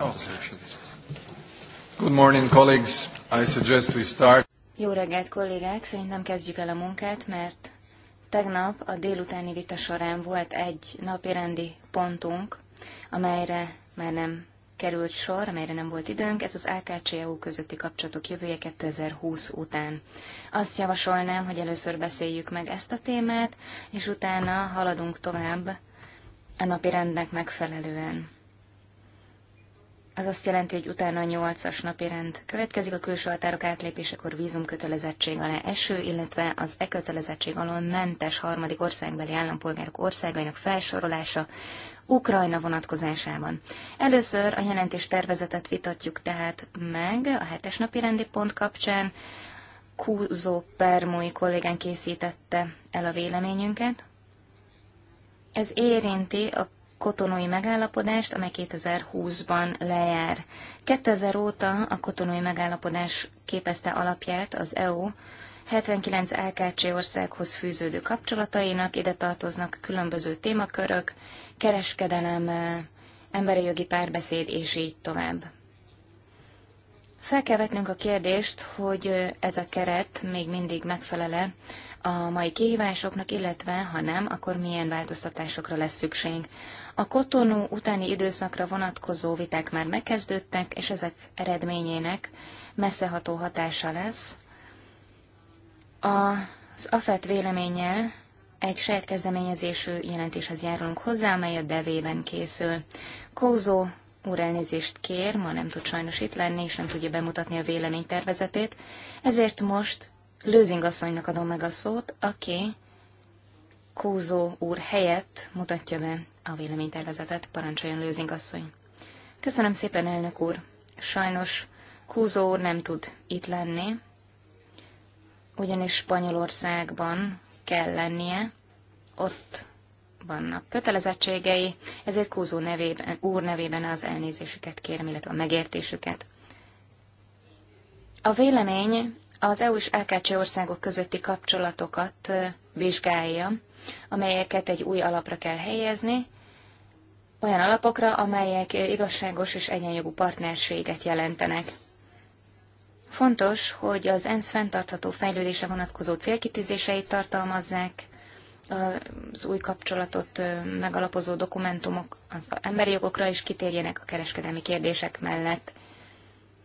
Oh. Good morning, colleagues. I suggest we start. Jó reggelt, kollégák! Szerintem kezdjük el a munkát, mert tegnap a délutáni vita során volt egy napirendi pontunk, amelyre már nem került sor, amelyre nem volt időnk, ez az AKCEU közötti kapcsolatok jövője 2020 után. Azt javasolnám, hogy először beszéljük meg ezt a témát, és utána haladunk tovább a napi rendnek megfelelően az azt jelenti, hogy utána a nyolcas napi rend következik a külső határok átlépésekor vízumkötelezettség alá eső, illetve az e kötelezettség alól mentes harmadik országbeli állampolgárok országainak felsorolása Ukrajna vonatkozásában. Először a jelentés tervezetet vitatjuk tehát meg a hetes napi rendi pont kapcsán. Kúzó Permói kollégán készítette el a véleményünket. Ez érinti a kotonói megállapodást, amely 2020-ban lejár. 2000 óta a kotonói megállapodás képezte alapját az EU 79 LKC országhoz fűződő kapcsolatainak, ide tartoznak különböző témakörök, kereskedelem, emberi jogi párbeszéd, és így tovább. Fel kell vetnünk a kérdést, hogy ez a keret még mindig megfelele a mai kihívásoknak, illetve ha nem, akkor milyen változtatásokra lesz szükség. A kotonú utáni időszakra vonatkozó viták már megkezdődtek, és ezek eredményének messzeható hatása lesz. Az AFET véleménnyel egy saját kezdeményezésű jelentéshez járulunk hozzá, amely a devében készül. Kózó úr elnézést kér, ma nem tud sajnos itt lenni, és nem tudja bemutatni a véleménytervezetét, ezért most Lőzing asszonynak adom meg a szót, aki Kózó úr helyett mutatja be a véleménytervezetet. Parancsoljon Lőzing asszony. Köszönöm szépen, elnök úr. Sajnos Kúzó úr nem tud itt lenni, ugyanis Spanyolországban kell lennie, ott vannak kötelezettségei, ezért Kúzó nevében, úr nevében az elnézésüket kérem, illetve a megértésüket. A vélemény az EU és LKC országok közötti kapcsolatokat vizsgálja, amelyeket egy új alapra kell helyezni, olyan alapokra, amelyek igazságos és egyenjogú partnerséget jelentenek. Fontos, hogy az ENSZ fenntartható fejlődésre vonatkozó célkitűzéseit tartalmazzák, az új kapcsolatot megalapozó dokumentumok az emberi jogokra is kitérjenek a kereskedelmi kérdések mellett.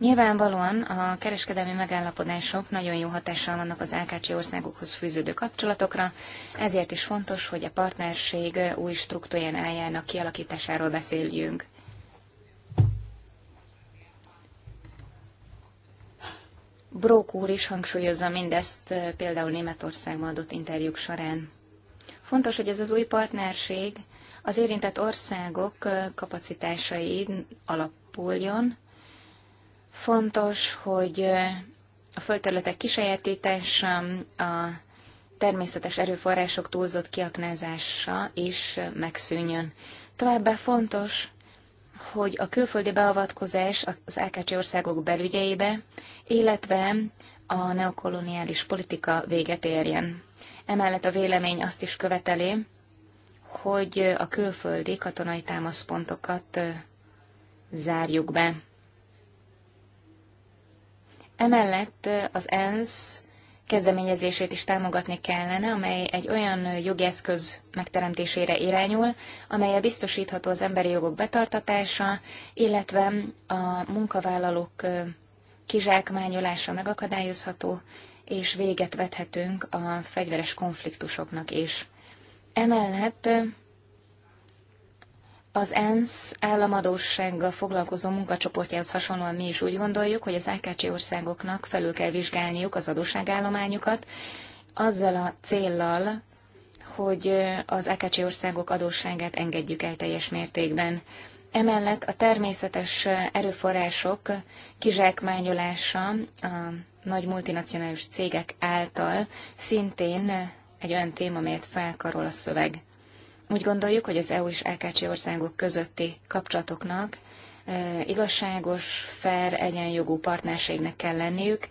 Nyilvánvalóan a kereskedelmi megállapodások nagyon jó hatással vannak az AKC országokhoz fűződő kapcsolatokra, ezért is fontos, hogy a partnerség új struktúrájának kialakításáról beszéljünk. Brók úr is hangsúlyozza mindezt például Németországban adott interjúk során. Fontos, hogy ez az új partnerség az érintett országok kapacitásai alapuljon, Fontos, hogy a földterületek kisajátítása, a természetes erőforrások túlzott kiaknázása is megszűnjön. Továbbá fontos, hogy a külföldi beavatkozás az AKC országok belügyeibe, illetve a neokoloniális politika véget érjen. Emellett a vélemény azt is követeli, hogy a külföldi katonai támaszpontokat zárjuk be. Emellett az ENSZ kezdeményezését is támogatni kellene, amely egy olyan jogeszköz megteremtésére irányul, amelyel biztosítható az emberi jogok betartatása, illetve a munkavállalók kizsákmányolása megakadályozható, és véget vethetünk a fegyveres konfliktusoknak is. Emellett az ENSZ államadósággal foglalkozó munkacsoportjához hasonlóan mi is úgy gondoljuk, hogy az AKC országoknak felül kell vizsgálniuk az adósságállományukat, azzal a céllal, hogy az AKC országok adósságát engedjük el teljes mértékben. Emellett a természetes erőforrások kizsákmányolása a nagy multinacionális cégek által szintén egy olyan téma, amelyet felkarol a szöveg. Úgy gondoljuk, hogy az EU és LKC e országok közötti kapcsolatoknak e, igazságos, fair, egyenjogú partnerségnek kell lenniük,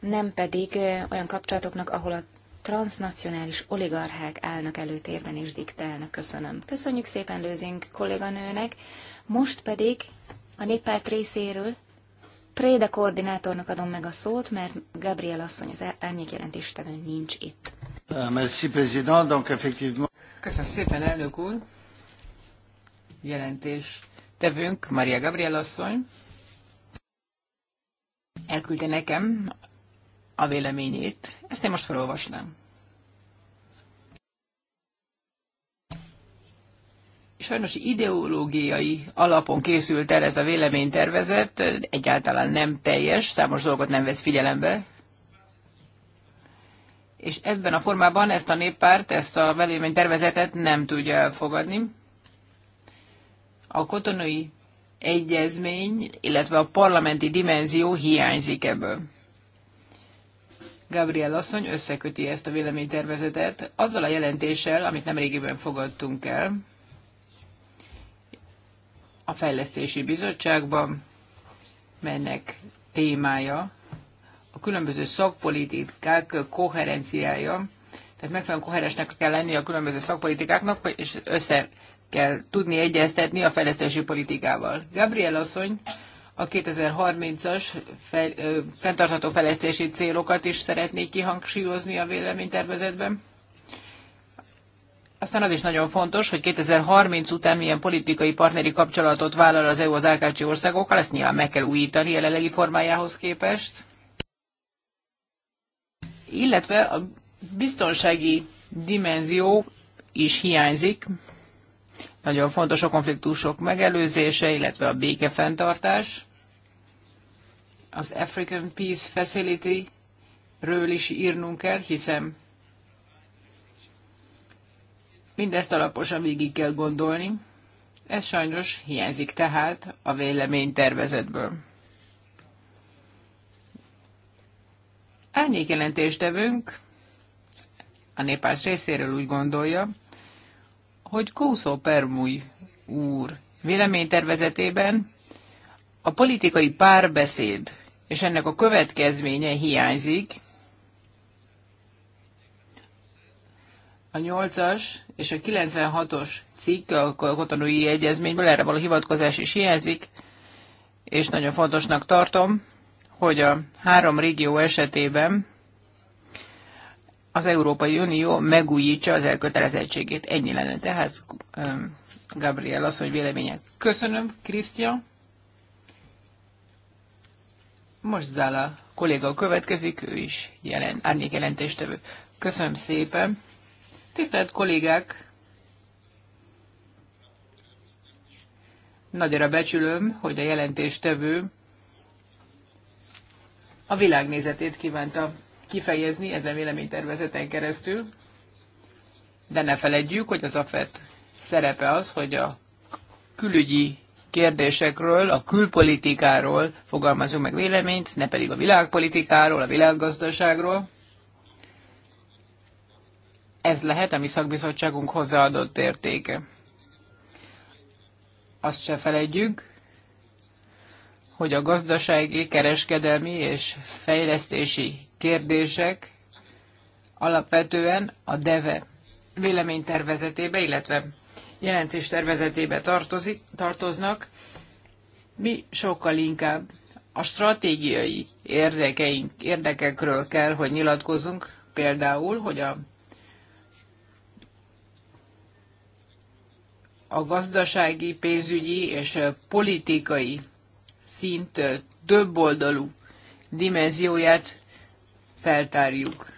nem pedig e, olyan kapcsolatoknak, ahol a transnacionális oligarchák állnak előtérben és diktálnak. Köszönöm. Köszönjük szépen Lőzink kolléganőnek. Most pedig a néppárt részéről Préda koordinátornak adom meg a szót, mert Gabriel asszony az jelentéstevő nincs itt. Euh, merci, président. Donc, effectivement... Köszönöm szépen, elnök úr. Jelentés tevünk, Maria Gabriel asszony. Elküldte nekem a véleményét. Ezt én most felolvasnám. Sajnos ideológiai alapon készült el ez a véleménytervezet, egyáltalán nem teljes, számos dolgot nem vesz figyelembe, és ebben a formában ezt a néppárt, ezt a velémény tervezetet nem tudja elfogadni. A kotonai egyezmény, illetve a parlamenti dimenzió hiányzik ebből. Gabriel asszony összeköti ezt a véleménytervezetet azzal a jelentéssel, amit nemrégiben fogadtunk el a Fejlesztési Bizottságban, melynek témája a különböző szakpolitikák koherenciája, tehát megfelelően koherensnek kell lenni a különböző szakpolitikáknak, és össze kell tudni egyeztetni a fejlesztési politikával. Gabriel asszony a 2030-as fej, ö, fenntartható fejlesztési célokat is szeretnék kihangsúlyozni a véleménytervezetben. Aztán az is nagyon fontos, hogy 2030 után milyen politikai partneri kapcsolatot vállal az EU az AKC országokkal, ezt nyilván meg kell újítani jelenlegi formájához képest illetve a biztonsági dimenzió is hiányzik. Nagyon fontos a konfliktusok megelőzése, illetve a békefenntartás. Az African Peace Facility ről is írnunk kell, hiszen mindezt alaposan végig kell gondolni. Ez sajnos hiányzik tehát a véleménytervezetből. jelentéstevőnk a népás részéről úgy gondolja, hogy Kószó Permúj úr véleménytervezetében a politikai párbeszéd és ennek a következménye hiányzik. A 8-as és a 96-os cikk a kotonói egyezményből erre való hivatkozás is hiányzik, és nagyon fontosnak tartom, hogy a három régió esetében az Európai Unió megújítsa az elkötelezettségét. Ennyi lenne tehát um, Gabriel asszony véleménye. Köszönöm, Krisztia. Most Zála kolléga következik, ő is jelen, árnyék jelentéstevő. Köszönöm szépen. Tisztelt kollégák! Nagyra becsülöm, hogy a jelentéstevő a világnézetét kívánta kifejezni ezen véleménytervezeten keresztül, de ne feledjük, hogy az AFET szerepe az, hogy a külügyi kérdésekről, a külpolitikáról fogalmazunk meg véleményt, ne pedig a világpolitikáról, a világgazdaságról. Ez lehet a mi szakbizottságunk hozzáadott értéke. Azt se feledjük hogy a gazdasági, kereskedelmi és fejlesztési kérdések alapvetően a DEVE véleménytervezetébe, illetve tervezetébe tartozik, tartoznak, mi sokkal inkább a stratégiai érdekeink, érdekekről kell, hogy nyilatkozunk, például, hogy a, a gazdasági, pénzügyi és politikai szint több oldalú dimenzióját feltárjuk.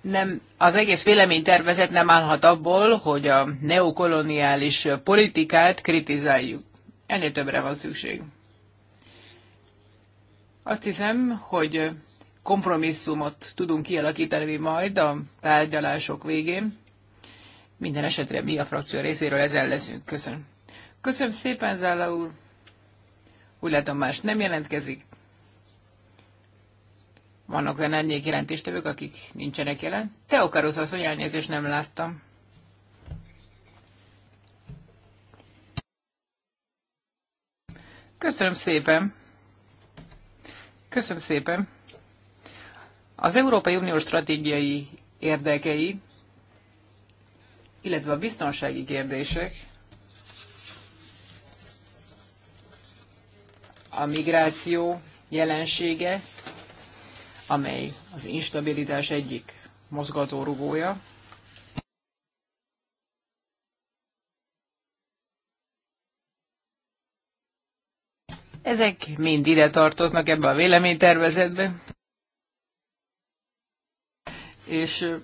nem, az egész véleménytervezet nem állhat abból, hogy a neokoloniális politikát kritizáljuk. Ennél többre van szükség. Azt hiszem, hogy kompromisszumot tudunk kialakítani majd a tárgyalások végén. Minden esetre mi a frakció részéről ezzel leszünk. Köszönöm. Köszönöm szépen, Zála úr. Úgy látom, más nem jelentkezik. Vannak olyan ennyiék jelentéstevők, akik nincsenek jelen. Te akarsz az, hogy elnézést nem láttam. Köszönöm szépen. Köszönöm szépen. Az Európai Unió stratégiai érdekei illetve a biztonsági kérdések, a migráció jelensége, amely az instabilitás egyik mozgatórugója. Ezek mind ide tartoznak ebbe a véleménytervezetbe. És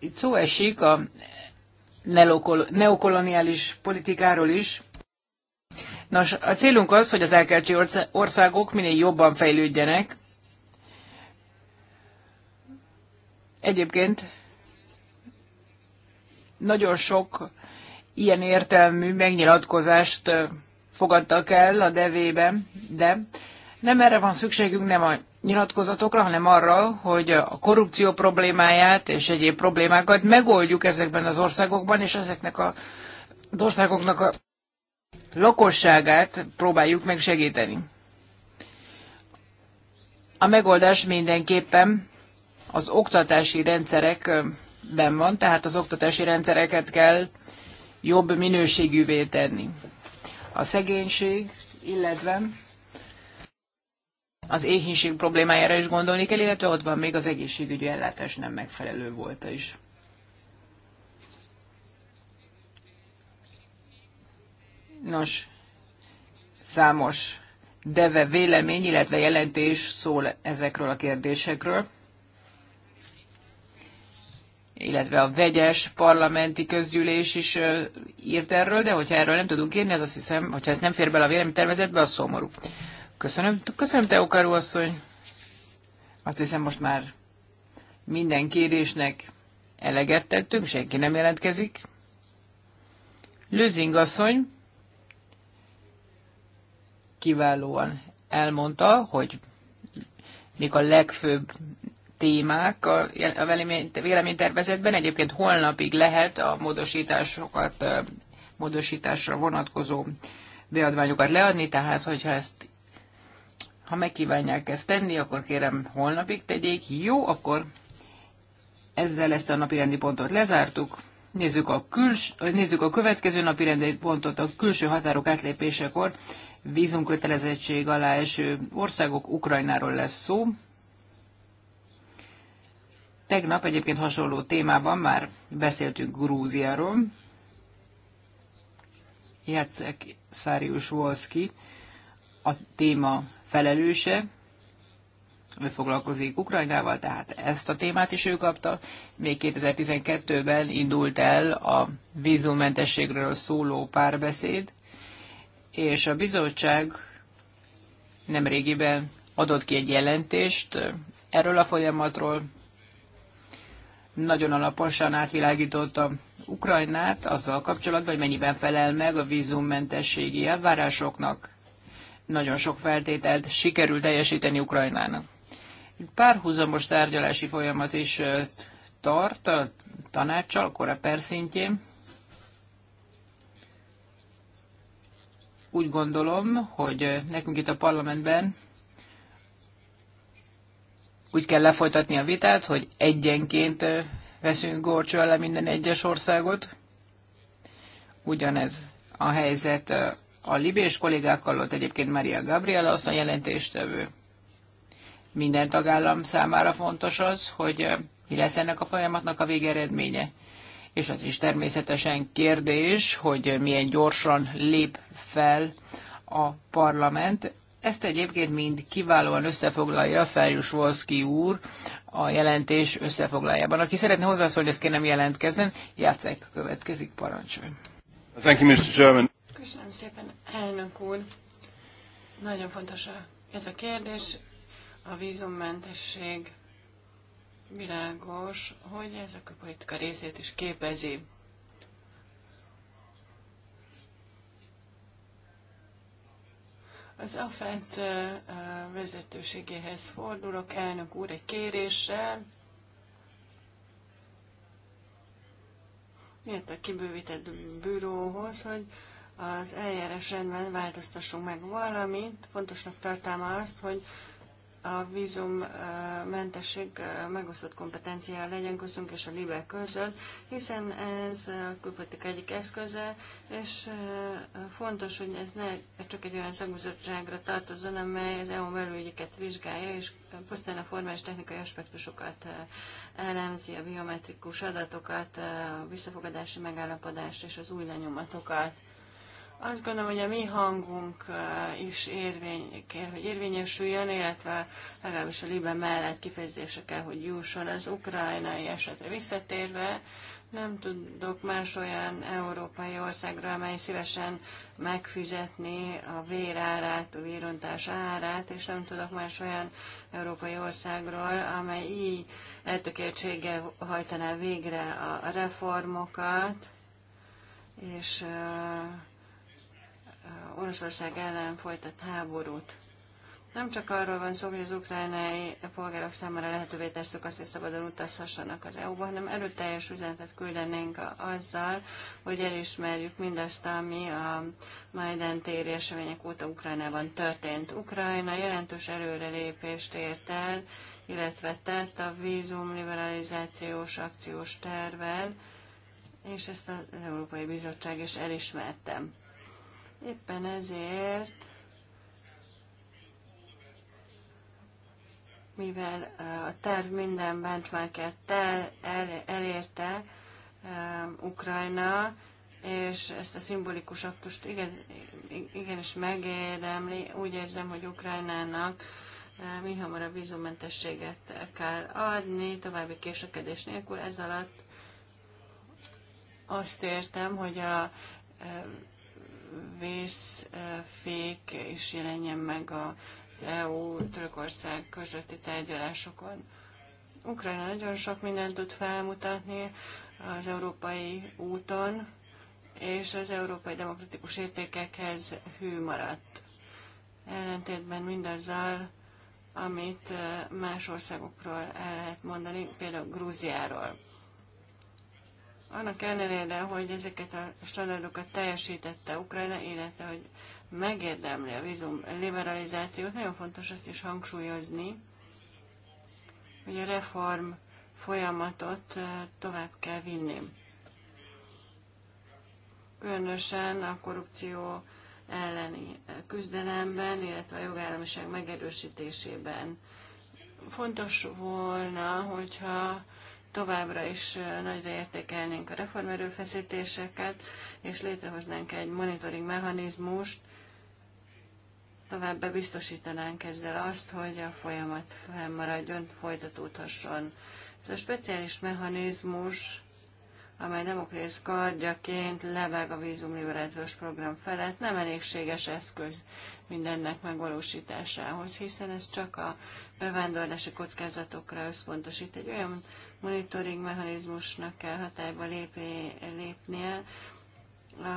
itt szó esik a neokoloniális politikáról is. Nos, a célunk az, hogy az elkercsi országok minél jobban fejlődjenek. Egyébként nagyon sok ilyen értelmű megnyilatkozást fogadtak el a devében, de nem erre van szükségünk, nem a nyilatkozatokra, hanem arra, hogy a korrupció problémáját és egyéb problémákat megoldjuk ezekben az országokban, és ezeknek a, az országoknak a lakosságát próbáljuk meg segíteni. A megoldás mindenképpen az oktatási rendszerekben van, tehát az oktatási rendszereket kell jobb minőségűvé tenni. A szegénység, illetve az éhínség problémájára is gondolni kell, illetve ott van még az egészségügyi ellátás nem megfelelő volt is. Nos, számos deve vélemény, illetve jelentés szól ezekről a kérdésekről, illetve a vegyes parlamenti közgyűlés is írt erről, de hogyha erről nem tudunk írni, az azt hiszem, hogyha ez nem fér bele a véleménytervezetbe, az szomorú. Köszönöm, köszönöm Teokaru asszony. Azt hiszem most már minden kérésnek eleget tettünk, senki nem jelentkezik. Lőzing asszony kiválóan elmondta, hogy mik a legfőbb témák a véleménytervezetben. Egyébként holnapig lehet a módosításokat, módosításra vonatkozó beadványokat leadni, tehát hogyha ezt ha megkívánják ezt tenni, akkor kérem holnapig tegyék. Jó, akkor ezzel ezt a napirendi pontot lezártuk. Nézzük a, küls, nézzük a következő napirendi pontot, a külső határok átlépésekor vízumkötelezettség alá eső országok Ukrajnáról lesz szó. Tegnap egyébként hasonló témában már beszéltünk Grúziáról. Jacek Szárius Wolski a téma felelőse, ő foglalkozik Ukrajnával, tehát ezt a témát is ő kapta. Még 2012-ben indult el a vízumentességről szóló párbeszéd, és a bizottság nemrégiben adott ki egy jelentést erről a folyamatról. Nagyon alaposan átvilágította Ukrajnát azzal kapcsolatban, hogy mennyiben felel meg a vízummentességi elvárásoknak, nagyon sok feltételt sikerül teljesíteni Ukrajnának. Párhuzamos tárgyalási folyamat is tart a tanácssal, a perszintjén. Úgy gondolom, hogy nekünk itt a parlamentben úgy kell lefolytatni a vitát, hogy egyenként veszünk gorcső le minden egyes országot. Ugyanez a helyzet a libés kollégákkal ott egyébként Maria Gabriela az a jelentéstevő. Minden tagállam számára fontos az, hogy eh, mi lesz ennek a folyamatnak a végeredménye. És az is természetesen kérdés, hogy milyen gyorsan lép fel a parlament. Ezt egyébként mind kiválóan összefoglalja Szárius Volszki úr a jelentés összefoglalójában. Aki szeretne hozzászólni, ezt kérem jelentkezzen. Játszák következik, parancsolj. Thank you, Mr. Chairman. Köszönöm szépen, elnök úr. Nagyon fontos a, ez a kérdés. A vízummentesség világos, hogy ez a politika részét is képezi. Az AFET vezetőségéhez fordulok, elnök úr, egy kéréssel. Miért a kibővített bűróhoz, hogy az eljárás rendben változtassunk meg valamit. Fontosnak tartalma azt, hogy a vízummentesség megosztott kompetenciája legyen közünk és a libe között, hiszen ez a külpolitik egyik eszköze, és fontos, hogy ez ne csak egy olyan szakbizottságra tartozzon, amely az EU belügyeket vizsgálja, és pusztán a formális technikai aspektusokat elemzi, a biometrikus adatokat, a visszafogadási megállapodást és az új lenyomatokat. Azt gondolom, hogy a mi hangunk is érvény, kér, hogy érvényesüljön, illetve legalábbis a Libe mellett kifejezése kell, hogy jusson az ukrajnai esetre visszatérve. Nem tudok más olyan európai országra, amely szívesen megfizetni a vérárát, a vérontás árát, és nem tudok más olyan európai országról, amely így eltökértséggel hajtaná végre a reformokat, és uh, Oroszország ellen folytat háborút. Nem csak arról van szó, hogy az Ukrajnai polgárok számára lehetővé tesszük azt, hogy szabadon utazhassanak az EU-ba, hanem erőteljes üzenetet küldenénk azzal, hogy elismerjük mindazt, ami a Majden téri események óta Ukrajnában történt. Ukrajna jelentős előrelépést ért el, illetve tett a vízum liberalizációs akciós tervel, és ezt az Európai Bizottság is elismerte. Éppen ezért, mivel a terv minden benchmarket el, el, elérte um, Ukrajna, és ezt a szimbolikus aktust igen, igenis megérdemli, úgy érzem, hogy Ukrajnának mi hamarabb vízumentességet kell adni, további késekedés nélkül. Ez alatt azt értem, hogy a vészfék is jelenjen meg az EU-Törökország közötti tárgyalásokon. Ukrajna nagyon sok mindent tud felmutatni az európai úton, és az európai demokratikus értékekhez hű maradt. Ellentétben mindazzal, amit eh, más országokról el lehet mondani, például Grúziáról. Annak ellenére, hogy ezeket a standardokat teljesítette Ukrajna, illetve hogy megérdemli a vízum liberalizációt, nagyon fontos azt is hangsúlyozni, hogy a reform folyamatot tovább kell vinni. Különösen a korrupció elleni küzdelemben, illetve a jogállamiság megerősítésében. Fontos volna, hogyha továbbra is nagyra értékelnénk a reformerőfeszítéseket, és létrehoznánk egy monitoring mechanizmust, továbbá biztosítanánk ezzel azt, hogy a folyamat fennmaradjon, folytatódhasson. Ez a speciális mechanizmus amely Demokrész kardjaként leveg a vízumliberációs program felett, nem elégséges eszköz mindennek megvalósításához, hiszen ez csak a bevándorlási kockázatokra összpontosít. Egy olyan monitoring mechanizmusnak kell hatályba lépé, lépnie,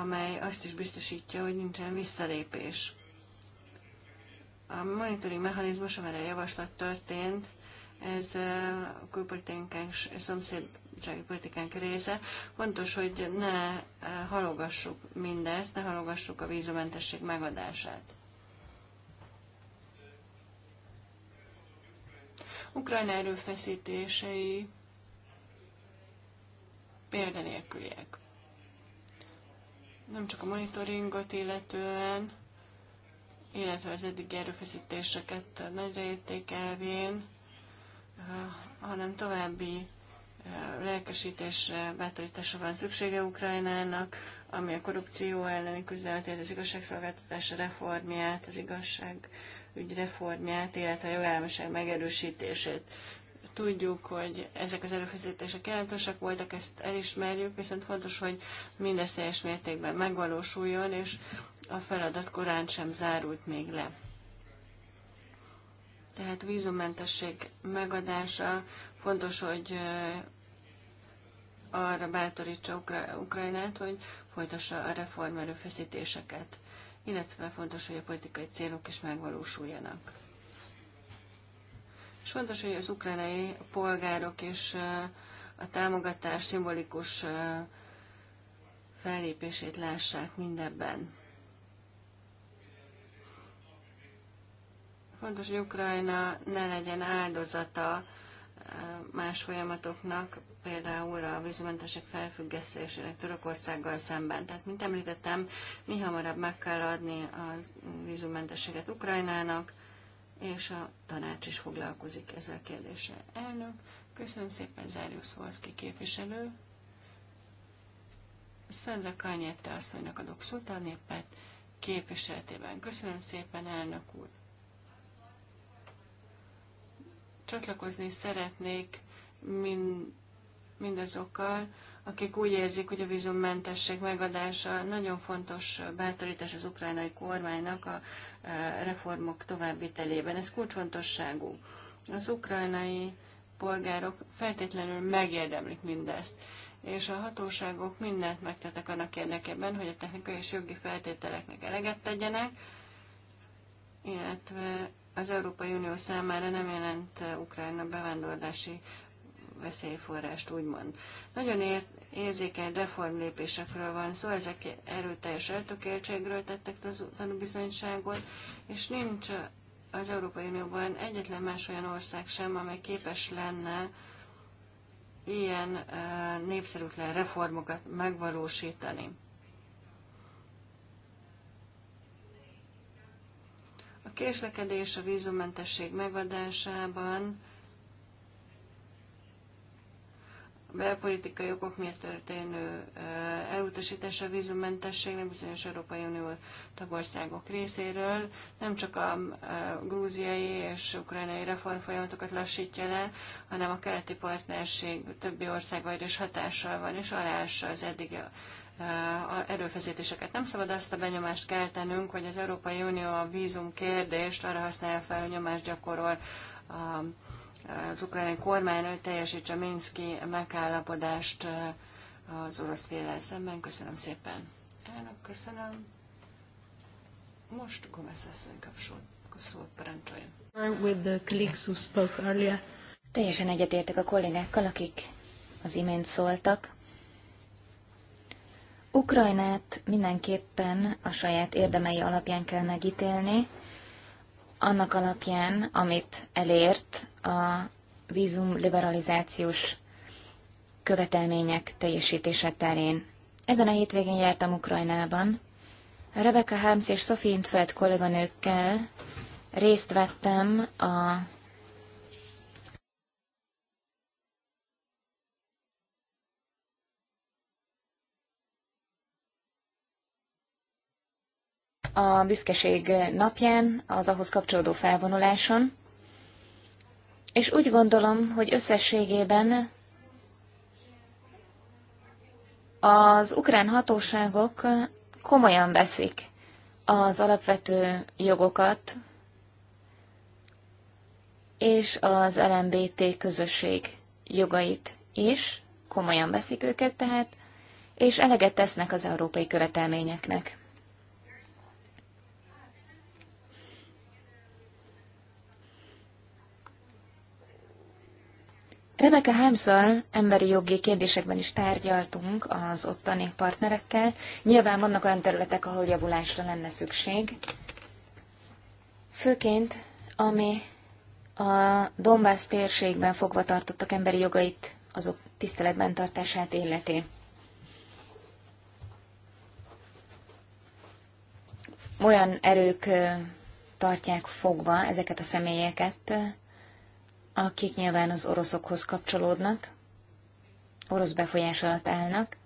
amely azt is biztosítja, hogy nincsen visszalépés. A monitoring mechanizmus, amelyre javaslat történt, ez a külpolitikánk szomszéd gazdasági politikánk része. Fontos, hogy ne eh, halogassuk mindezt, ne halogassuk a vízumentesség megadását. Ukrajna erőfeszítései példanélküliek. Nem csak a monitoringot illetően, illetve az eddig erőfeszítéseket nagyra elvén, eh, hanem további lelkesítésre, bátorításra van szüksége Ukrajnának, ami a korrupció elleni küzdelmet, az igazságszolgáltatás reformját, az igazságügy reformját, illetve a jogállamiság megerősítését. Tudjuk, hogy ezek az erőfeszítések jelentősek voltak, ezt elismerjük, viszont fontos, hogy mindez teljes mértékben megvalósuljon, és a feladat korán sem zárult még le tehát vízummentesség megadása Fontos, hogy arra bátorítsa Ukra- Ukrajnát, hogy folytassa a reform erőfeszítéseket, illetve fontos, hogy a politikai célok is megvalósuljanak. És fontos, hogy az ukrajnai polgárok és a támogatás szimbolikus fellépését lássák mindebben. Fontos, hogy Ukrajna ne legyen áldozata más folyamatoknak, például a vízmentesek felfüggesztésének Törökországgal szemben. Tehát, mint említettem, mi hamarabb meg kell adni a vízumentességet Ukrajnának, és a tanács is foglalkozik ezzel a kérdéssel. Elnök, köszönöm szépen, Zárjusz Volszki képviselő. Szendra Kanyette asszonynak adok szót a néppárt képviseletében. Köszönöm szépen, elnök úr. Csatlakozni szeretnék mind, mindazokkal, akik úgy érzik, hogy a vízummentesség megadása nagyon fontos bátorítás az ukrajnai kormánynak a e, reformok további telében. Ez kulcsfontosságú. Az ukrajnai polgárok feltétlenül megérdemlik mindezt, és a hatóságok mindent megtettek annak érdekében, hogy a technikai és jogi feltételeknek eleget tegyenek, illetve az Európai Unió számára nem jelent eh, Ukrajna bevándorlási veszélyforrást, úgymond. Nagyon ér, érzékeny reformlépésekről van szó, ezek erőteljes eltökéltségről tettek tanúbizonyságot, és nincs az Európai Unióban egyetlen más olyan ország sem, amely képes lenne ilyen eh, népszerűtlen reformokat megvalósítani. A késlekedés a vízummentesség megadásában a belpolitikai okok miatt történő elutasítása a vízummentességnek bizonyos Európai Unió tagországok részéről nem csak a grúziai és ukrajnai reformfolyamatokat lassítja le, hanem a keleti partnerség többi országaira is hatással van, és alássa az eddigi erőfeszítéseket. Nem szabad azt a benyomást keltenünk, hogy az Európai Unió a vízum kérdést arra használja fel, hogy nyomást gyakorol az ukrán kormány, hogy teljesítse a Minszki megállapodást eh, az orosz félel szemben. Köszönöm szépen. Elnök, köszönöm. Most Gomez asszony kapcsol. Szót parancsoljon. With the colleagues who spoke earlier. Teljesen egyetértek a kollégákkal, akik az imént szóltak. Ukrajnát mindenképpen a saját érdemei alapján kell megítélni, annak alapján, amit elért a vízum liberalizációs követelmények teljesítése terén. Ezen a hétvégén jártam Ukrajnában. Rebecca Harms és Sophie Intfeld kolléganőkkel részt vettem a a büszkeség napján, az ahhoz kapcsolódó felvonuláson, és úgy gondolom, hogy összességében az ukrán hatóságok komolyan veszik az alapvető jogokat és az LMBT közösség jogait is, komolyan veszik őket tehát, és eleget tesznek az európai követelményeknek. Rebecca Helmszal emberi jogi kérdésekben is tárgyaltunk az ottani partnerekkel. Nyilván vannak olyan területek, ahol javulásra lenne szükség. Főként, ami a Donbass térségben fogva tartottak emberi jogait, azok tiszteletben tartását életé. Olyan erők tartják fogva ezeket a személyeket, akik nyilván az oroszokhoz kapcsolódnak, orosz befolyás alatt állnak,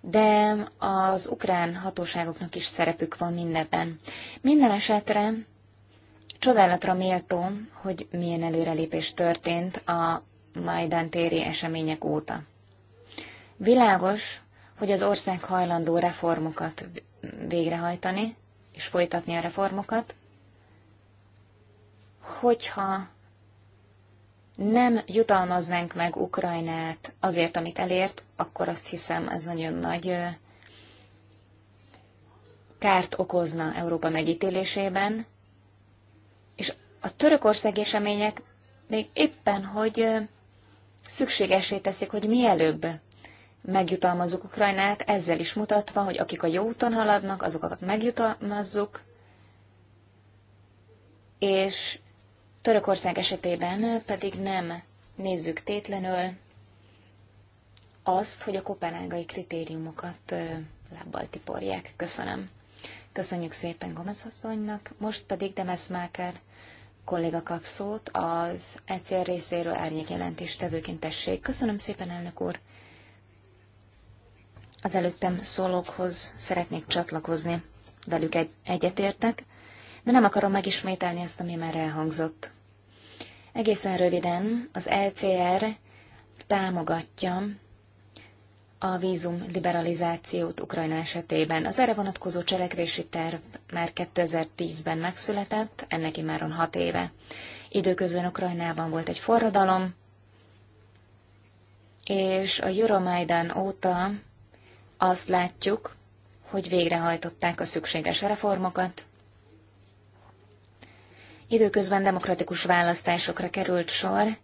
de az ukrán hatóságoknak is szerepük van mindebben. Minden esetre csodálatra méltó, hogy milyen előrelépés történt a Majdán téri események óta. Világos, hogy az ország hajlandó reformokat végrehajtani, és folytatni a reformokat, hogyha nem jutalmaznánk meg Ukrajnát azért, amit elért, akkor azt hiszem, ez nagyon nagy kárt okozna Európa megítélésében, és a törökország események még éppen, hogy szükségesé teszik, hogy mielőbb megjutalmazzuk Ukrajnát, ezzel is mutatva, hogy akik a jó úton haladnak, azokat megjutalmazzuk, és Törökország esetében pedig nem nézzük tétlenül azt, hogy a kopenhágai kritériumokat lábbal tiporják. Köszönöm. Köszönjük szépen Gomez asszonynak, most pedig Demeszmáker kolléga kap szót az ECR részéről árnyékjelentés tevőként tessék. Köszönöm szépen, elnök úr! Az előttem szólókhoz szeretnék csatlakozni. Velük egy- egyetértek de nem akarom megismételni ezt, ami már elhangzott. Egészen röviden az LCR e támogatja a vízum liberalizációt Ukrajna esetében. Az erre vonatkozó cselekvési terv már 2010-ben megszületett, ennek immáron hat éve. Időközben Ukrajnában volt egy forradalom, és a Euromaidan óta azt látjuk, hogy végrehajtották a szükséges reformokat, Időközben demokratikus választásokra került sor,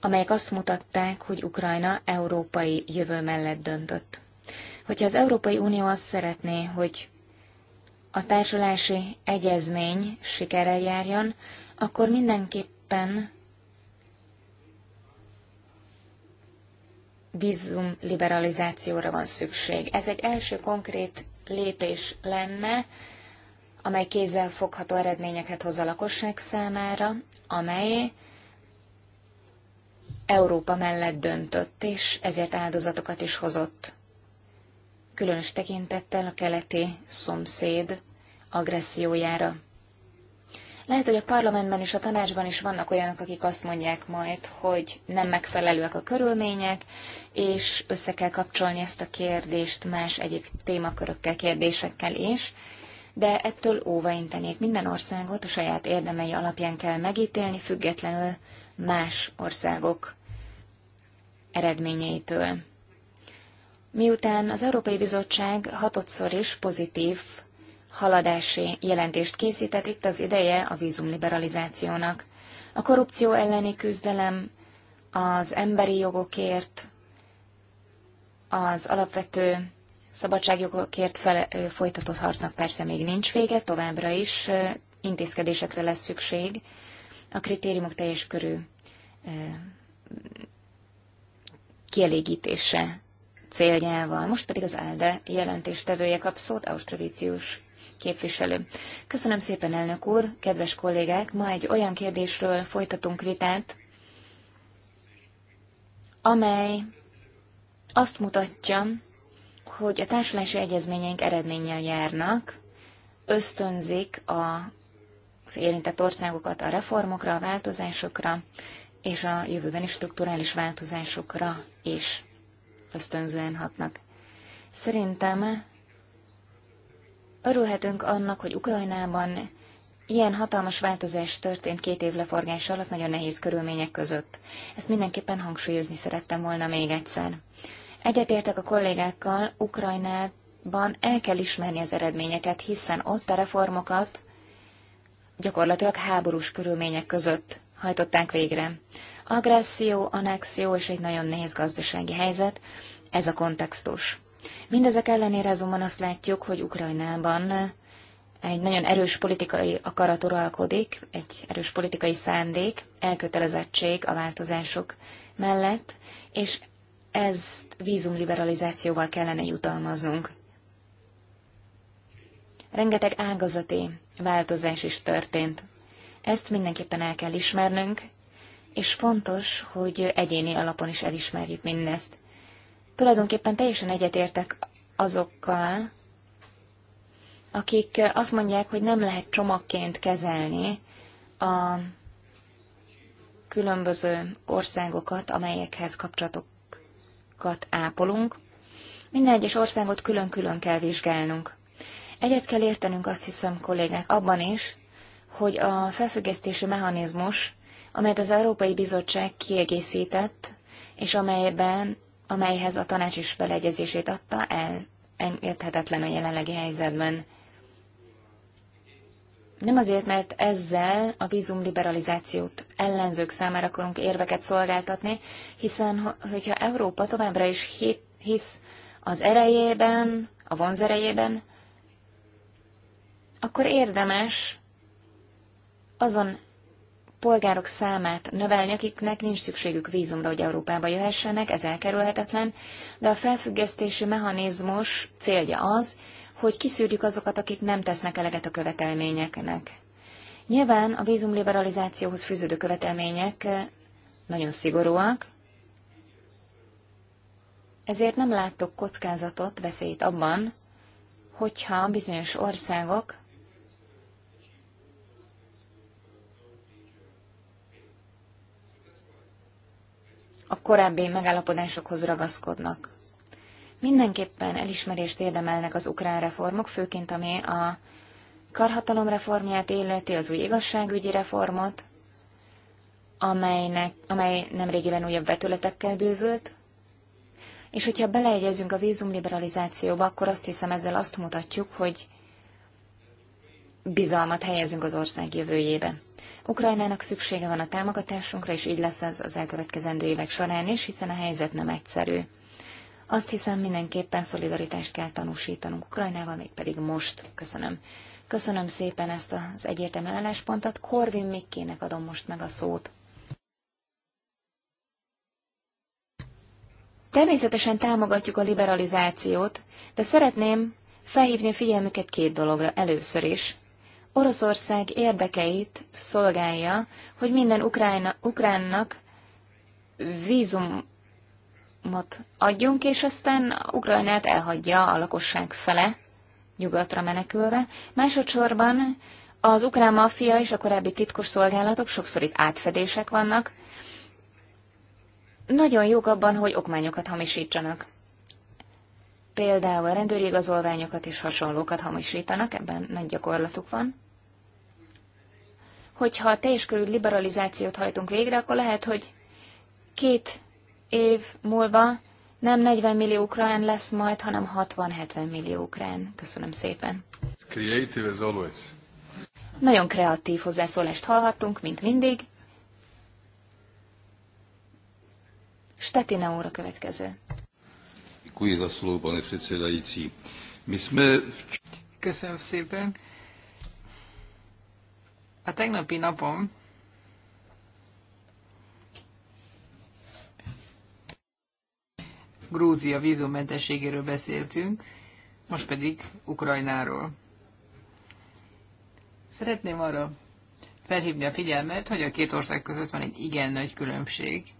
amelyek azt mutatták, hogy Ukrajna európai jövő mellett döntött. Hogyha az Európai Unió azt szeretné, hogy a társulási egyezmény sikerrel járjon, akkor mindenképpen vízum liberalizációra van szükség. Ez egy első konkrét lépés lenne, amely kézzel fogható eredményeket hoz a lakosság számára, amely Európa mellett döntött, és ezért áldozatokat is hozott. Különös tekintettel a keleti szomszéd agressziójára. Lehet, hogy a parlamentben és a tanácsban is vannak olyanok, akik azt mondják majd, hogy nem megfelelőek a körülmények, és össze kell kapcsolni ezt a kérdést más egyéb témakörökkel, kérdésekkel is de ettől óvaintenék. Minden országot a saját érdemei alapján kell megítélni, függetlenül más országok eredményeitől. Miután az Európai Bizottság hatodszor is pozitív haladási jelentést készített, itt az ideje a vízumliberalizációnak. A korrupció elleni küzdelem, az emberi jogokért, az alapvető szabadságjogokért fel, folytatott harcnak persze még nincs vége, továbbra is intézkedésekre lesz szükség a kritériumok teljes körű kielégítése céljával. Most pedig az ELDE jelentéstevője kap szót, Austravicius képviselő. Köszönöm szépen, elnök úr, kedves kollégák! Ma egy olyan kérdésről folytatunk vitát, amely azt mutatja, hogy a társulási egyezményeink eredménnyel járnak, ösztönzik a, az érintett országokat a reformokra, a változásokra, és a jövőbeni strukturális változásokra is ösztönzően hatnak. Szerintem örülhetünk annak, hogy Ukrajnában ilyen hatalmas változás történt két év leforgás alatt nagyon nehéz körülmények között. Ezt mindenképpen hangsúlyozni szerettem volna még egyszer. Egyetértek a kollégákkal, Ukrajnában el kell ismerni az eredményeket, hiszen ott a reformokat gyakorlatilag háborús körülmények között hajtották végre. Agresszió, anexió és egy nagyon nehéz gazdasági helyzet, ez a kontextus. Mindezek ellenére azonban azt látjuk, hogy Ukrajnában egy nagyon erős politikai akarat uralkodik, egy erős politikai szándék, elkötelezettség a változások mellett, és ezt vízumliberalizációval kellene jutalmaznunk. Rengeteg ágazati változás is történt. Ezt mindenképpen el kell ismernünk, és fontos, hogy egyéni alapon is elismerjük mindezt. Tulajdonképpen teljesen egyetértek azokkal, akik azt mondják, hogy nem lehet csomagként kezelni a különböző országokat, amelyekhez kapcsolatok kapcsolatokat ápolunk, minden egyes országot külön-külön kell vizsgálnunk. Egyet kell értenünk azt hiszem, kollégák, abban is, hogy a felfüggesztési mechanizmus, amelyet az Európai Bizottság kiegészített, és amelyben, amelyhez a tanács is beleegyezését adta el, engedhetetlen a jelenlegi helyzetben. Nem azért, mert ezzel a vízumliberalizációt ellenzők számára akarunk érveket szolgáltatni, hiszen hogyha Európa továbbra is hisz az erejében, a vonzerejében, akkor érdemes azon polgárok számát növelni, akiknek nincs szükségük vízumra, hogy Európába jöhessenek, ez elkerülhetetlen, de a felfüggesztési mechanizmus célja az, hogy kiszűrjük azokat, akik nem tesznek eleget a követelményeknek. Nyilván a vízumliberalizációhoz fűződő követelmények eh, nagyon szigorúak, ezért nem látok kockázatot, veszélyt abban, hogyha bizonyos országok a korábbi megállapodásokhoz ragaszkodnak. Mindenképpen elismerést érdemelnek az ukrán reformok, főként ami a karhatalom reformját illeti, az új igazságügyi reformot, amelynek, amely nemrégiben újabb vetületekkel bővült, és hogyha beleegyezünk a vízumliberalizációba, akkor azt hiszem ezzel azt mutatjuk, hogy bizalmat helyezünk az ország jövőjébe. Ukrajnának szüksége van a támogatásunkra, és így lesz ez az elkövetkezendő évek során is, hiszen a helyzet nem egyszerű. Azt hiszem, mindenképpen szolidaritást kell tanúsítanunk Ukrajnával, mégpedig most. Köszönöm. Köszönöm szépen ezt az egyértelmű ellenspontot. Korvin Mikkének adom most meg a szót. Természetesen támogatjuk a liberalizációt, de szeretném felhívni a figyelmüket két dologra először is. Oroszország érdekeit szolgálja, hogy minden Ukrajna, ukránnak vízum mandátumot adjunk, és aztán Ukrajnát elhagyja a lakosság fele, nyugatra menekülve. Másodszorban az ukrán maffia és a korábbi titkos szolgálatok sokszor itt átfedések vannak. Nagyon jók abban, hogy okmányokat hamisítsanak. Például rendőri igazolványokat és hasonlókat hamisítanak, ebben nagy gyakorlatuk van hogyha teljes körű liberalizációt hajtunk végre, akkor lehet, hogy két év múlva nem 40 millió ukrán lesz majd, hanem 60-70 millió ukrán. Köszönöm szépen. Creative as always. Nagyon kreatív hozzászólást hallhattunk, mint mindig. Stetina óra következő. Köszönöm szépen. A tegnapi napom Grúzia vízumentességéről beszéltünk, most pedig Ukrajnáról. Szeretném arra felhívni a figyelmet, hogy a két ország között van egy igen nagy különbség.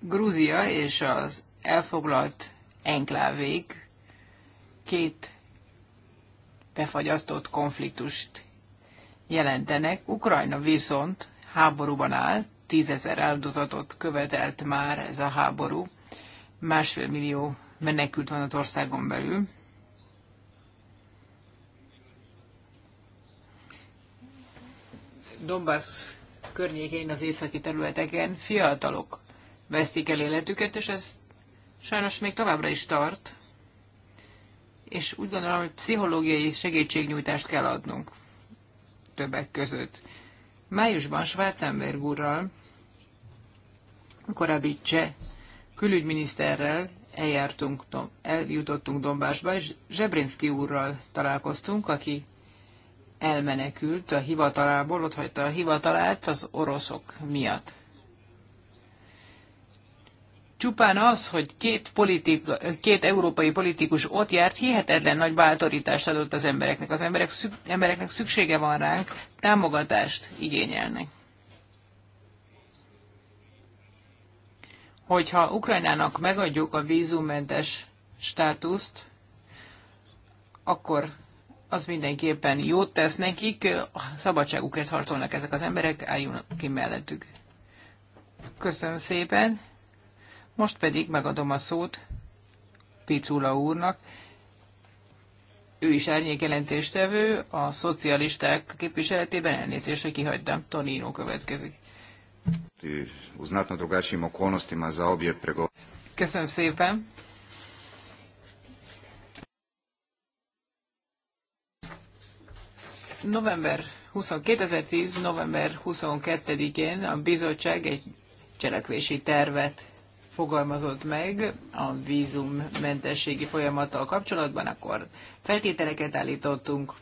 Grúzia és az elfoglalt enklávék két befagyasztott konfliktust jelentenek. Ukrajna viszont háborúban áll, tízezer áldozatot követelt már ez a háború, másfél millió menekült van az országon belül. Donbass környékén, az északi területeken fiatalok vesztik el életüket, és ez sajnos még továbbra is tart, és úgy gondolom, hogy pszichológiai segítségnyújtást kell adnunk többek között. Májusban Schwarzenberg úrral, korábbi cseh külügyminiszterrel eljártunk, eljutottunk Dombásba, és Zsebrinszki úrral találkoztunk, aki elmenekült a hivatalából, ott hagyta a hivatalát az oroszok miatt. Csupán az, hogy két, politika, két európai politikus ott járt, hihetetlen nagy bátorítást adott az embereknek. Az emberek, szük, embereknek szüksége van ránk, támogatást igényelnek. Hogyha Ukrajnának megadjuk a vízummentes státuszt, akkor az mindenképpen jót tesz nekik, a szabadságukért harcolnak ezek az emberek, álljunk ki mellettük. Köszönöm szépen! Most pedig megadom a szót Picula úrnak. Ő is árnyékjelentéstevő, a szocialisták képviseletében elnézést, hogy kihagytam. Tonino következik. Köszönöm szépen. November 20, 2010. november 22-én a bizottság egy cselekvési tervet fogalmazott meg a vízummentességi folyamattal kapcsolatban, akkor feltételeket állítottunk,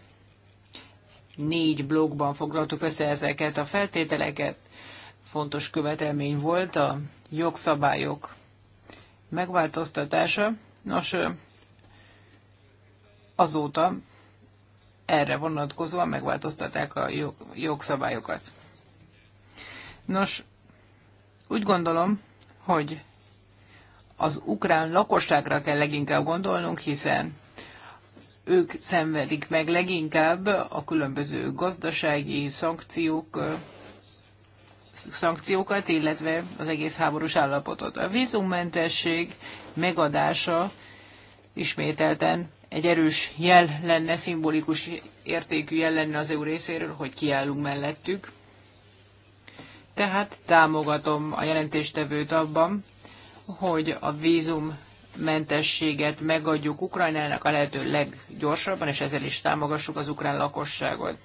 négy blogban foglaltuk össze ezeket a feltételeket. Fontos követelmény volt a jogszabályok megváltoztatása. Nos, azóta erre vonatkozóan megváltoztatták a jogszabályokat. Nos, úgy gondolom, hogy az ukrán lakosságra kell leginkább gondolnunk, hiszen ők szenvedik meg leginkább a különböző gazdasági szankciók, szankciókat, illetve az egész háborús állapotot. A vízummentesség megadása ismételten egy erős jel lenne, szimbolikus értékű jel lenne az EU részéről, hogy kiállunk mellettük. Tehát támogatom a jelentéstevőt abban, hogy a vízum mentességet megadjuk Ukrajnának a lehető leggyorsabban, és ezzel is támogassuk az ukrán lakosságot.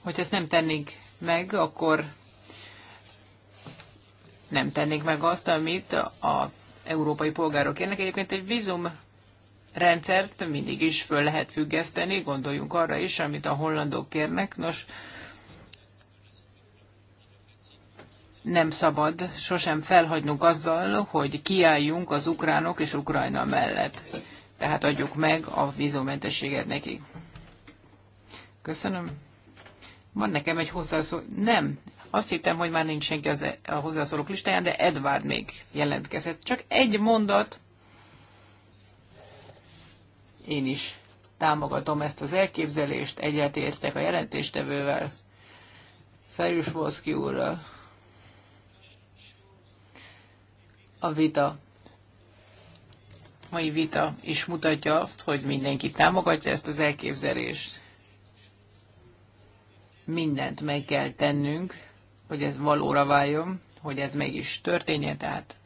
Hogy ezt nem tennénk meg, akkor nem tennénk meg azt, amit a európai polgárok kérnek. Egyébként egy vízum rendszert mindig is föl lehet függeszteni, gondoljunk arra is, amit a hollandok kérnek. Nos, nem szabad sosem felhagynunk azzal, hogy kiálljunk az ukránok és Ukrajna mellett. Tehát adjuk meg a vízumentességet neki. Köszönöm. Van nekem egy hozzászóló. Nem, azt hittem, hogy már nincs senki az, e- a hozzászólók listáján, de Edvard még jelentkezett. Csak egy mondat. Én is támogatom ezt az elképzelést, egyetértek a jelentéstevővel, Szerűs Voszki úrral. a vita, mai vita is mutatja azt, hogy mindenki támogatja ezt az elképzelést. Mindent meg kell tennünk, hogy ez valóra váljon, hogy ez meg is történjen, tehát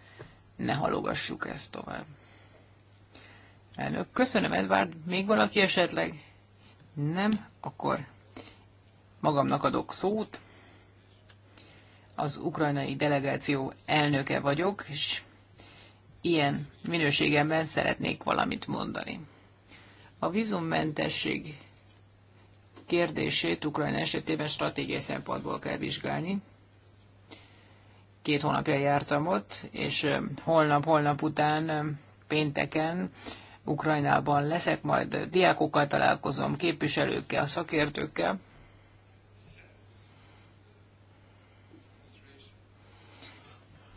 ne halogassuk ezt tovább. Elnök, köszönöm, Edvard. Még valaki esetleg? Nem? Akkor magamnak adok szót az ukrajnai delegáció elnöke vagyok, és ilyen minőségemben szeretnék valamit mondani. A vízummentesség kérdését Ukrajna esetében stratégiai szempontból kell vizsgálni. Két hónapja jártam ott, és holnap-holnap után pénteken Ukrajnában leszek, majd diákokkal találkozom, képviselőkkel, szakértőkkel,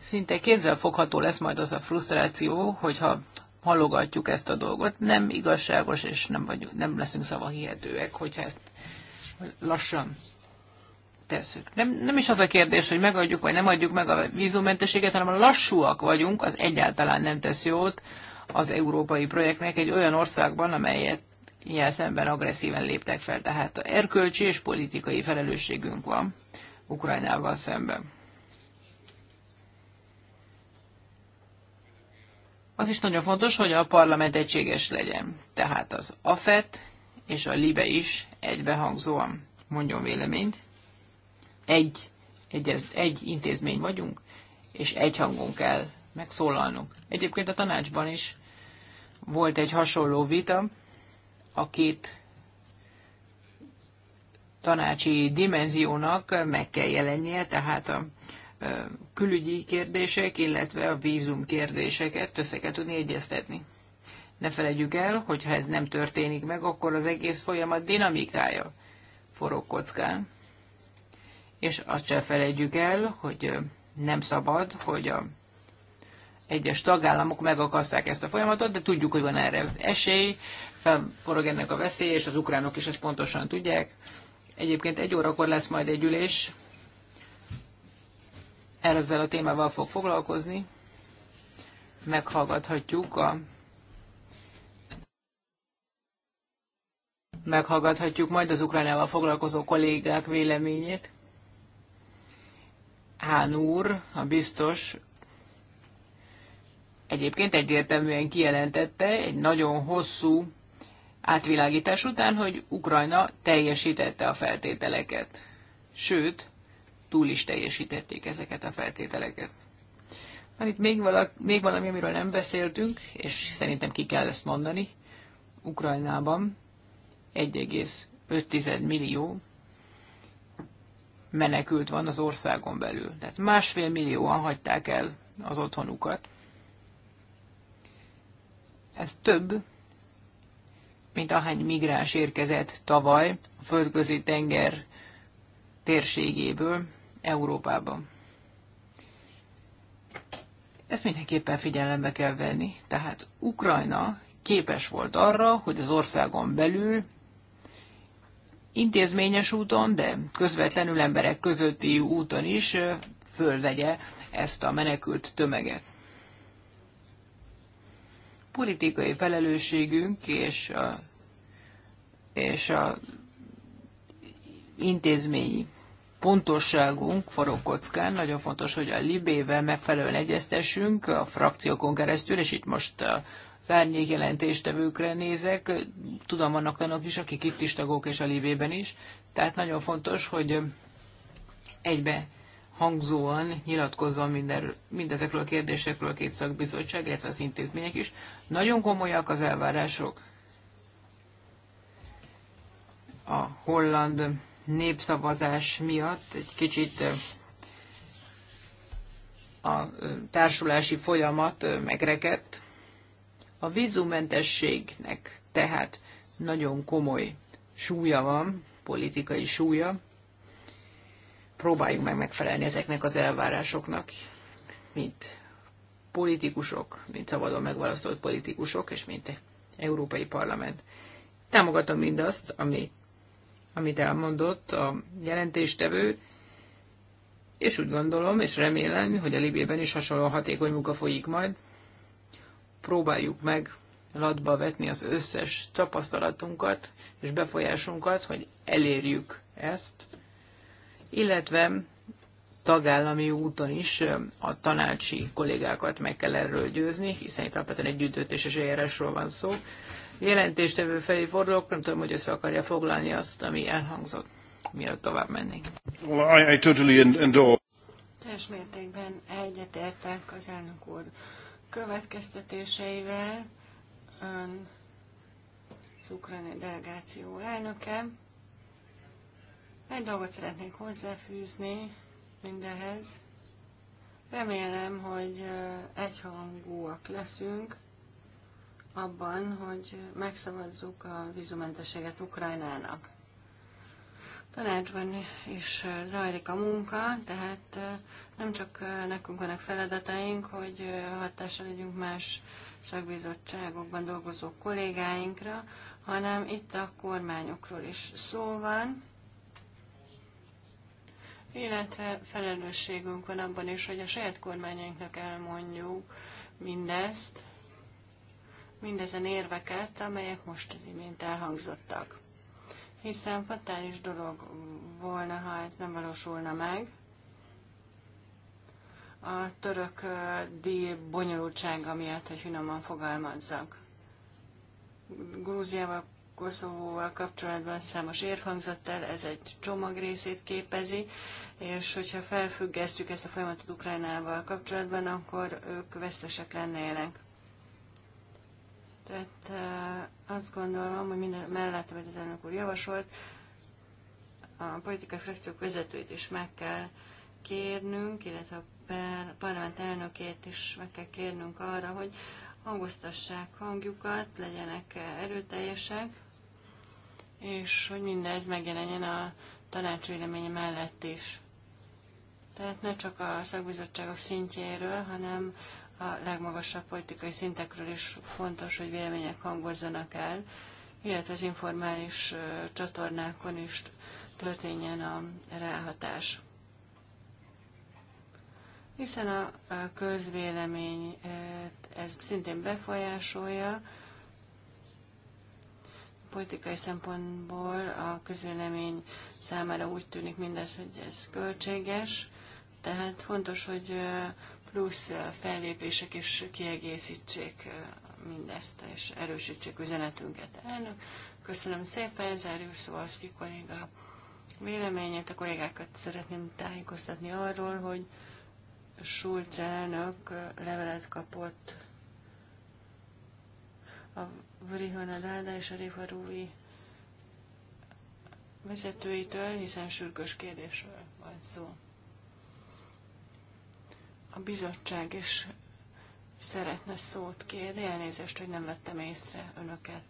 szinte kézzelfogható lesz majd az a frusztráció, hogyha halogatjuk ezt a dolgot. Nem igazságos, és nem, vagyunk, nem leszünk szavahihetőek, hogyha ezt lassan tesszük. Nem, nem is az a kérdés, hogy megadjuk vagy nem adjuk meg a vízumentességet, hanem a lassúak vagyunk, az egyáltalán nem tesz jót az európai projektnek egy olyan országban, amelyet ilyen szemben agresszíven léptek fel. Tehát erkölcsi és politikai felelősségünk van Ukrajnával szemben. Az is nagyon fontos, hogy a parlament egységes legyen. Tehát az AFET és a LIBE is egybehangzóan mondjon véleményt. Egy, egy, egy intézmény vagyunk, és egy hangon kell megszólalnunk. Egyébként a tanácsban is volt egy hasonló vita, a két tanácsi dimenziónak meg kell jelennie, tehát a külügyi kérdések, illetve a vízum kérdéseket össze kell tudni egyeztetni. Ne felejtjük el, hogy ha ez nem történik meg, akkor az egész folyamat dinamikája forog kockán. És azt se felejtjük el, hogy nem szabad, hogy a egyes tagállamok megakasszák ezt a folyamatot, de tudjuk, hogy van erre esély, felforog ennek a veszély, és az ukránok is ezt pontosan tudják. Egyébként egy órakor lesz majd egy ülés, ezzel a témával fog foglalkozni. Meghallgathatjuk a meghallgathatjuk majd az Ukrajnával foglalkozó kollégák véleményét. Hán úr, a biztos, egyébként egyértelműen kijelentette egy nagyon hosszú átvilágítás után, hogy Ukrajna teljesítette a feltételeket. Sőt, túl is teljesítették ezeket a feltételeket. Van itt még, valak, még valami, amiről nem beszéltünk, és szerintem ki kell ezt mondani. Ukrajnában 1,5 millió menekült van az országon belül. Tehát másfél millióan hagyták el az otthonukat. Ez több, mint ahány migráns érkezett tavaly a földközi tenger térségéből Európában. Ezt mindenképpen figyelembe kell venni. Tehát Ukrajna képes volt arra, hogy az országon belül intézményes úton, de közvetlenül emberek közötti úton is fölvegye ezt a menekült tömeget. Politikai felelősségünk és a, és a intézményi pontosságunk forró kockán. Nagyon fontos, hogy a libével megfelelően egyeztessünk a frakciókon keresztül, és itt most az árnyék jelentéstevőkre nézek. Tudom, vannak olyanok is, akik itt is tagok, és a libében is. Tehát nagyon fontos, hogy egybe hangzóan nyilatkozzon minden, mindezekről a kérdésekről a két szakbizottság, illetve az intézmények is. Nagyon komolyak az elvárások. A holland népszavazás miatt egy kicsit a társulási folyamat megrekedt. A vízumentességnek tehát nagyon komoly súlya van, politikai súlya. Próbáljunk meg megfelelni ezeknek az elvárásoknak, mint politikusok, mint szabadon megválasztott politikusok, és mint Európai Parlament. Támogatom mindazt, ami amit elmondott a jelentéstevő, és úgy gondolom, és remélem, hogy a Libében is hasonló hatékony munka folyik majd. Próbáljuk meg latba vetni az összes tapasztalatunkat és befolyásunkat, hogy elérjük ezt, illetve tagállami úton is a tanácsi kollégákat meg kell erről győzni, hiszen itt alapvetően egy gyűjtőtéses eljárásról van szó jelentéstevő felé fordulok, nem tudom, hogy össze akarja foglalni azt, ami elhangzott, mielőtt tovább mennénk. Well, I, I totally Teljes mértékben egyetértek az elnök úr következtetéseivel. Ön az ukrajnai delegáció elnöke. Egy dolgot szeretnék hozzáfűzni mindehez. Remélem, hogy egyhangúak leszünk abban, hogy megszavazzuk a vízumentességet Ukrajnának. Tanácsban is zajlik a munka, tehát nem csak nekünk vannak feladataink, hogy hatással legyünk más szakbizottságokban dolgozó kollégáinkra, hanem itt a kormányokról is szó van, illetve felelősségünk van abban is, hogy a saját kormányainknak elmondjuk mindezt, mindezen érveket, amelyek most az imént elhangzottak. Hiszen fatális dolog volna, ha ez nem valósulna meg. A török díj bonyolultsága miatt, hogy finoman fogalmazzak. Grúziával, Koszovóval kapcsolatban számos érhangzott el, ez egy csomag részét képezi, és hogyha felfüggesztjük ezt a folyamatot Ukrajnával kapcsolatban, akkor ők vesztesek lennének. Tehát azt gondolom, hogy minden mellett, amit az elnök úr javasolt, a politikai frakciók vezetőit is meg kell kérnünk, illetve a parlament elnökét is meg kell kérnünk arra, hogy hangoztassák hangjukat, legyenek erőteljesek, és hogy mindez megjelenjen a tanács véleménye mellett is. Tehát ne csak a szakbizottságok szintjéről, hanem a legmagasabb politikai szintekről is fontos, hogy vélemények hangozzanak el, illetve az informális csatornákon is történjen a ráhatás. Hiszen a közvélemény ez szintén befolyásolja, politikai szempontból a közvélemény számára úgy tűnik mindez, hogy ez költséges, tehát fontos, hogy plusz fellépések is kiegészítsék mindezt, és erősítsék üzenetünket. Elnök, köszönöm szépen, zárjuk Szovalszki kolléga véleményét. A kollégákat szeretném tájékoztatni arról, hogy Schulz elnök levelet kapott a Vrihona Dáda és a Rivarúi vezetőitől, hiszen sürgős kérdésről van szó. A bizottság is szeretne szót kérni, elnézést, hogy nem vettem észre önöket.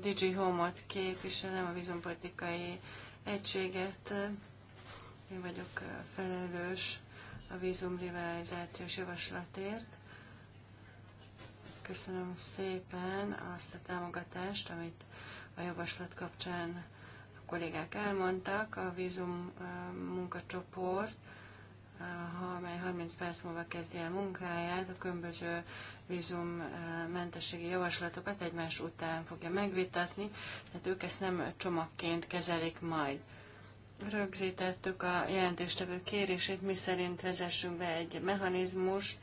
Digi Homot képviselem, a vízumpolitikai egységet. Én vagyok felelős a vízumliberalizációs javaslatért. Köszönöm szépen azt a támogatást, amit a javaslat kapcsán a kollégák elmondtak. A vízum munkacsoport ha amely 30 perc múlva kezdi el munkáját, a különböző vízummentességi e, javaslatokat egymás után fogja megvitatni, tehát ők ezt nem csomagként kezelik majd. Rögzítettük a jelentéstevő kérését, mi szerint vezessünk be egy mechanizmust,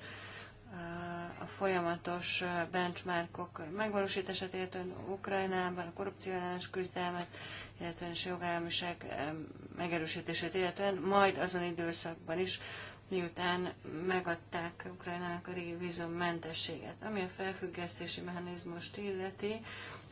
a folyamatos benchmarkok megvalósítását, illetve Ukrajnában a korrupció ellenes küzdelmet, illetve a jogállamiság megerősítését, illetve majd azon időszakban is, miután megadták Ukrajnának a régi vízummentességet. Ami a felfüggesztési mechanizmust illeti,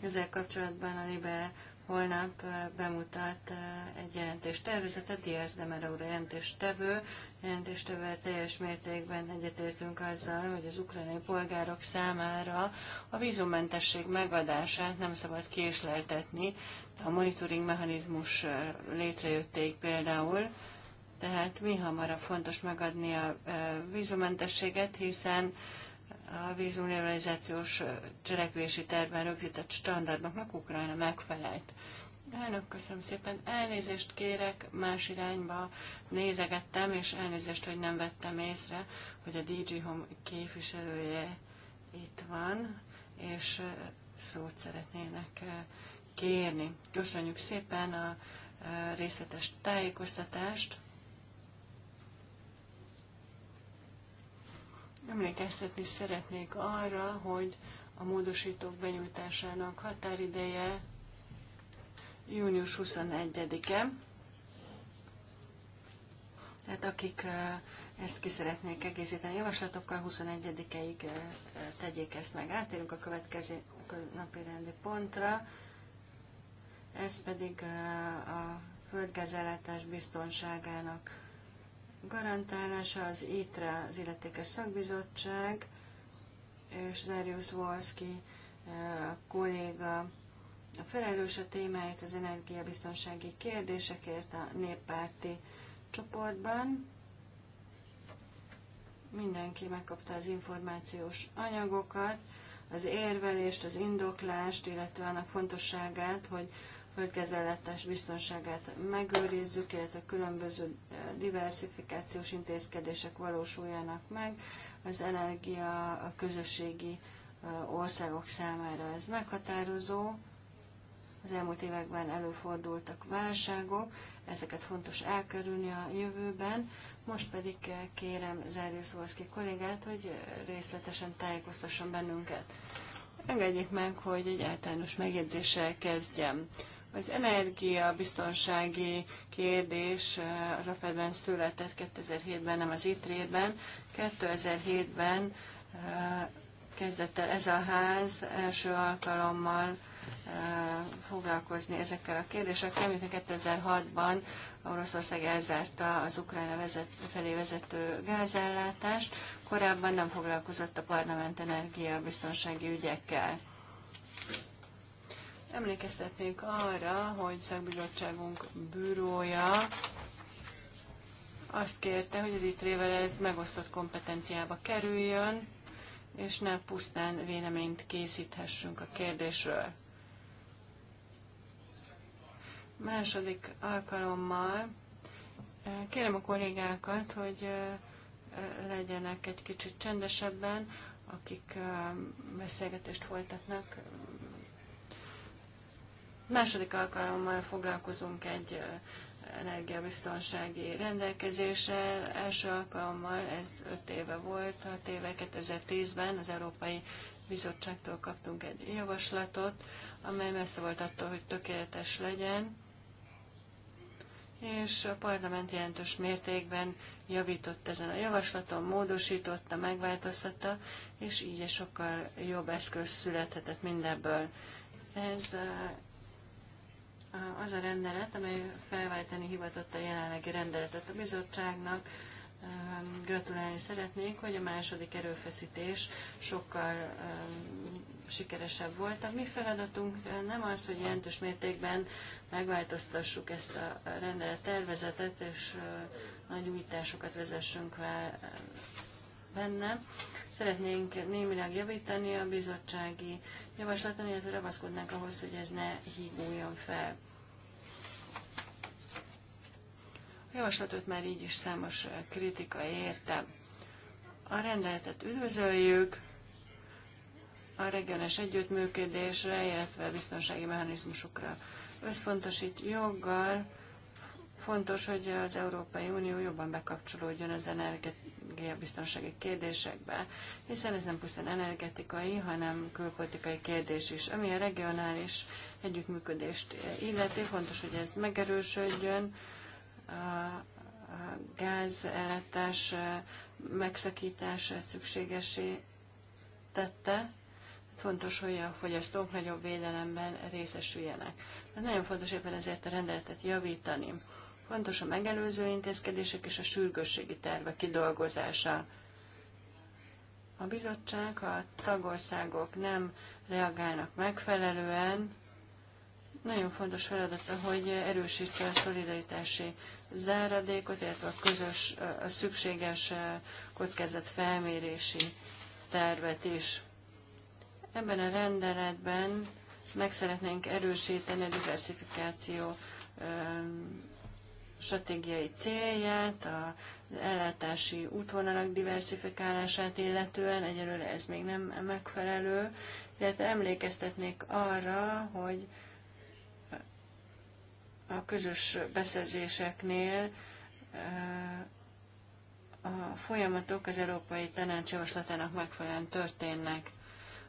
ezzel kapcsolatban a Libe holnap bemutat egy jelentéstervezetet, Diaz Mera úr jelentéstevő. Jelentéstevő teljes mértékben egyetértünk azzal, hogy az ukrajnai polgárok számára a vízummentesség megadását nem szabad késleltetni. A monitoring mechanizmus létrejötték például, tehát mi hamarabb fontos megadni a vízummentességet, hiszen a vízumliberalizációs cselekvési tervben rögzített standardoknak Ukrajna megfelelt. Elnök, köszönöm szépen. Elnézést kérek, más irányba nézegettem, és elnézést, hogy nem vettem észre, hogy a DG Home képviselője itt van, és szót szeretnének kérni. Köszönjük szépen a részletes tájékoztatást. Emlékeztetni szeretnék arra, hogy a módosítók benyújtásának határideje június 21-e. Tehát akik ezt ki szeretnék egészíteni javaslatokkal, 21-ig tegyék ezt meg. Átérünk a következő napi rendi pontra, ez pedig a földgezeletes biztonságának garantálása, az ITRA, az illetékes szakbizottság, és Zerius Wolski eh, kolléga a felelős a témáért az energiabiztonsági kérdésekért a néppárti csoportban. Mindenki megkapta az információs anyagokat, az érvelést, az indoklást, illetve annak fontosságát, hogy földgazellátás biztonságát megőrizzük, illetve különböző eh, diversifikációs intézkedések valósuljanak meg az energia a közösségi eh, országok számára. Ez meghatározó. Az elmúlt években előfordultak válságok, ezeket fontos elkerülni a jövőben. Most pedig eh, kérem Zárjó Szolszki kollégát, hogy részletesen tájékoztasson bennünket. Engedjék meg, hogy egy általános megjegyzéssel kezdjem. Az energiabiztonsági kérdés eh, az AFED-ben született 2007-ben, nem az ITRE-ben. 2007-ben eh, kezdett el ez a ház első alkalommal eh, foglalkozni ezekkel a kérdésekkel, mint 2006-ban Oroszország elzárta az Ukrajna vezet, felé vezető gázellátást, korábban nem foglalkozott a parlament energiabiztonsági ügyekkel. Emlékeztetnék arra, hogy szakbizottságunk bűrója azt kérte, hogy az itre vel ez megosztott kompetenciába kerüljön, és ne pusztán véleményt készíthessünk a kérdésről. Második alkalommal eh, kérem a kollégákat, hogy eh, eh, legyenek egy kicsit csendesebben, akik beszélgetést folytatnak, Második alkalommal foglalkozunk egy energiabiztonsági rendelkezéssel. Első alkalommal, ez 5 éve volt, 6 éve 2010-ben az Európai Bizottságtól kaptunk egy javaslatot, amely messze volt attól, hogy tökéletes legyen, és a parlament jelentős mértékben javított ezen a javaslaton, módosította, megváltoztatta, és így egy sokkal jobb eszköz születhetett mindebből. Ez az a rendelet, amely felváltani hivatott a jelenlegi rendeletet a bizottságnak. Um, gratulálni szeretnék, hogy a második erőfeszítés sokkal um, sikeresebb volt. A mi feladatunk nem az, hogy jelentős mértékben megváltoztassuk ezt a rendelet tervezetet, és uh, nagy újításokat vezessünk vele. benne, Szeretnénk némileg javítani a bizottsági javaslaton, illetve ragaszkodnánk ahhoz, hogy ez ne híguljon fel. A javaslatot már így is számos kritika érte. A rendeletet üdvözöljük, a regionális együttműködésre, illetve a biztonsági mechanizmusokra összfontosít joggal. Fontos, hogy az Európai Unió jobban bekapcsolódjon az energetikai energiabiztonsági kérdésekbe, hiszen ez nem pusztán energetikai, hanem külpolitikai kérdés is. Ami a regionális együttműködést illeti, fontos, hogy ez megerősödjön, a gázellátás megszakítása szükségesé tette, fontos, hogy a fogyasztók nagyobb védelemben részesüljenek. De hát nagyon fontos éppen ezért a rendeletet javítani. Fontos a megelőző intézkedések és a sürgősségi terve kidolgozása. A bizottság, ha a tagországok nem reagálnak megfelelően, nagyon fontos feladata, hogy erősítse a szolidaritási záradékot, illetve a közös, a szükséges kockázat felmérési tervet is. Ebben a rendeletben meg szeretnénk erősíteni a diversifikáció stratégiai célját, az ellátási útvonalak diversifikálását illetően, egyelőre ez még nem megfelelő, illetve emlékeztetnék arra, hogy a közös beszerzéseknél eh, a folyamatok az Európai Tanács javaslatának megfelelően történnek.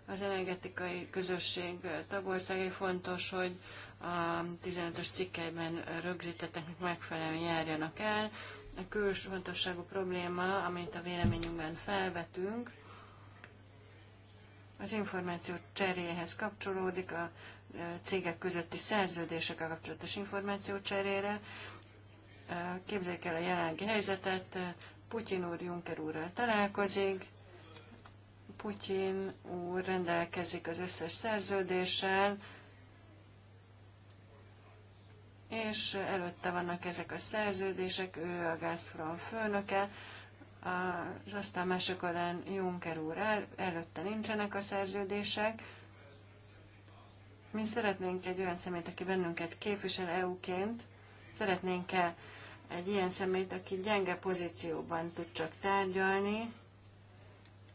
Az energetikai közösség tagországai fontos, hogy a 15-ös cikkeiben hogy megfelelően járjanak el. A külső fontosságú probléma, amit a véleményünkben felvetünk, az információ cseréhez kapcsolódik, a e, cégek közötti a kapcsolatos információ cserére. E, Képzeljük el a jelenlegi helyzetet, e, Putyin úr Juncker úrral találkozik, Putyin úr rendelkezik az összes szerződéssel, és előtte vannak ezek a szerződések, ő a Gazprom főnöke, az aztán mások alán Juncker úr el, előtte nincsenek a szerződések. Mi szeretnénk egy olyan szemét, aki bennünket képvisel EU-ként, szeretnénk-e egy ilyen szemét, aki gyenge pozícióban tud csak tárgyalni,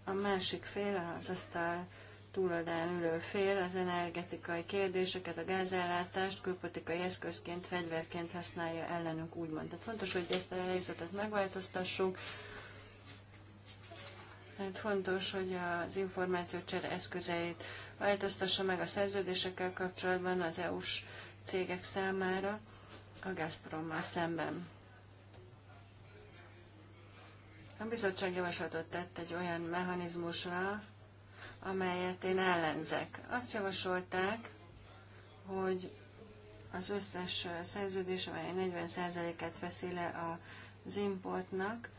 a másik fél az asztal túloldalán ülő fél az energetikai kérdéseket, a gázellátást külpolitikai eszközként, fegyverként használja ellenünk, úgymond. Tehát fontos, hogy ezt a helyzetet megváltoztassuk, tehát fontos, hogy az információcsere eszközeit változtassa meg a szerződésekkel kapcsolatban az EU-s cégek számára a Gazprommal szemben. A bizottság javaslatot tett egy olyan mechanizmusra, amelyet én ellenzek. Azt javasolták, hogy az összes szerződés, amely 40%-et veszi le az importnak,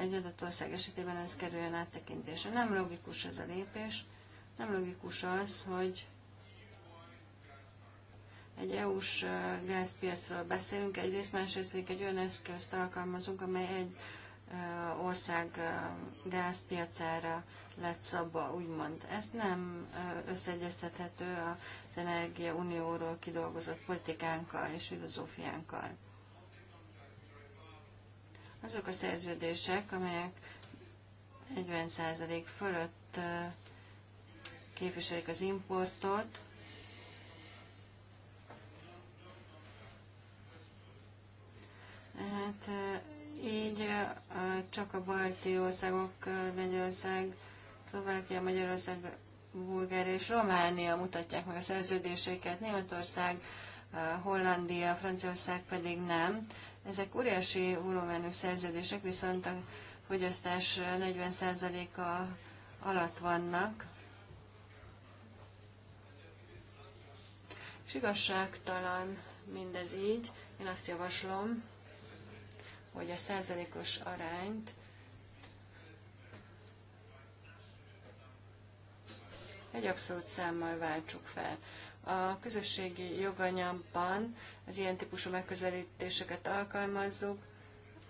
egy adott ország esetében ez kerüljön áttekintésre. Nem logikus ez a lépés, nem logikus az, hogy egy EU-s gázpiacról beszélünk egyrészt, másrészt pedig egy olyan eszközt alkalmazunk, amely egy ország gázpiacára lett szabva, úgymond. Ez nem összeegyeztethető az Energia Unióról kidolgozott politikánkkal és filozófiánkkal. Azok a szerződések, amelyek 40% fölött képviselik az importot, Hát így csak a balti országok, Lengyelország, Szlovákia, Magyarország, Bulgária és Románia mutatják meg a szerződéseiket, Németország, Hollandia, Franciaország pedig nem. Ezek óriási volumenű szerződések, viszont a fogyasztás 40%-a alatt vannak. És igazságtalan mindez így. Én azt javaslom, hogy a százalékos arányt egy abszolút számmal váltsuk fel. A közösségi joganyagban az ilyen típusú megközelítéseket alkalmazzuk,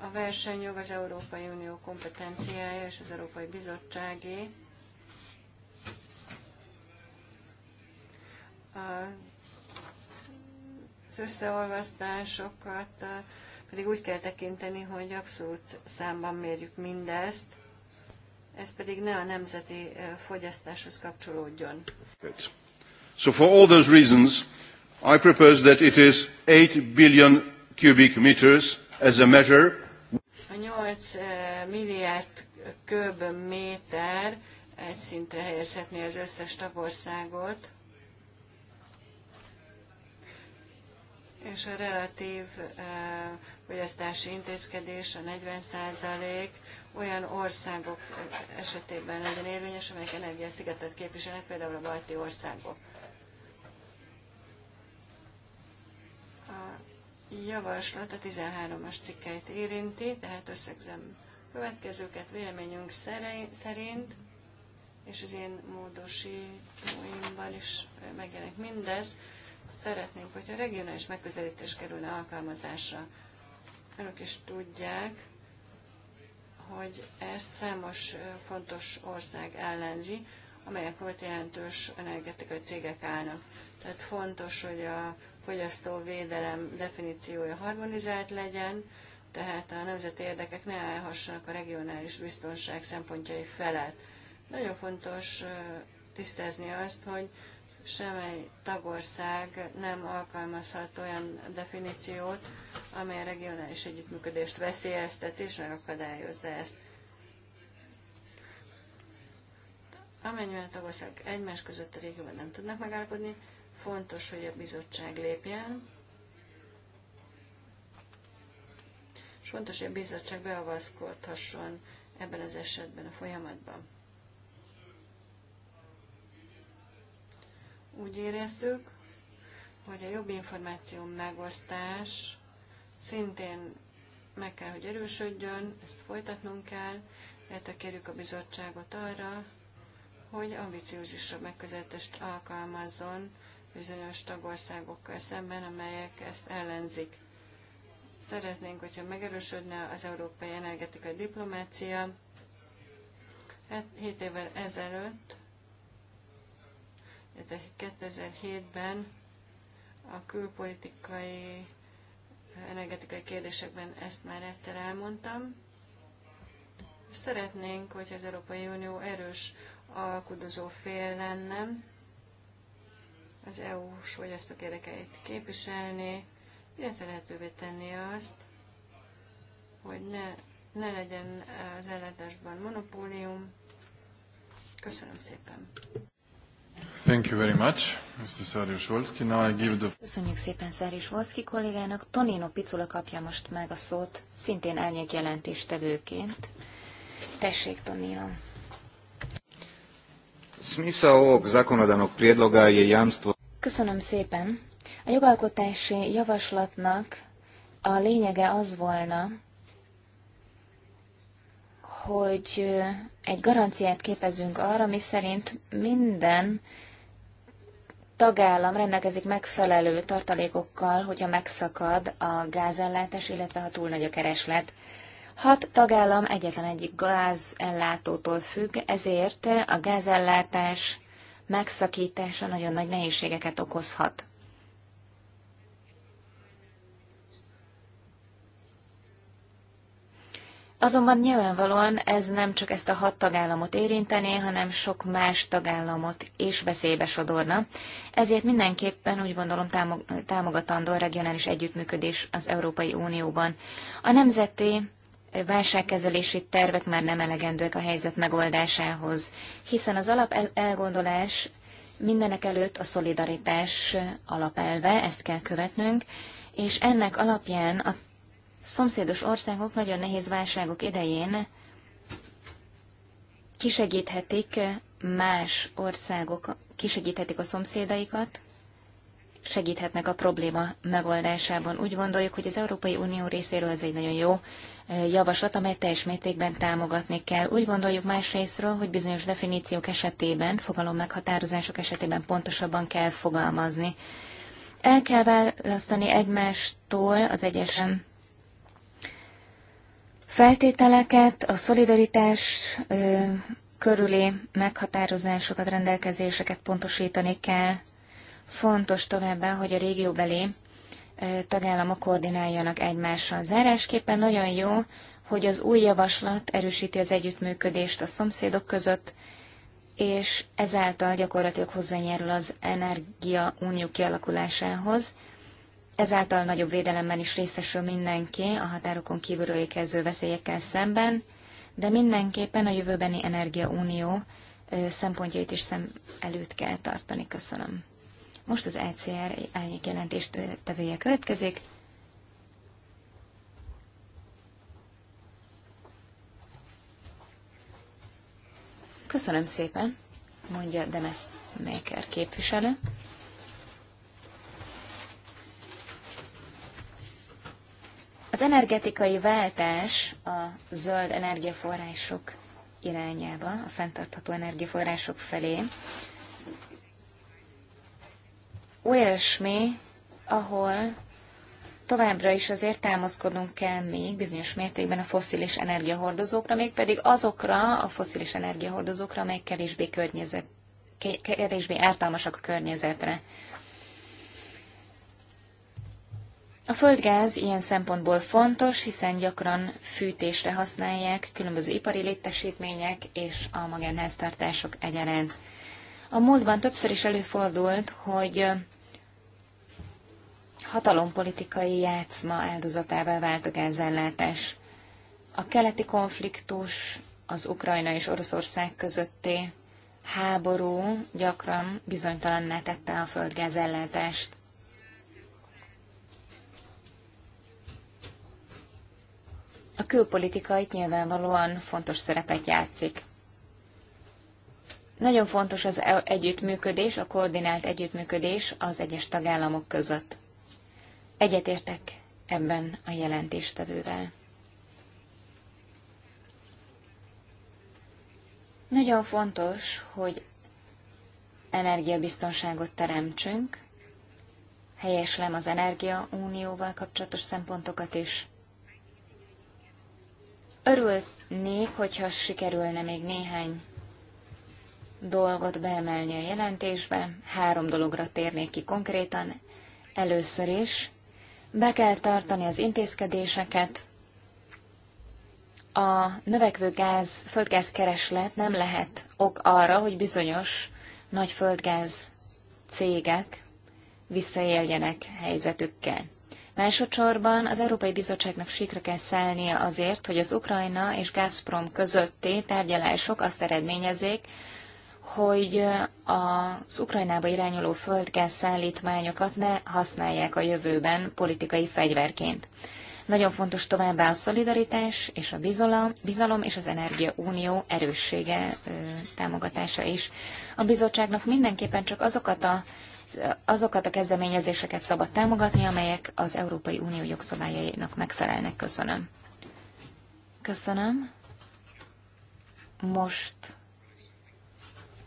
a versenyjog az Európai Unió kompetenciája és az Európai Bizottságé. Az összeolvasztásokat pedig úgy kell tekinteni, hogy abszolút számban mérjük mindezt, ez pedig ne a nemzeti fogyasztáshoz kapcsolódjon. So for all those reasons, I propose that it is 8 billion cubic meters as a measure. A 8 milliárd köbméter egy szintre helyezhetné az összes tagországot. és a relatív fogyasztási intézkedés a 40% olyan országok esetében legyen érvényes, amelyek energiaszigetet képviselnek, például a balti országok. A javaslat a 13-as cikkeit érinti, tehát összegzem következőket véleményünk szerint, és az én módosítóimban is megjelenik mindez, szeretnénk, hogyha regionális megközelítés kerülne alkalmazásra. Önök is tudják, hogy ezt számos fontos ország ellenzi, amelyek volt jelentős energetikai cégek állnak. Tehát fontos, hogy a fogyasztóvédelem definíciója harmonizált legyen, tehát a nemzeti érdekek ne állhassanak a regionális biztonság szempontjai felett. Nagyon fontos tisztázni azt, hogy semmely tagország nem alkalmazhat olyan definíciót, amely a regionális együttműködést veszélyeztet és megakadályozza ezt. Amennyiben a tagország egymás között a régióban nem tudnak megállapodni, fontos, hogy a bizottság lépjen, és fontos, hogy a bizottság beavaszkodhasson ebben az esetben a folyamatban. Úgy érezzük, hogy a jobb információ megosztás szintén meg kell, hogy erősödjön, ezt folytatnunk kell, illetve kérjük a bizottságot arra, hogy ambiciózusabb megközelítést alkalmazzon bizonyos tagországokkal szemben, amelyek ezt ellenzik. Szeretnénk, hogyha megerősödne az európai energetikai diplomácia. Hát 7 évvel ezelőtt 2007-ben a külpolitikai, energetikai kérdésekben ezt már egyszer elmondtam. Szeretnénk, hogy az Európai Unió erős alkudozó fél lenne, az EU-s fogyasztók érdekeit képviselni, illetve lehetővé tenni azt, hogy ne, ne legyen az ellátásban monopólium. Köszönöm szépen! Thank you very much, Mr. Now I give the... Köszönjük szépen Szárjus Volszki kollégának. Tonino Picula kapja most meg a szót, szintén elnyek jelentéstevőként. Tessék, Tonino. Smisao ovog zakonodavnog je jamstvo... Köszönöm szépen. A jogalkotási javaslatnak a lényege az volna, hogy egy garanciát képezünk arra, mi szerint minden tagállam rendelkezik megfelelő tartalékokkal, hogyha megszakad a gázellátás, illetve ha túl nagy a kereslet. Hat tagállam egyetlen egyik gázellátótól függ, ezért a gázellátás megszakítása nagyon nagy nehézségeket okozhat. Azonban nyilvánvalóan ez nem csak ezt a hat tagállamot érintené, hanem sok más tagállamot is veszélybe sodorna. Ezért mindenképpen úgy gondolom támogatandó a regionális együttműködés az Európai Unióban. A nemzeti válságkezelési tervek már nem elegendőek a helyzet megoldásához, hiszen az alap elgondolás mindenek előtt a szolidaritás alapelve, ezt kell követnünk, és ennek alapján a szomszédos országok nagyon nehéz válságok idején kisegíthetik más országok, kisegíthetik a szomszédaikat, segíthetnek a probléma megoldásában. Úgy gondoljuk, hogy az Európai Unió részéről ez egy nagyon jó javaslat, amely teljes mértékben támogatni kell. Úgy gondoljuk másrésztről, hogy bizonyos definíciók esetében, fogalom meghatározások esetében pontosabban kell fogalmazni. El kell választani egymástól az egyesen feltételeket, a szolidaritás ö, körüli meghatározásokat, rendelkezéseket pontosítani kell. Fontos továbbá, hogy a régióbeli ö, tagállamok koordináljanak egymással. Zárásképpen nagyon jó, hogy az új javaslat erősíti az együttműködést a szomszédok között, és ezáltal gyakorlatilag hozzányerül az energia unió kialakulásához, Ezáltal nagyobb védelemben is részesül mindenki a határokon kívülről érkező veszélyekkel szemben, de mindenképpen a jövőbeni energiaunió szempontjait is szem előtt kell tartani. Köszönöm. Most az ECR elnyék jelentést tevője következik. Köszönöm szépen, mondja Demes Maker képviselő. Az energetikai váltás a zöld energiaforrások irányába, a fenntartható energiaforrások felé olyasmi, ahol továbbra is azért támaszkodnunk kell még bizonyos mértékben a foszilis energiahordozókra, mégpedig azokra a foszilis energiahordozókra, amelyek kevésbé, kevésbé ártalmasak a környezetre. A földgáz ilyen szempontból fontos, hiszen gyakran fűtésre használják különböző ipari létesítmények és a magánháztartások egyaránt. A múltban többször is előfordult, hogy hatalompolitikai játszma áldozatává vált a gázellátás. A keleti konfliktus, az Ukrajna és Oroszország közötti háború gyakran bizonytalanná tette a földgázellátást. A külpolitika itt nyilvánvalóan fontos szerepet játszik. Nagyon fontos az e- együttműködés, a koordinált együttműködés az egyes tagállamok között. Egyetértek ebben a jelentéstevővel. Nagyon fontos, hogy energiabiztonságot teremtsünk, helyeslem az energiaunióval kapcsolatos szempontokat is, Örülnék, hogyha sikerülne még néhány dolgot beemelni a jelentésbe. Három dologra térnék ki konkrétan. Először is be kell tartani az intézkedéseket. A növekvő gáz, földgáz kereslet nem lehet ok arra, hogy bizonyos nagy földgáz cégek visszaéljenek helyzetükkel. Másodszorban az Európai Bizottságnak síkra kell szállnia azért, hogy az Ukrajna és Gazprom közötti tárgyalások azt eredményezik, hogy az Ukrajnába irányuló földgáz szállítmányokat ne használják a jövőben politikai fegyverként. Nagyon fontos továbbá a szolidaritás és a bizalom, bizalom és az energiaunió erőssége ö, támogatása is. A bizottságnak mindenképpen csak azokat a azokat a kezdeményezéseket szabad támogatni, amelyek az Európai Unió jogszabályainak megfelelnek. Köszönöm. Köszönöm. Most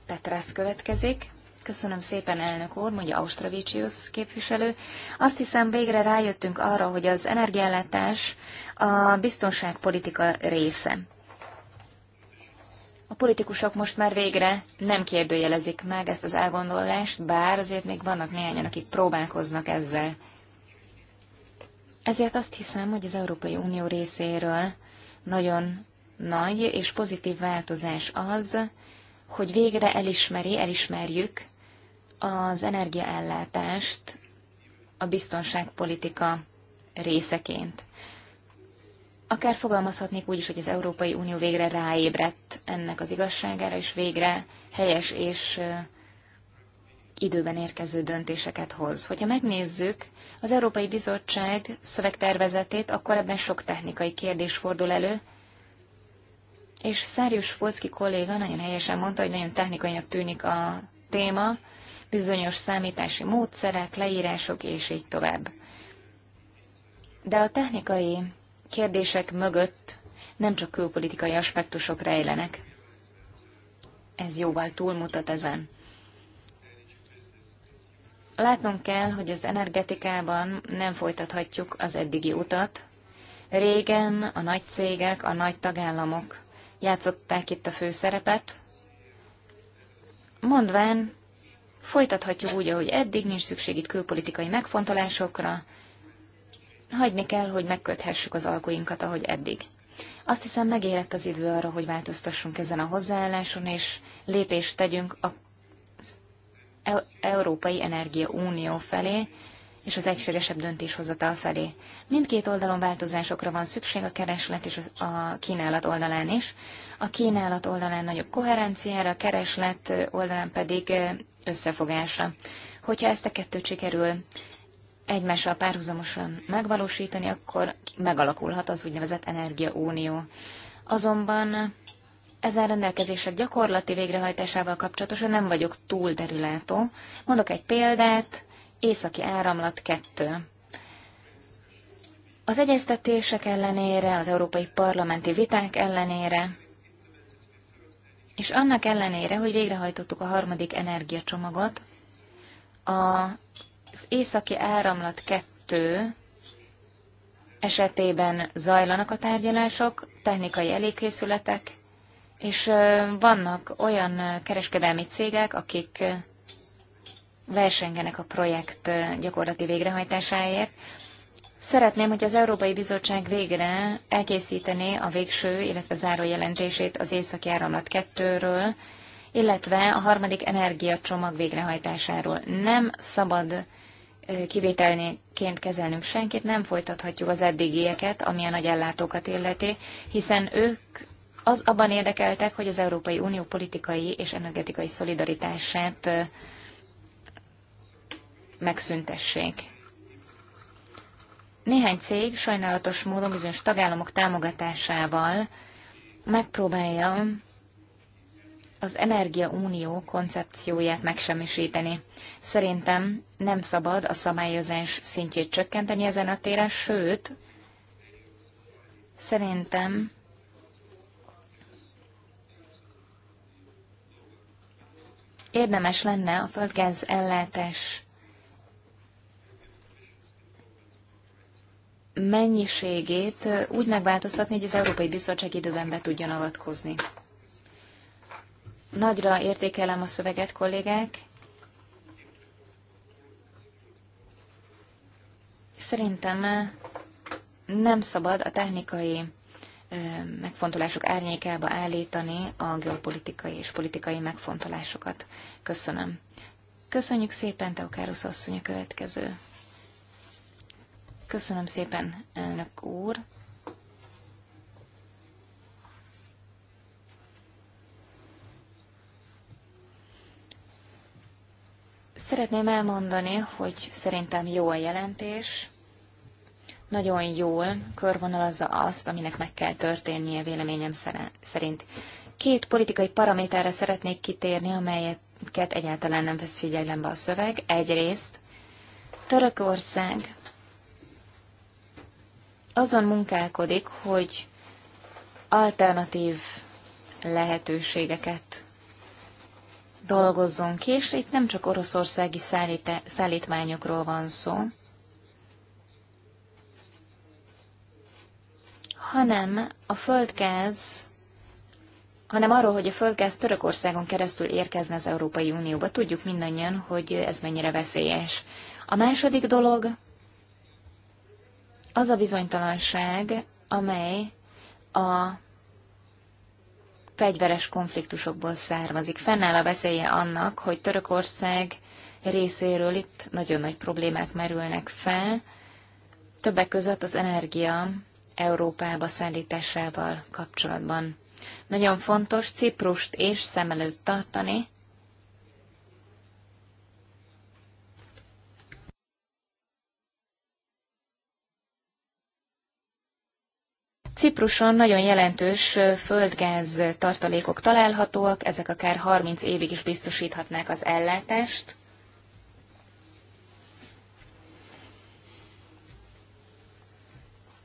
Petrász következik. Köszönöm szépen, elnök úr, mondja Austravicius képviselő. Azt hiszem, végre rájöttünk arra, hogy az energiállátás a biztonságpolitika része. A politikusok most már végre nem kérdőjelezik meg ezt az elgondolást, bár azért még vannak néhányan, akik próbálkoznak ezzel. Ezért azt hiszem, hogy az Európai Unió részéről nagyon nagy és pozitív változás az, hogy végre elismeri, elismerjük az energiaellátást a biztonságpolitika részeként. Akár fogalmazhatnék úgy is, hogy az Európai Unió végre ráébredt ennek az igazságára, és végre helyes és időben érkező döntéseket hoz. Hogyha megnézzük az Európai Bizottság szövegtervezetét, akkor ebben sok technikai kérdés fordul elő, és Szárius Focki kolléga nagyon helyesen mondta, hogy nagyon technikainak tűnik a téma, bizonyos számítási módszerek, leírások, és így tovább. De a technikai kérdések mögött nem csak külpolitikai aspektusok rejlenek. Ez jóval túlmutat ezen. Látnunk kell, hogy az energetikában nem folytathatjuk az eddigi utat. Régen a nagy cégek, a nagy tagállamok játszották itt a főszerepet, mondván, folytathatjuk úgy, ahogy eddig, nincs szükség itt külpolitikai megfontolásokra, hagyni kell, hogy megköthessük az alkuinkat, ahogy eddig. Azt hiszem megérett az idő arra, hogy változtassunk ezen a hozzáálláson, és lépést tegyünk a Európai Energia Unió felé, és az egységesebb döntéshozatal felé. Mindkét oldalon változásokra van szükség, a kereslet és a kínálat oldalán is. A kínálat oldalán nagyobb koherenciára, a kereslet oldalán pedig összefogásra. Hogyha ezt a kettőt sikerül egymással párhuzamosan megvalósítani, akkor megalakulhat az úgynevezett energiaunió. Azonban ezen rendelkezések gyakorlati végrehajtásával kapcsolatosan nem vagyok túl derülátó. Mondok egy példát, északi áramlat 2. Az egyeztetések ellenére, az európai parlamenti viták ellenére, és annak ellenére, hogy végrehajtottuk a harmadik energiacsomagot, a az északi áramlat 2 esetében zajlanak a tárgyalások, technikai elégkészületek, és vannak olyan kereskedelmi cégek, akik versengenek a projekt gyakorlati végrehajtásáért. Szeretném, hogy az Európai Bizottság végre elkészítené a végső, illetve záró jelentését az északi áramlat 2-ről, illetve a harmadik energiacsomag végrehajtásáról. Nem szabad kivételnéként kezelnünk senkit, nem folytathatjuk az eddigieket, ami a nagy ellátókat illeti, hiszen ők az abban érdekeltek, hogy az Európai Unió politikai és energetikai szolidaritását megszüntessék. Néhány cég sajnálatos módon bizonyos tagállamok támogatásával megpróbálja az energiaunió koncepcióját megsemmisíteni. Szerintem nem szabad a szabályozás szintjét csökkenteni ezen a téren, sőt, szerintem érdemes lenne a földgáz ellátás mennyiségét úgy megváltoztatni, hogy az Európai Bizottság időben be tudjon avatkozni. Nagyra értékelem a szöveget, kollégák. Szerintem nem szabad a technikai megfontolások árnyékába állítani a geopolitikai és politikai megfontolásokat. Köszönöm. Köszönjük szépen, Teokárusz asszony a következő. Köszönöm szépen, elnök úr. Szeretném elmondani, hogy szerintem jó a jelentés, nagyon jól körvonalazza azt, aminek meg kell történnie véleményem szerint. Két politikai paraméterre szeretnék kitérni, amelyeket egyáltalán nem vesz figyelembe a szöveg. Egyrészt Törökország azon munkálkodik, hogy alternatív lehetőségeket dolgozzon ki, és itt nem csak oroszországi szállíte, szállítmányokról van szó, hanem a földgáz, hanem arról, hogy a földgáz Törökországon keresztül érkezne az Európai Unióba. Tudjuk mindannyian, hogy ez mennyire veszélyes. A második dolog az a bizonytalanság, amely a fegyveres konfliktusokból származik. Fennáll a veszélye annak, hogy Törökország részéről itt nagyon nagy problémák merülnek fel, többek között az energia Európába szállításával kapcsolatban. Nagyon fontos Ciprust és szem előtt tartani, Cipruson nagyon jelentős földgáz tartalékok találhatóak, ezek akár 30 évig is biztosíthatnák az ellátást.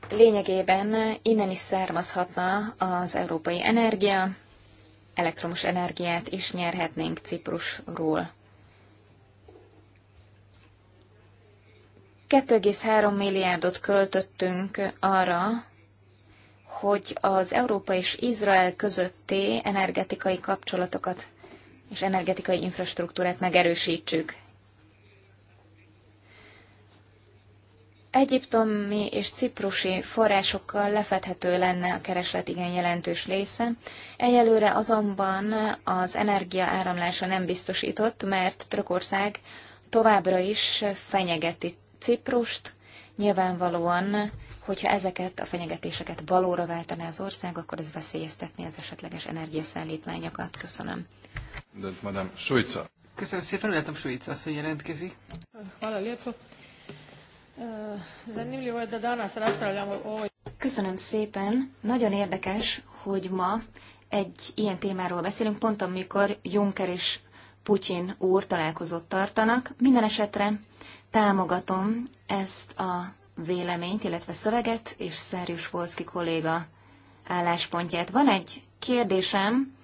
Lényegében innen is származhatna az európai energia, elektromos energiát is nyerhetnénk Ciprusról. 2,3 milliárdot költöttünk arra, hogy az Európa és Izrael közötti energetikai kapcsolatokat és energetikai infrastruktúrát megerősítsük. Egyiptomi és ciprusi forrásokkal lefedhető lenne a kereslet igen jelentős része, egyelőre azonban az energia áramlása nem biztosított, mert Törökország továbbra is fenyegeti Ciprust, Nyilvánvalóan, hogyha ezeket a fenyegetéseket valóra váltaná az ország, akkor ez veszélyeztetné az esetleges energiaszállítmányokat. Köszönöm. De, madám, Sujca. Köszönöm szépen, a Sujca asszony jelentkezik. Hvala e, Köszönöm szépen. Nagyon érdekes, hogy ma egy ilyen témáról beszélünk, pont amikor Juncker és Putyin úr találkozót tartanak. Minden esetre Támogatom ezt a véleményt, illetve szöveget, és Szerjus Volszki kolléga álláspontját. Van egy kérdésem,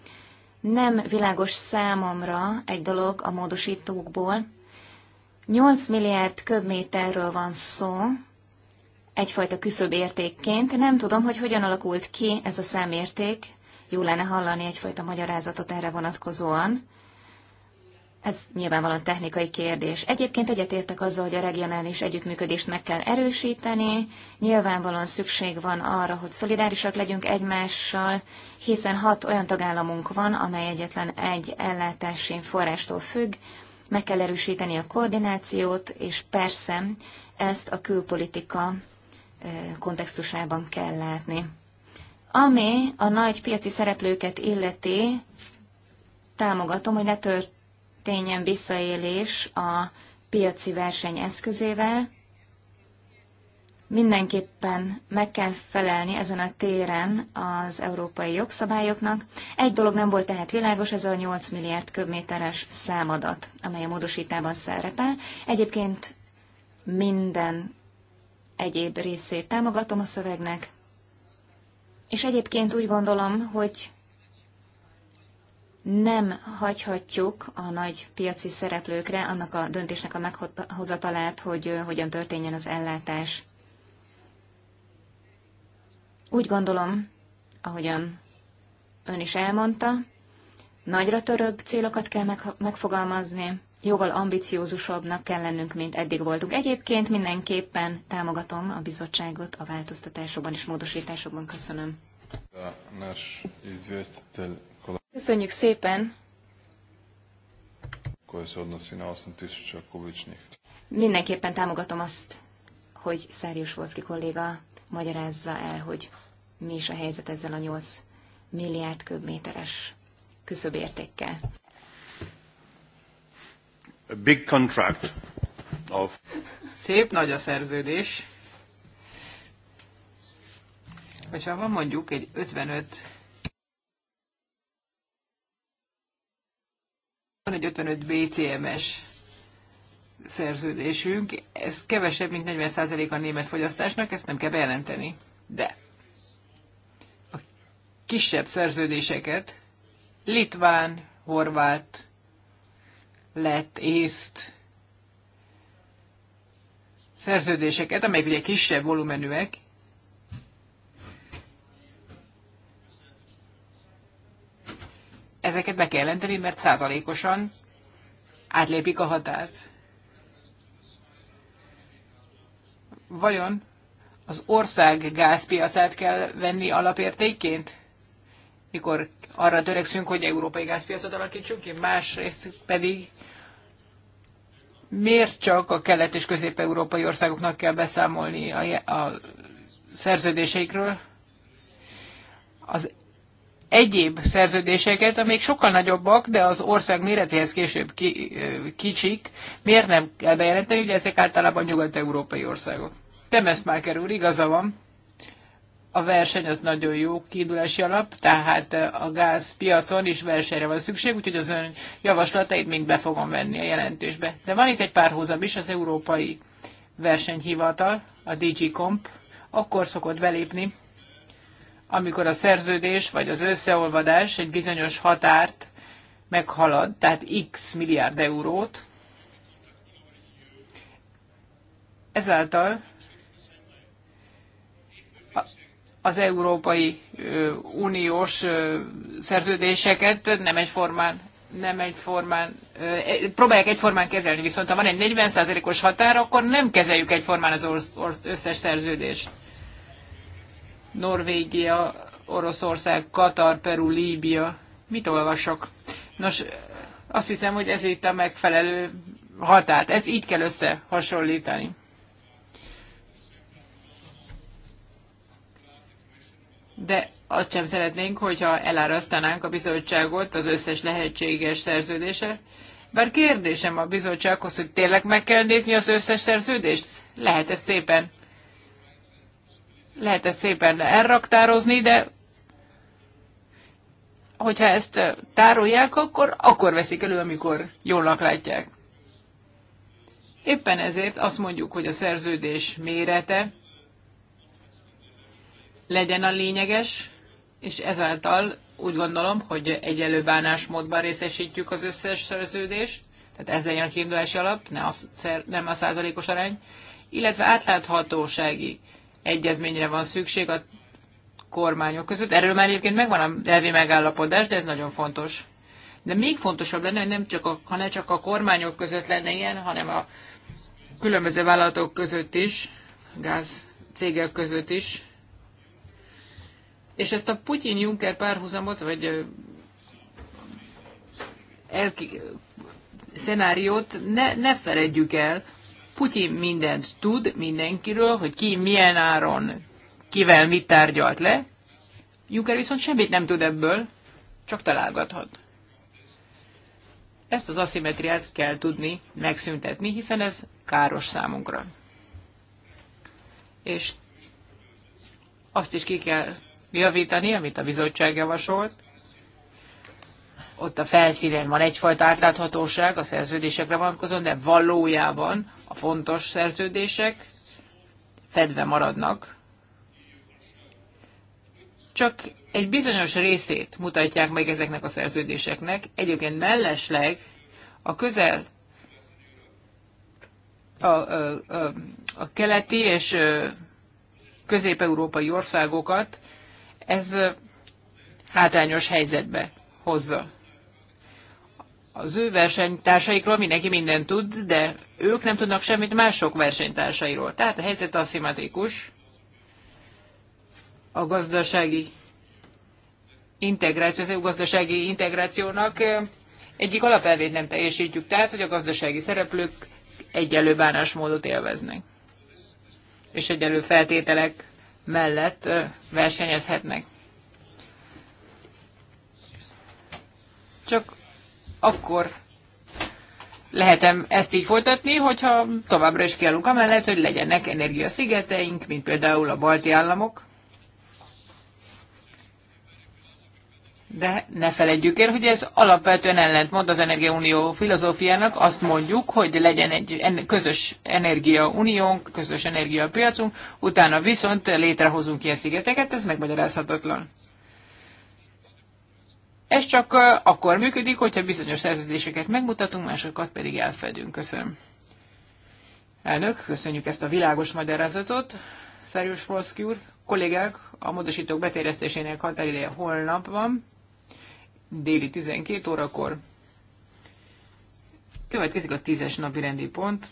nem világos számomra egy dolog a módosítókból. 8 milliárd köbméterről van szó, egyfajta küszöbb értékként. Nem tudom, hogy hogyan alakult ki ez a számérték. Jó lenne hallani egyfajta magyarázatot erre vonatkozóan. Ez nyilvánvalóan technikai kérdés. Egyébként egyetértek azzal, hogy a regionális együttműködést meg kell erősíteni. Nyilvánvalóan szükség van arra, hogy szolidárisak legyünk egymással, hiszen hat olyan tagállamunk van, amely egyetlen egy ellátási forrástól függ. Meg kell erősíteni a koordinációt, és persze ezt a külpolitika kontextusában kell látni. Ami a nagy piaci szereplőket illeti, támogatom, hogy ne tört történjen visszaélés a piaci verseny eszközével. Mindenképpen meg kell felelni ezen a téren az európai jogszabályoknak. Egy dolog nem volt tehát világos, ez a 8 milliárd köbméteres számadat, amely a módosításban szerepel. Egyébként minden egyéb részét támogatom a szövegnek, és egyébként úgy gondolom, hogy nem hagyhatjuk a nagy piaci szereplőkre annak a döntésnek a meghozatalát, hogy hogyan történjen az ellátás. Úgy gondolom, ahogyan ön is elmondta, nagyra törőbb célokat kell megfogalmazni, jóval ambiciózusabbnak kell lennünk, mint eddig voltunk. Egyébként mindenképpen támogatom a bizottságot a változtatásokban és módosításokban. Köszönöm. A náš izvjestitelj Köszönjük szépen! Mindenképpen támogatom azt, hogy Szerjus Volszki kolléga magyarázza el, hogy mi is a helyzet ezzel a 8 milliárd köbméteres küszöbértékkel. A big contract of... Szép nagy a szerződés. ha van mondjuk egy 55 van egy 55 BCMS szerződésünk, ez kevesebb, mint 40% a német fogyasztásnak, ezt nem kell bejelenteni. De a kisebb szerződéseket litván, horvát, lett, észt szerződéseket, amelyek ugye kisebb volumenűek, ezeket be kell jelenteni, mert százalékosan átlépik a határt. Vajon az ország gázpiacát kell venni alapértékként? Mikor arra törekszünk, hogy európai gázpiacot alakítsunk ki, másrészt pedig miért csak a kelet- és közép-európai országoknak kell beszámolni a, a szerződéseikről? Az egyéb szerződéseket, amik sokkal nagyobbak, de az ország méretéhez később ki, kicsik, miért nem kell bejelenteni, ugye ezek általában nyugat-európai országok. Temeszmáker úr, igaza van, a verseny az nagyon jó kiindulási alap, tehát a gázpiacon is versenyre van szükség, úgyhogy az ön javaslatait mind be fogom venni a jelentésbe. De van itt egy pár párhuzam is, az Európai Versenyhivatal, a DG Comp, akkor szokott belépni, amikor a szerződés vagy az összeolvadás egy bizonyos határt meghalad, tehát x milliárd eurót, ezáltal az Európai Uniós szerződéseket nem egyformán nem egyformán, próbálják egyformán kezelni, viszont ha van egy 40%-os határ, akkor nem kezeljük egyformán az összes szerződést. Norvégia, Oroszország, Katar, Peru, Líbia. Mit olvasok? Nos, azt hiszem, hogy ez itt a megfelelő határt. Ez így kell összehasonlítani. De azt sem szeretnénk, hogyha elárasztanánk a bizottságot az összes lehetséges szerződése. Bár kérdésem a bizottsághoz, hogy tényleg meg kell nézni az összes szerződést? Lehet ez szépen lehet ezt szépen elraktározni, de hogyha ezt tárolják, akkor akkor veszik elő, amikor jólnak látják. Éppen ezért azt mondjuk, hogy a szerződés mérete legyen a lényeges, és ezáltal úgy gondolom, hogy egyelő bánásmódban részesítjük az összes szerződést, tehát ez legyen a kiindulási alap, ne a, nem a százalékos arány, illetve átláthatósági egyezményre van szükség a kormányok között. Erről már egyébként megvan a elvi megállapodás, de ez nagyon fontos. De még fontosabb lenne, hogy nem csak a, ha ne csak a kormányok között lenne ilyen, hanem a különböző vállalatok között is, gáz cégek között is. És ezt a Putyin-Juncker párhuzamot, vagy el, szenáriót ne, ne feledjük el, Putyin mindent tud mindenkiről, hogy ki milyen áron, kivel mit tárgyalt le. Juncker viszont semmit nem tud ebből, csak találgathat. Ezt az aszimetriát kell tudni megszüntetni, hiszen ez káros számunkra. És azt is ki kell javítani, amit a bizottság javasolt, ott a felszínen van egyfajta átláthatóság a szerződésekre vonatkozóan, de valójában a fontos szerződések fedve maradnak. Csak egy bizonyos részét mutatják meg ezeknek a szerződéseknek. Egyébként mellesleg a közel a, a, a, a keleti és közép-európai országokat ez hátrányos helyzetbe hozza az ő versenytársaikról mindenki mindent tud, de ők nem tudnak semmit mások versenytársairól. Tehát a helyzet aszimmetrikus. A gazdasági integráció, az EU gazdasági integrációnak eh, egyik alapelvét nem teljesítjük, tehát hogy a gazdasági szereplők egyenlő bánásmódot élveznek, és egyenlő feltételek mellett eh, versenyezhetnek. Csak akkor lehetem ezt így folytatni, hogyha továbbra is kiállunk amellett, hogy legyenek energiaszigeteink, mint például a balti államok. De ne feledjük el, hogy ez alapvetően ellentmond az Energiaunió filozófiának. Azt mondjuk, hogy legyen egy közös energiauniónk, közös energiapiacunk, utána viszont létrehozunk ilyen szigeteket, ez megmagyarázhatatlan. Ez csak akkor működik, hogyha bizonyos szerződéseket megmutatunk, másokat pedig elfedünk. Köszönöm. Elnök, köszönjük ezt a világos magyarázatot. Szerűs Volszki úr, kollégák, a módosítók beterjesztésének határideje holnap van, déli 12 órakor. Következik a tízes napi rendi pont.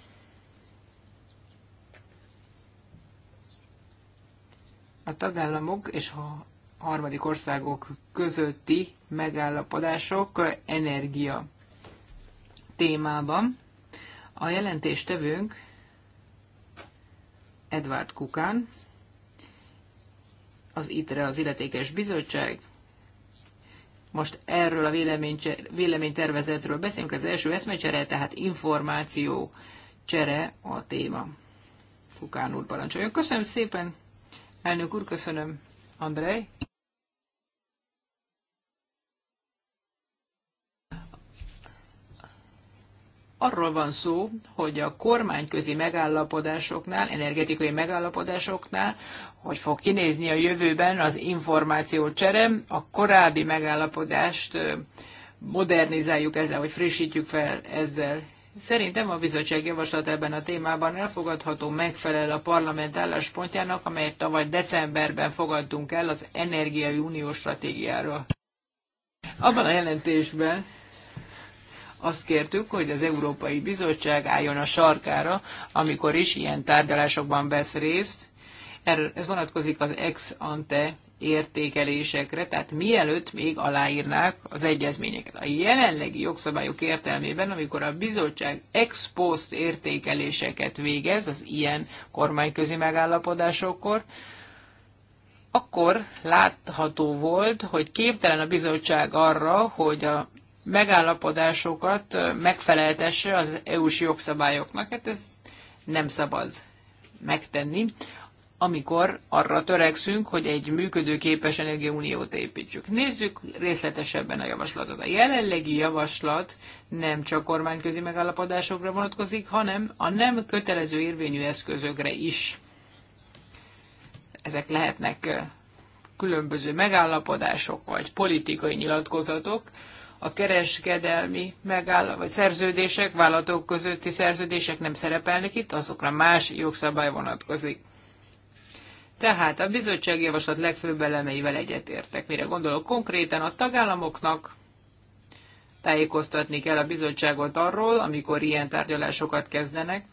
A tagállamok és a harmadik országok közötti megállapodások energia témában. A jelentéstevőnk Edward Kukán, az ITRE, az Illetékes Bizottság. Most erről a véleménytervezetről beszélünk, az első eszmecsere, tehát információ csere a téma. Fukán úr parancsoljon. Köszönöm szépen, elnök úr, köszönöm, Andrej. Arról van szó, hogy a kormányközi megállapodásoknál, energetikai megállapodásoknál, hogy fog kinézni a jövőben az információ cserem, a korábbi megállapodást modernizáljuk ezzel, vagy frissítjük fel ezzel. Szerintem a bizottság javaslat ebben a témában elfogadható megfelel a parlament álláspontjának, amelyet tavaly decemberben fogadtunk el az Energiai Unió stratégiáról. Abban a jelentésben, azt kértük, hogy az Európai Bizottság álljon a sarkára, amikor is ilyen tárgyalásokban vesz részt. Erről, ez vonatkozik az ex ante értékelésekre, tehát mielőtt még aláírnák az egyezményeket. A jelenlegi jogszabályok értelmében, amikor a bizottság ex post értékeléseket végez az ilyen kormányközi megállapodásokkor, akkor látható volt, hogy képtelen a bizottság arra, hogy a megállapodásokat megfeleltesse az EU-s jogszabályoknak. Hát ez nem szabad megtenni, amikor arra törekszünk, hogy egy működőképes energiauniót építsük. Nézzük részletesebben a javaslatot. A jelenlegi javaslat nem csak kormányközi megállapodásokra vonatkozik, hanem a nem kötelező érvényű eszközökre is. Ezek lehetnek különböző megállapodások vagy politikai nyilatkozatok, a kereskedelmi megáll, vagy szerződések, vállalatok közötti szerződések nem szerepelnek itt, azokra más jogszabály vonatkozik. Tehát a bizottság javaslat legfőbb elemeivel egyetértek. Mire gondolok konkrétan a tagállamoknak, tájékoztatni kell a bizottságot arról, amikor ilyen tárgyalásokat kezdenek,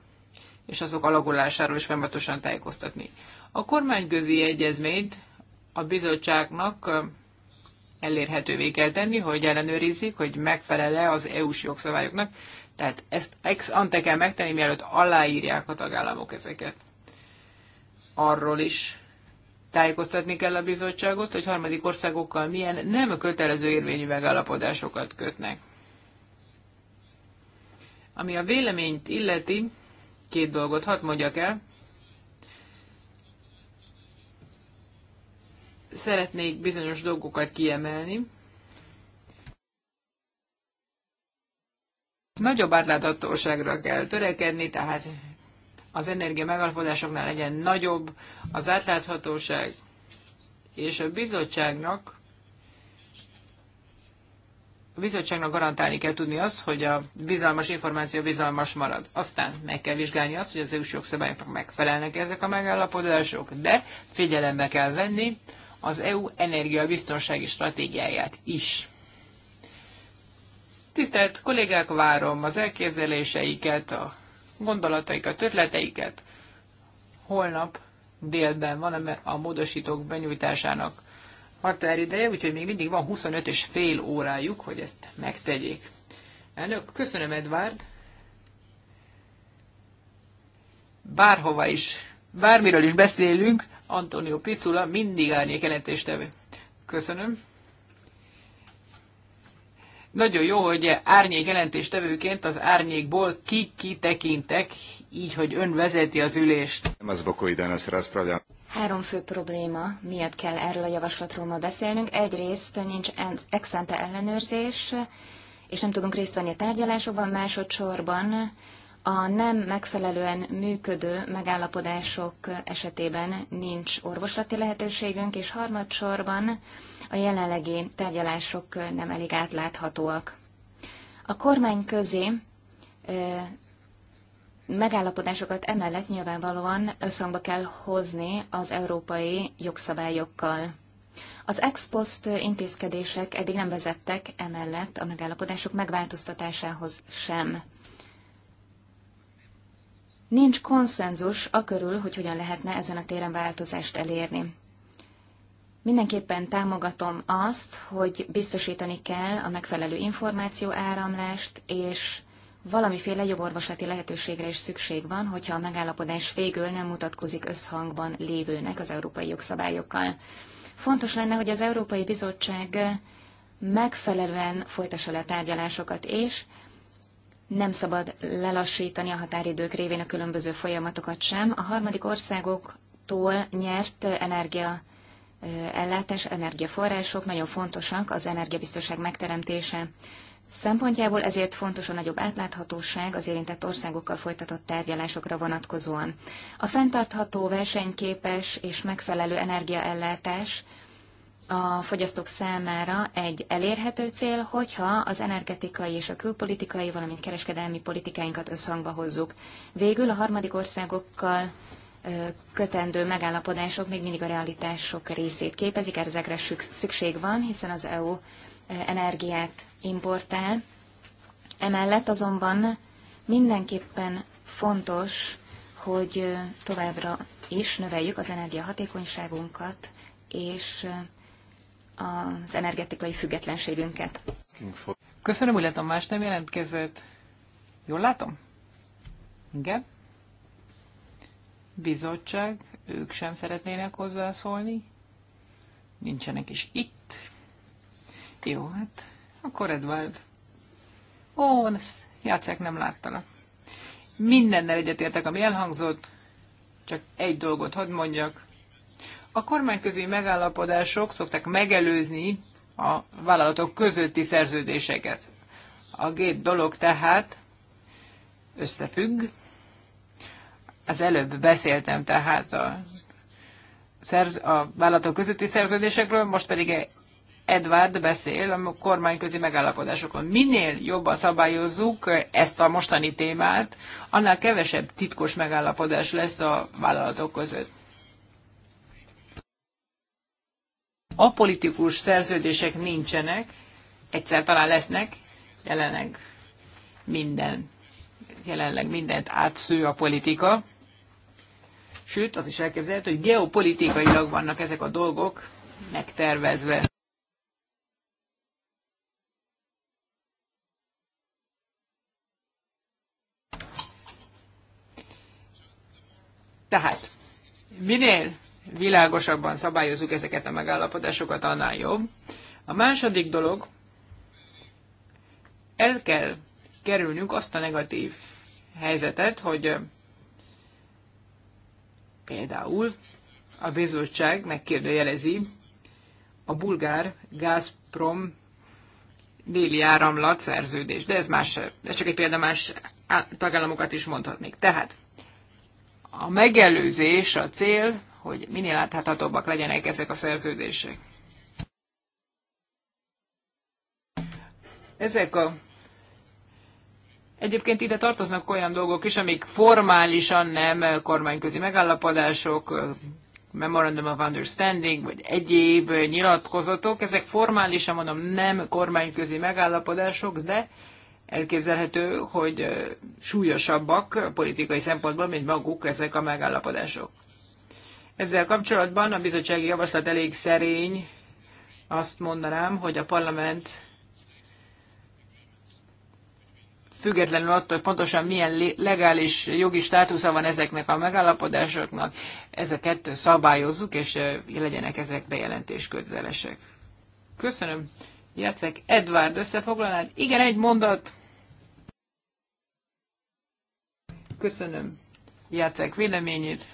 és azok alakulásáról is folyamatosan tájékoztatni. A kormányközi egyezményt a bizottságnak elérhetővé kell tenni, hogy ellenőrizzék, hogy megfelele az EU-s jogszabályoknak. Tehát ezt ex ante kell megtenni, mielőtt aláírják a tagállamok ezeket. Arról is tájékoztatni kell a bizottságot, hogy harmadik országokkal milyen nem kötelező érvényű megállapodásokat kötnek. Ami a véleményt illeti, két dolgot hadd mondjak el. szeretnék bizonyos dolgokat kiemelni. Nagyobb átláthatóságra kell törekedni, tehát az energia megalapodásoknál legyen nagyobb az átláthatóság, és a bizottságnak a bizottságnak garantálni kell tudni azt, hogy a bizalmas információ bizalmas marad. Aztán meg kell vizsgálni azt, hogy az EU-s jogszabályoknak megfelelnek ezek a megállapodások, de figyelembe kell venni az EU energiabiztonsági stratégiáját is. Tisztelt kollégák, várom az elképzeléseiket, a gondolataikat, ötleteiket. Holnap délben van a módosítók benyújtásának határideje, úgyhogy még mindig van 25 és fél órájuk, hogy ezt megtegyék. Elnök, köszönöm, Edvard. Bárhova is, bármiről is beszélünk, Antonio Picula mindig árnyék jelentéstevő. Köszönöm. Nagyon jó, hogy árnyék jelentéstevőként az árnyékból ki-kitekintek, így, hogy ön vezeti az ülést. Nem az bokó ide, Három fő probléma miatt kell erről a javaslatról ma beszélnünk. Egyrészt nincs ex ellenőrzés, és nem tudunk részt venni a tárgyalásokban, másodszorban a nem megfelelően működő megállapodások esetében nincs orvoslati lehetőségünk, és harmadsorban a jelenlegi tárgyalások nem elég átláthatóak. A kormány közé megállapodásokat emellett nyilvánvalóan összhangba kell hozni az európai jogszabályokkal. Az ex post intézkedések eddig nem vezettek emellett a megállapodások megváltoztatásához sem. Nincs konszenzus körül, hogy hogyan lehetne ezen a téren változást elérni. Mindenképpen támogatom azt, hogy biztosítani kell a megfelelő információ áramlást, és valamiféle jogorvoslati lehetőségre is szükség van, hogyha a megállapodás végül nem mutatkozik összhangban lévőnek az európai jogszabályokkal. Fontos lenne, hogy az Európai Bizottság megfelelően folytassa le a tárgyalásokat, és nem szabad lelassítani a határidők révén a különböző folyamatokat sem. A harmadik országoktól nyert energia eh, ellátás, energiaforrások nagyon fontosak az energiabiztonság megteremtése szempontjából, ezért fontos a nagyobb átláthatóság az érintett országokkal folytatott tárgyalásokra vonatkozóan. A fenntartható, versenyképes és megfelelő energiaellátás a fogyasztók számára egy elérhető cél, hogyha az energetikai és a külpolitikai, valamint kereskedelmi politikáinkat összhangba hozzuk. Végül a harmadik országokkal kötendő megállapodások még mindig a realitások részét képezik, ezekre szükség van, hiszen az EU energiát importál. Emellett azonban mindenképpen fontos, hogy továbbra is növeljük az energiahatékonyságunkat, és az energetikai függetlenségünket. Köszönöm, hogy látom, más nem jelentkezett. Jól látom? Igen. Bizottság, ők sem szeretnének hozzászólni. Nincsenek is itt. Jó, hát akkor Edward. Ó, játszák nem láttalak. Mindennel egyetértek, ami elhangzott. Csak egy dolgot hadd mondjak. A kormányközi megállapodások szokták megelőzni a vállalatok közötti szerződéseket. A két dolog tehát összefügg. Az előbb beszéltem tehát a, szerz, a vállalatok közötti szerződésekről, most pedig Edward beszél a kormányközi megállapodásokon. Minél jobban szabályozzuk ezt a mostani témát, annál kevesebb titkos megállapodás lesz a vállalatok között. apolitikus szerződések nincsenek, egyszer talán lesznek, jelenleg minden, jelenleg mindent átsző a politika. Sőt, az is elképzelhető, hogy geopolitikailag vannak ezek a dolgok megtervezve. Tehát minél világosabban szabályozzuk ezeket a megállapodásokat, annál jobb. A második dolog, el kell kerülnünk azt a negatív helyzetet, hogy például a bizottság megkérdőjelezi a bulgár Gazprom déli áramlat szerződés. De ez más, ez csak egy példa más tagállamokat is mondhatnék. Tehát a megelőzés a cél, hogy minél átháthatóbbak legyenek ezek a szerződések. Ezek a Egyébként ide tartoznak olyan dolgok is, amik formálisan nem kormányközi megállapodások, Memorandum of Understanding, vagy egyéb nyilatkozatok. Ezek formálisan, mondom, nem kormányközi megállapodások, de elképzelhető, hogy súlyosabbak politikai szempontból, mint maguk ezek a megállapodások. Ezzel kapcsolatban a bizottsági javaslat elég szerény. Azt mondanám, hogy a parlament függetlenül attól, hogy pontosan milyen legális jogi státusza van ezeknek a megállapodásoknak, ezeket szabályozzuk, és legyenek ezek bejelentés kötelesek. Köszönöm. Jacek, Edvard, összefoglalát. Igen, egy mondat. Köszönöm Jacek véleményét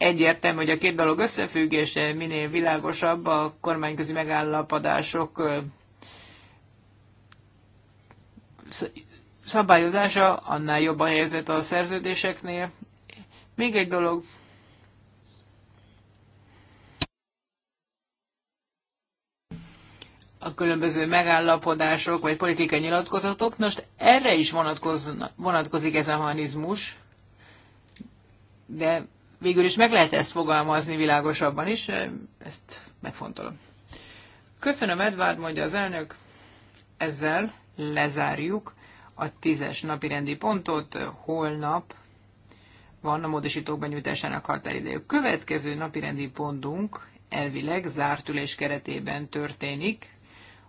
egyértelmű, hogy a két dolog összefüggése, minél világosabb a kormányközi megállapodások szabályozása, annál jobb a helyzet a szerződéseknél. Még egy dolog, a különböző megállapodások vagy politikai nyilatkozatok. Most erre is vonatkozik ez a mechanizmus, de végül is meg lehet ezt fogalmazni világosabban is, ezt megfontolom. Köszönöm, Edvard, mondja az elnök. Ezzel lezárjuk a tízes napi rendi pontot. Holnap van a módosítók benyújtásának határideje. Következő napi rendi pontunk elvileg zárt ülés keretében történik,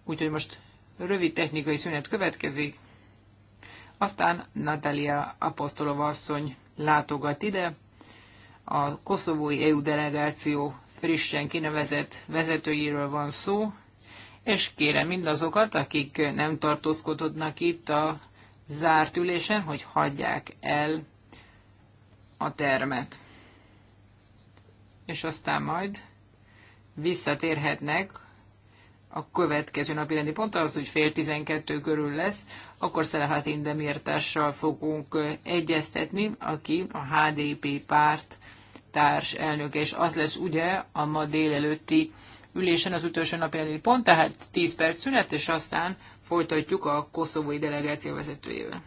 úgyhogy most rövid technikai szünet következik, aztán Natalia Apostolova asszony látogat ide, a koszovói EU delegáció frissen kinevezett vezetőjéről van szó, és kérem mindazokat, akik nem tartózkodhatnak itt a zárt ülésen, hogy hagyják el a termet. És aztán majd visszatérhetnek a következő napi rendi pont, az úgy fél tizenkettő körül lesz, akkor Szelehát Indemirtással fogunk egyeztetni, aki a HDP párt társ elnök, és az lesz ugye a ma délelőtti ülésen az utolsó napjelni pont, tehát 10 perc szünet, és aztán folytatjuk a koszovói delegáció vezetőjével.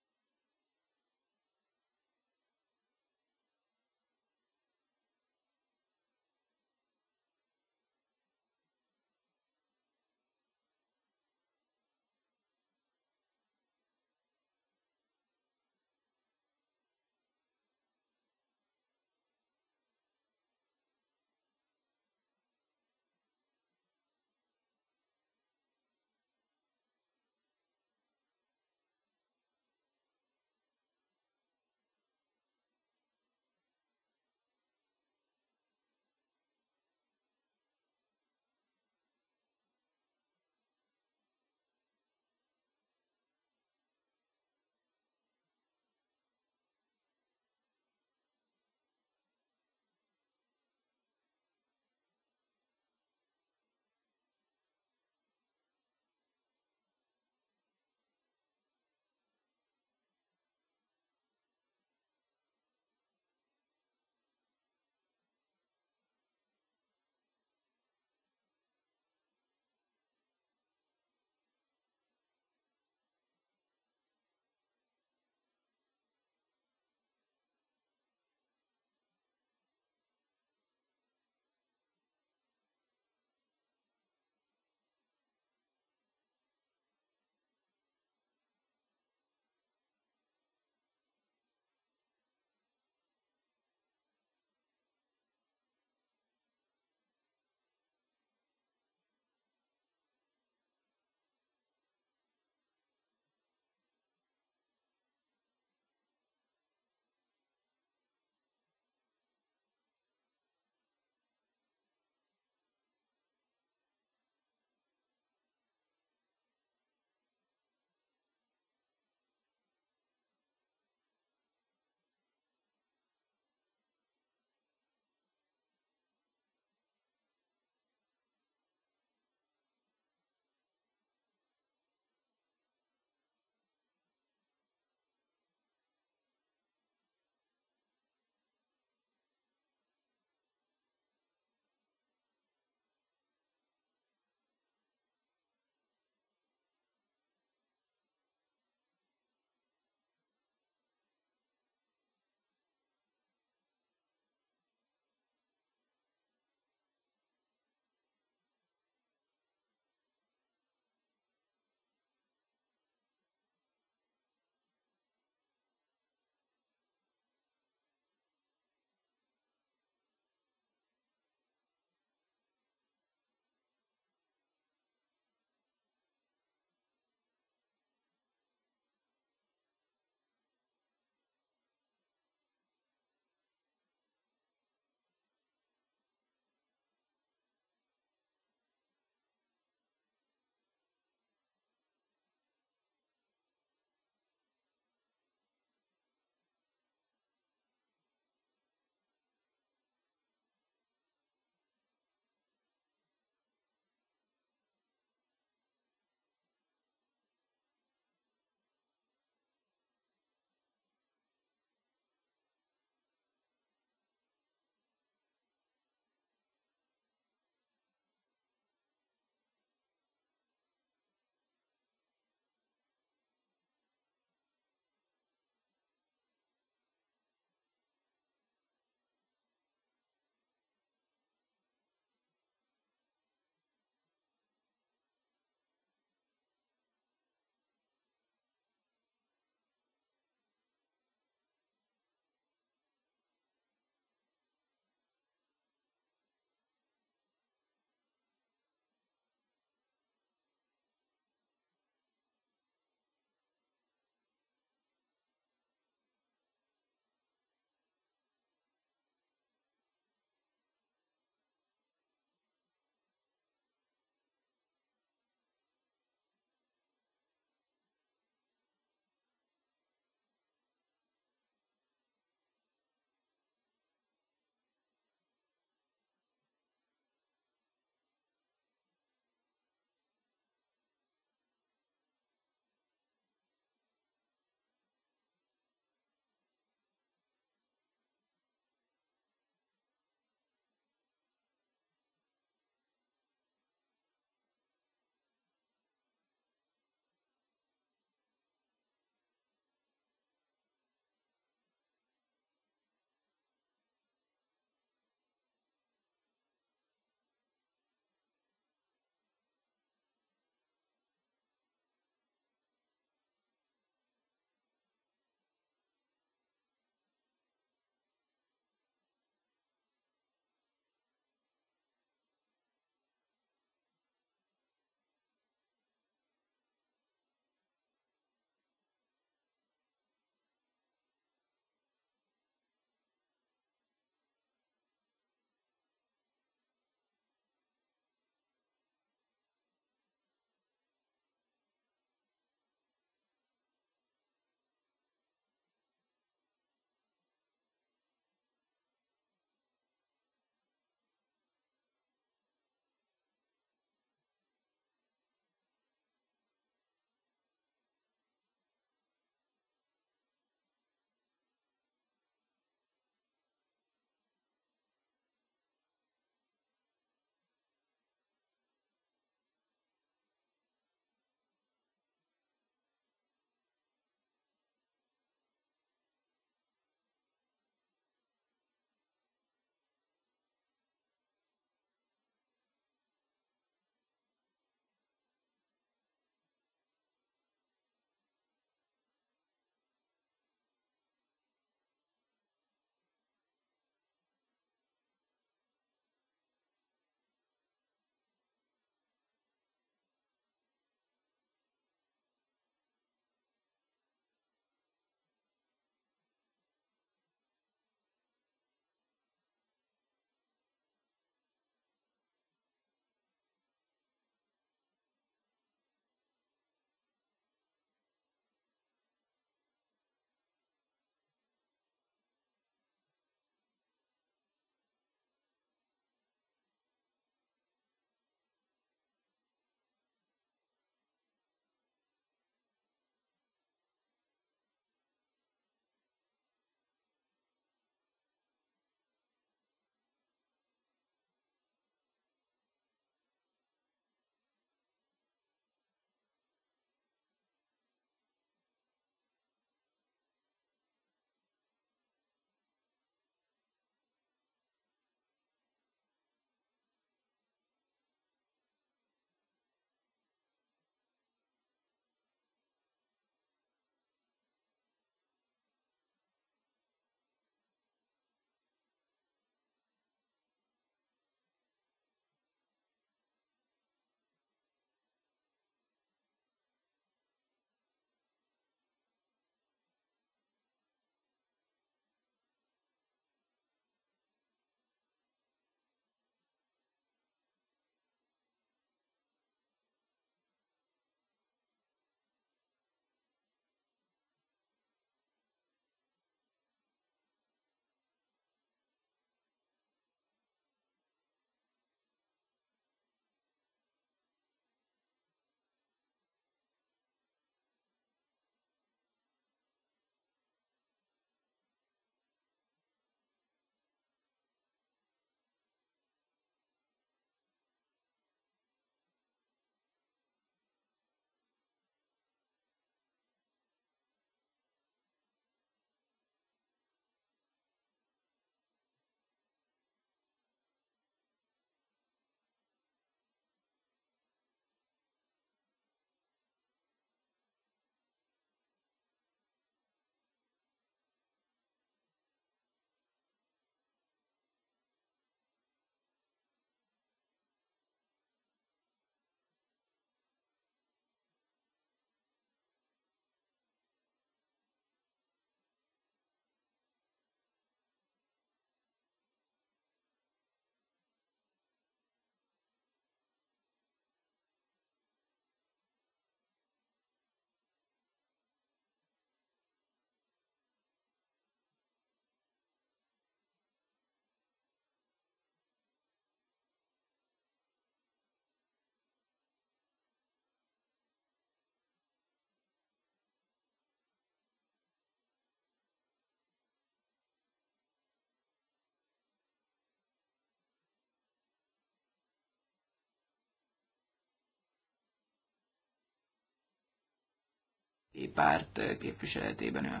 párt képviseletében ő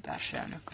társelnök.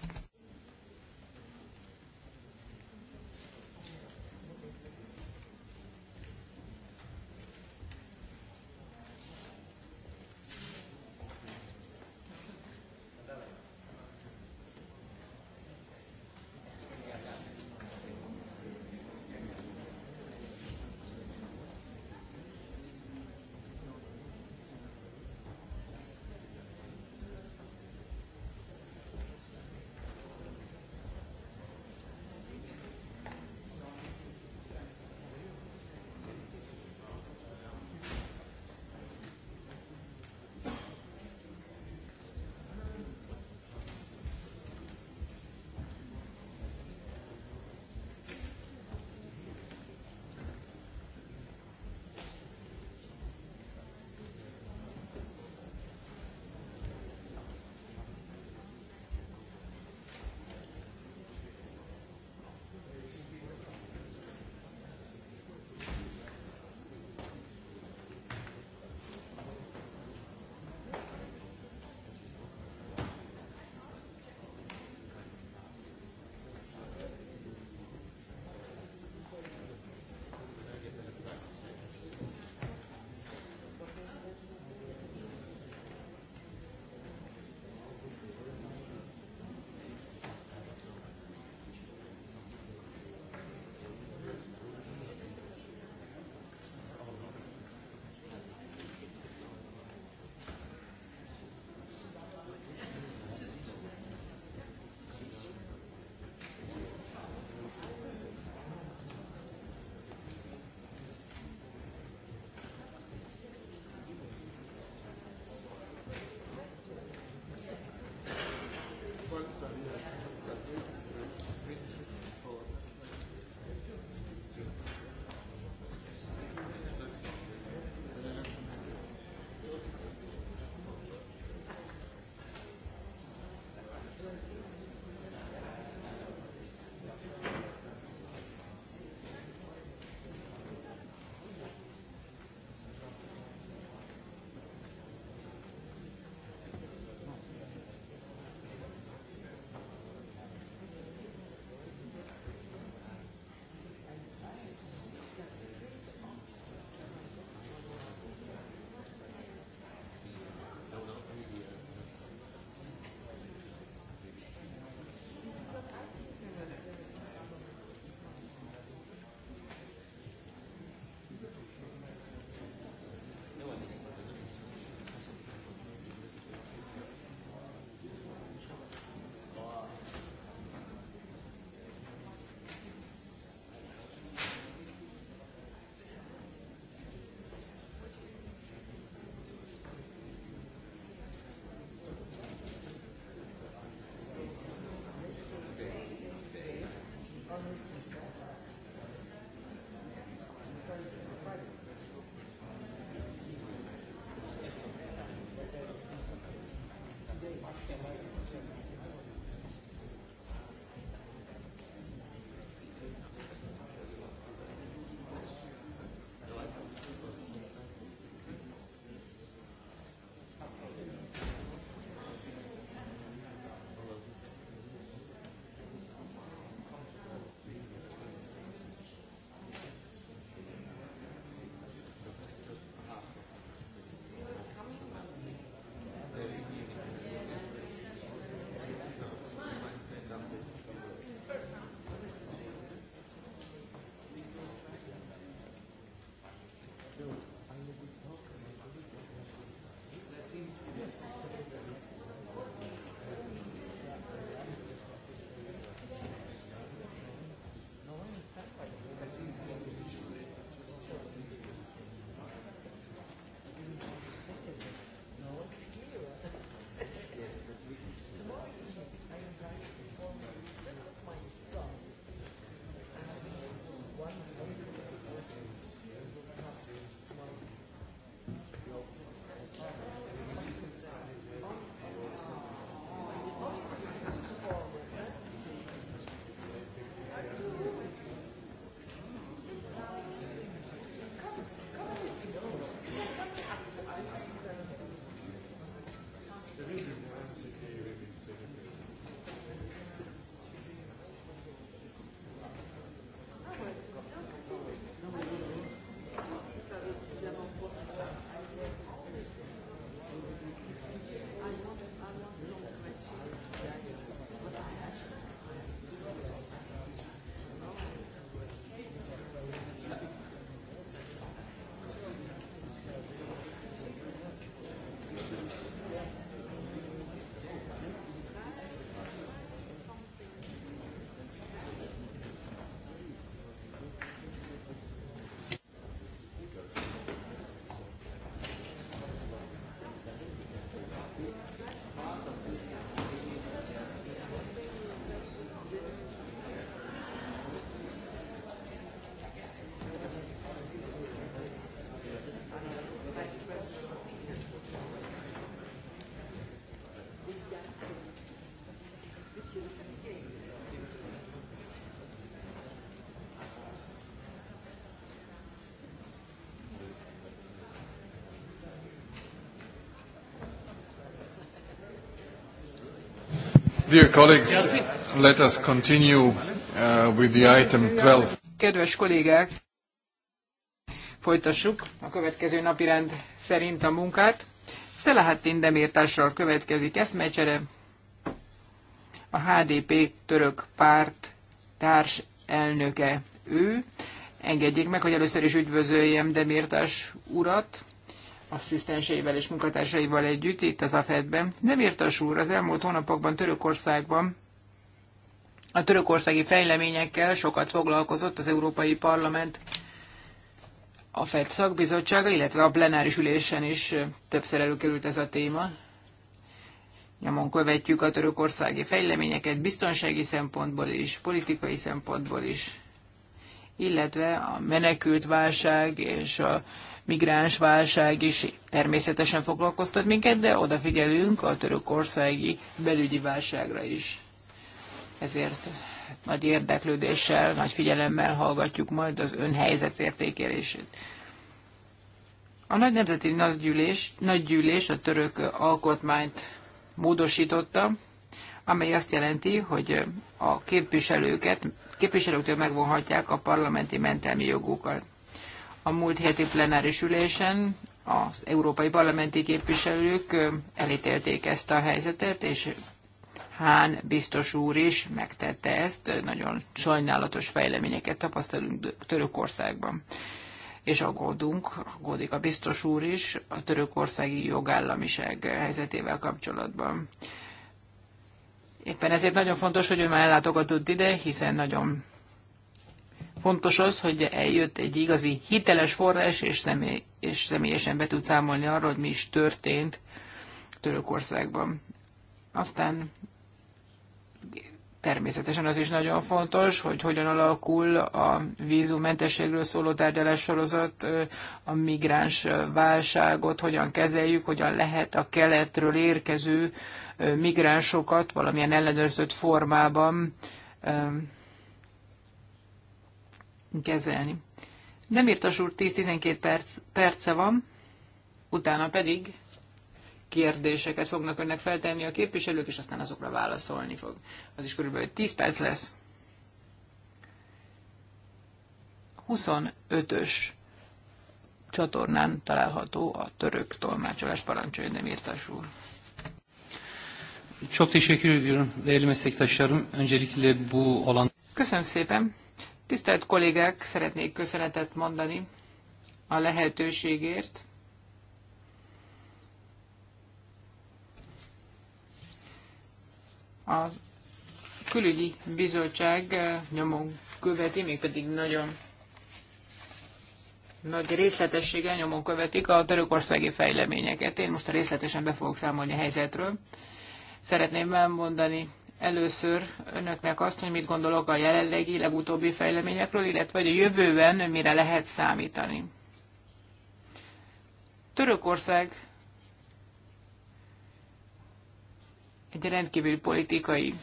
Dear colleagues, let us continue uh, with the item 12. Kedves kollégák, folytassuk a következő napi rend szerint a munkát. Szelahattin Demirtással következik eszmecsere. A HDP török párt társ elnöke ő. Engedjék meg, hogy először is üdvözöljem Demirtás urat, asszisztenseivel és munkatársaival együtt itt az AFED-ben. Nem a súr, az elmúlt hónapokban Törökországban a törökországi fejleményekkel sokat foglalkozott az Európai Parlament a FED szakbizottsága, illetve a plenáris ülésen is többször előkerült ez a téma. Nyomon követjük a törökországi fejleményeket biztonsági szempontból is, politikai szempontból is, illetve a menekült válság és a migránsválság is természetesen foglalkoztat minket, de odafigyelünk a törökországi belügyi válságra is. Ezért nagy érdeklődéssel, nagy figyelemmel hallgatjuk majd az ön helyzet értékelését. A Nagy Nemzeti Nagygyűlés, nagygyűlés a török alkotmányt módosította, amely azt jelenti, hogy a képviselőket, képviselőktől megvonhatják a parlamenti mentelmi jogukat a múlt héti plenáris ülésen az európai parlamenti képviselők elítélték ezt a helyzetet, és Hán biztos úr is megtette ezt. Nagyon sajnálatos fejleményeket tapasztalunk Törökországban. És aggódunk, aggódik a biztos úr is a törökországi jogállamiság helyzetével kapcsolatban. Éppen ezért nagyon fontos, hogy ő már ellátogatott ide, hiszen nagyon Fontos az, hogy eljött egy igazi hiteles forrás, és, személy, és személyesen be tud számolni arról, hogy mi is történt Törökországban. Aztán természetesen az is nagyon fontos, hogy hogyan alakul a vízumentességről szóló tárgyalás sorozat, a migráns válságot hogyan kezeljük, hogyan lehet a keletről érkező migránsokat valamilyen ellenőrzött formában kezelni. Nem írtas úr 10-12 perc, perce van, utána pedig kérdéseket fognak önnek feltenni a képviselők, és aztán azokra válaszolni fog. Az is körülbelül 10 perc lesz. 25-ös csatornán található a török tolmácsolás parancsolja nem írt Çok teşekkür bu olan... Köszönöm szépen. Tisztelt kollégák, szeretnék köszönetet mondani a lehetőségért. Az külügyi bizottság eh, nyomon követi, mégpedig nagyon nagy részletességgel nyomon követik a törökországi fejleményeket. Én most részletesen be fogok számolni a helyzetről. Szeretném elmondani először önöknek azt, hogy mit gondolok a jelenlegi, legutóbbi fejleményekről, illetve hogy a jövőben mire lehet számítani. Törökország egy rendkívül politikai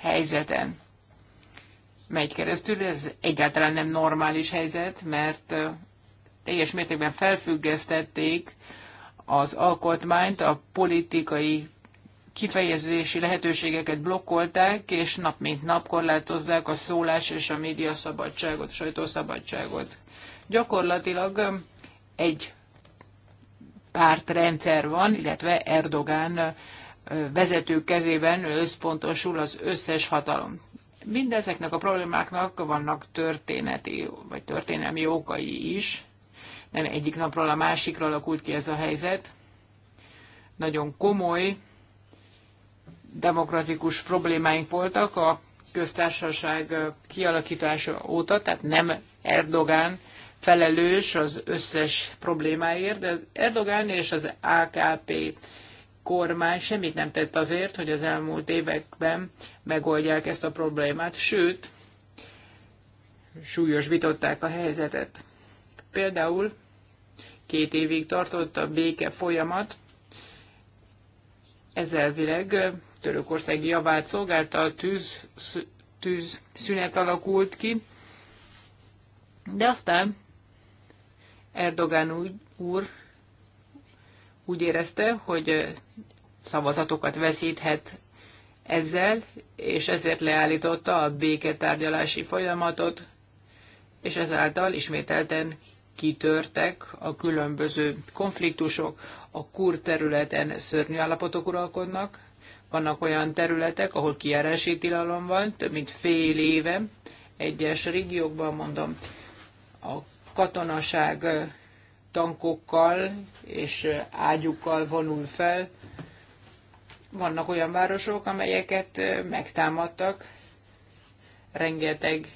helyzeten megy keresztül. Ez egyáltalán nem normális helyzet, mert teljes mértékben felfüggesztették az alkotmányt a politikai kifejezési lehetőségeket blokkolták, és nap mint nap korlátozzák a szólás és a média szabadságot, a sajtószabadságot. Gyakorlatilag um, egy pártrendszer van, illetve Erdogán uh, vezető kezében összpontosul az összes hatalom. Mindezeknek a problémáknak vannak történeti vagy történelmi okai is. Nem egyik napról a másikra alakult ki ez a helyzet. Nagyon komoly demokratikus problémáink voltak a köztársaság kialakítása óta, tehát nem Erdogán felelős az összes problémáért, de Erdogán és az AKP kormány semmit nem tett azért, hogy az elmúlt években megoldják ezt a problémát, sőt, súlyos vitották a helyzetet. Például két évig tartott a béke folyamat, ez elvileg Törökország javát szolgálta, a tűz, tűz szünet alakult ki, de aztán Erdogan úr úgy érezte, hogy szavazatokat veszíthet ezzel, és ezért leállította a béketárgyalási folyamatot, és ezáltal ismételten kitörtek a különböző konfliktusok, a kur területen szörnyű állapotok uralkodnak, vannak olyan területek, ahol kijárási tilalom van, több mint fél éve. Egyes régiókban mondom, a katonaság tankokkal és ágyukkal vonul fel. Vannak olyan városok, amelyeket megtámadtak. Rengeteg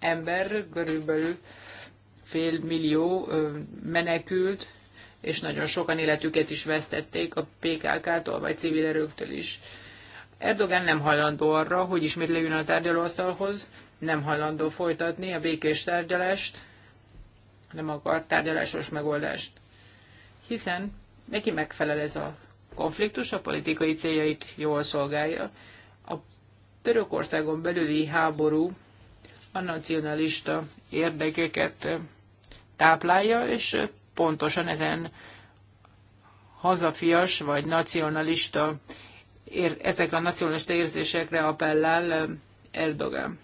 ember, körülbelül fél millió menekült és nagyon sokan életüket is vesztették a PKK-tól, vagy civil erőktől is. Erdogan nem hajlandó arra, hogy ismét leüljön a tárgyalóasztalhoz, nem hajlandó folytatni a békés tárgyalást, nem akar tárgyalásos megoldást. Hiszen neki megfelel ez a konfliktus, a politikai céljait jól szolgálja. A Törökországon belüli háború a nacionalista érdekeket táplálja, és pontosan ezen hazafias vagy nacionalista, ezekre a nacionalista érzésekre appellál um, Erdogan.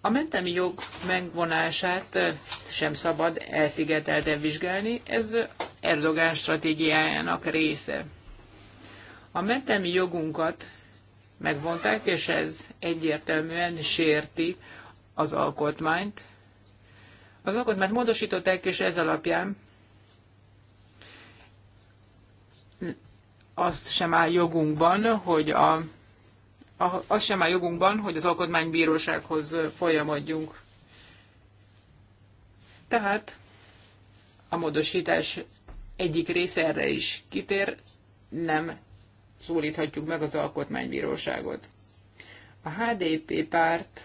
A mentemi jog megvonását uh, sem szabad elszigetelten vizsgálni, ez Erdogán stratégiájának része. A mentemi jogunkat megvonták, és ez egyértelműen sérti az alkotmányt, az alkotmányt módosították, és ez alapján azt sem áll jogunkban, hogy a, a, azt sem áll jogunkban, hogy az alkotmánybírósághoz folyamodjunk. Tehát a módosítás egyik része erre is kitér, nem szólíthatjuk meg az alkotmánybíróságot. A HDP párt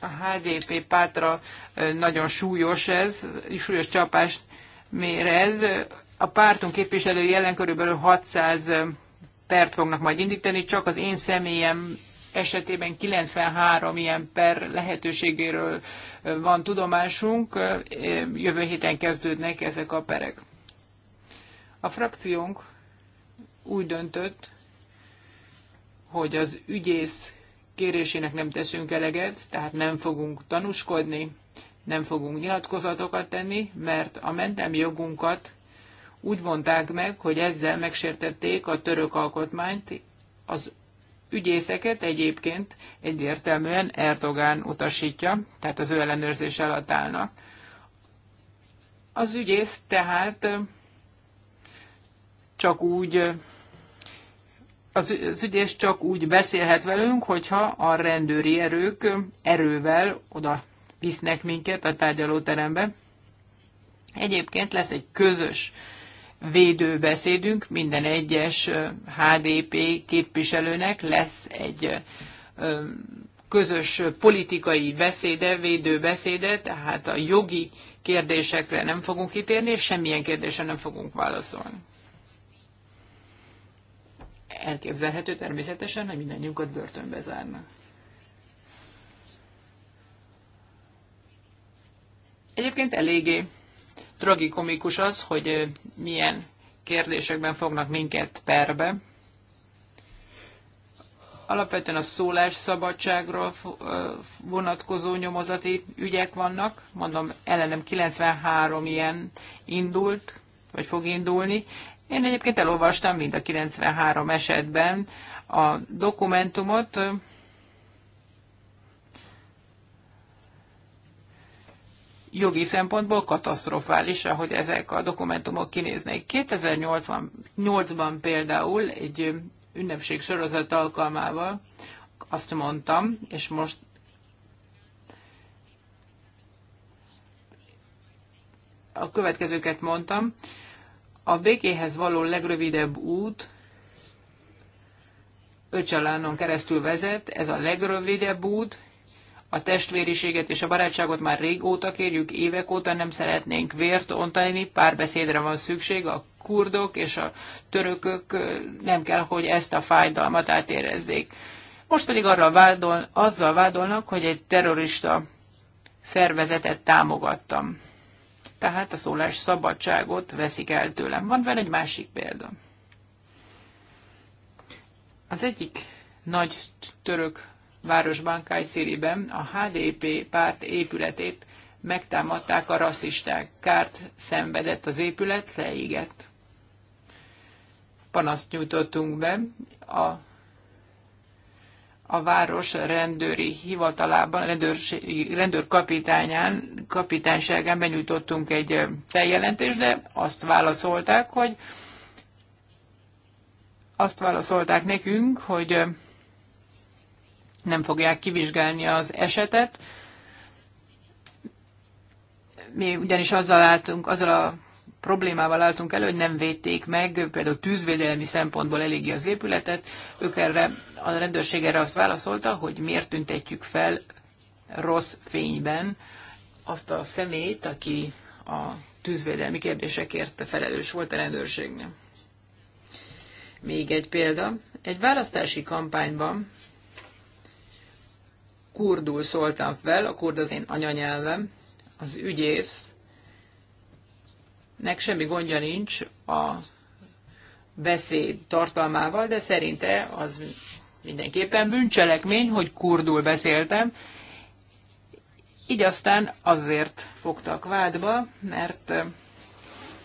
a HDP pátra nagyon súlyos ez, súlyos csapást mér ez. A pártunk képviselő jelen körülbelül 600 pert fognak majd indítani, csak az én személyem esetében 93 ilyen per lehetőségéről van tudomásunk, jövő héten kezdődnek ezek a perek. A frakciónk úgy döntött, hogy az ügyész kérésének nem teszünk eleget, tehát nem fogunk tanúskodni, nem fogunk nyilatkozatokat tenni, mert a mentem jogunkat úgy mondták meg, hogy ezzel megsértették a török alkotmányt, az ügyészeket egyébként egyértelműen Erdogán utasítja, tehát az ő ellenőrzés alatt állnak. Az ügyész tehát csak úgy az, az ügyész csak úgy beszélhet velünk, hogyha a rendőri erők erővel oda visznek minket a tárgyalóterembe. Egyébként lesz egy közös védőbeszédünk, minden egyes HDP képviselőnek lesz egy közös politikai beszéde, védőbeszéde, tehát a jogi kérdésekre nem fogunk kitérni, és semmilyen kérdésre nem fogunk válaszolni elképzelhető természetesen, hogy mindannyiunkat börtönbe zárnak. Egyébként eléggé tragikomikus az, hogy milyen kérdésekben fognak minket perbe. Alapvetően a szólásszabadságról vonatkozó nyomozati ügyek vannak. Mondom, ellenem 93 ilyen indult, vagy fog indulni. Én egyébként elolvastam mind a 93 esetben a dokumentumot. Jogi szempontból katasztrofális, ahogy ezek a dokumentumok kinéznek. 2008-ban például egy ünnepség sorozat alkalmával azt mondtam, és most a következőket mondtam, a békéhez való legrövidebb út Öcsalánon keresztül vezet, ez a legrövidebb út, a testvériséget és a barátságot már régóta kérjük, évek óta nem szeretnénk vért ontani, párbeszédre van szükség, a kurdok és a törökök nem kell, hogy ezt a fájdalmat átérezzék. Most pedig arra vádol, azzal vádolnak, hogy egy terrorista szervezetet támogattam tehát a szólás szabadságot veszik el tőlem. Van vele egy másik példa. Az egyik nagy török városban, Kajszériben a HDP párt épületét megtámadták a rasszisták. Kárt szenvedett az épület, leégett. Panaszt nyújtottunk be, a a város rendőri hivatalában, rendőrkapitányán, kapitányságán benyújtottunk egy feljelentést, de azt válaszolták, hogy azt válaszolták nekünk, hogy nem fogják kivizsgálni az esetet. Mi ugyanis azzal álltunk, azzal a problémával álltunk elő, hogy nem védték meg például tűzvédelmi szempontból eléggé az épületet. Ők erre, a rendőrség erre azt válaszolta, hogy miért tüntetjük fel rossz fényben azt a szemét, aki a tűzvédelmi kérdésekért felelős volt a rendőrségnél. Még egy példa. Egy választási kampányban kurdul szóltam fel, a kurd az én anyanyelvem, az ügyész nek semmi gondja nincs a beszéd tartalmával, de szerinte az mindenképpen bűncselekmény, hogy kurdul beszéltem. Így aztán azért fogtak vádba, mert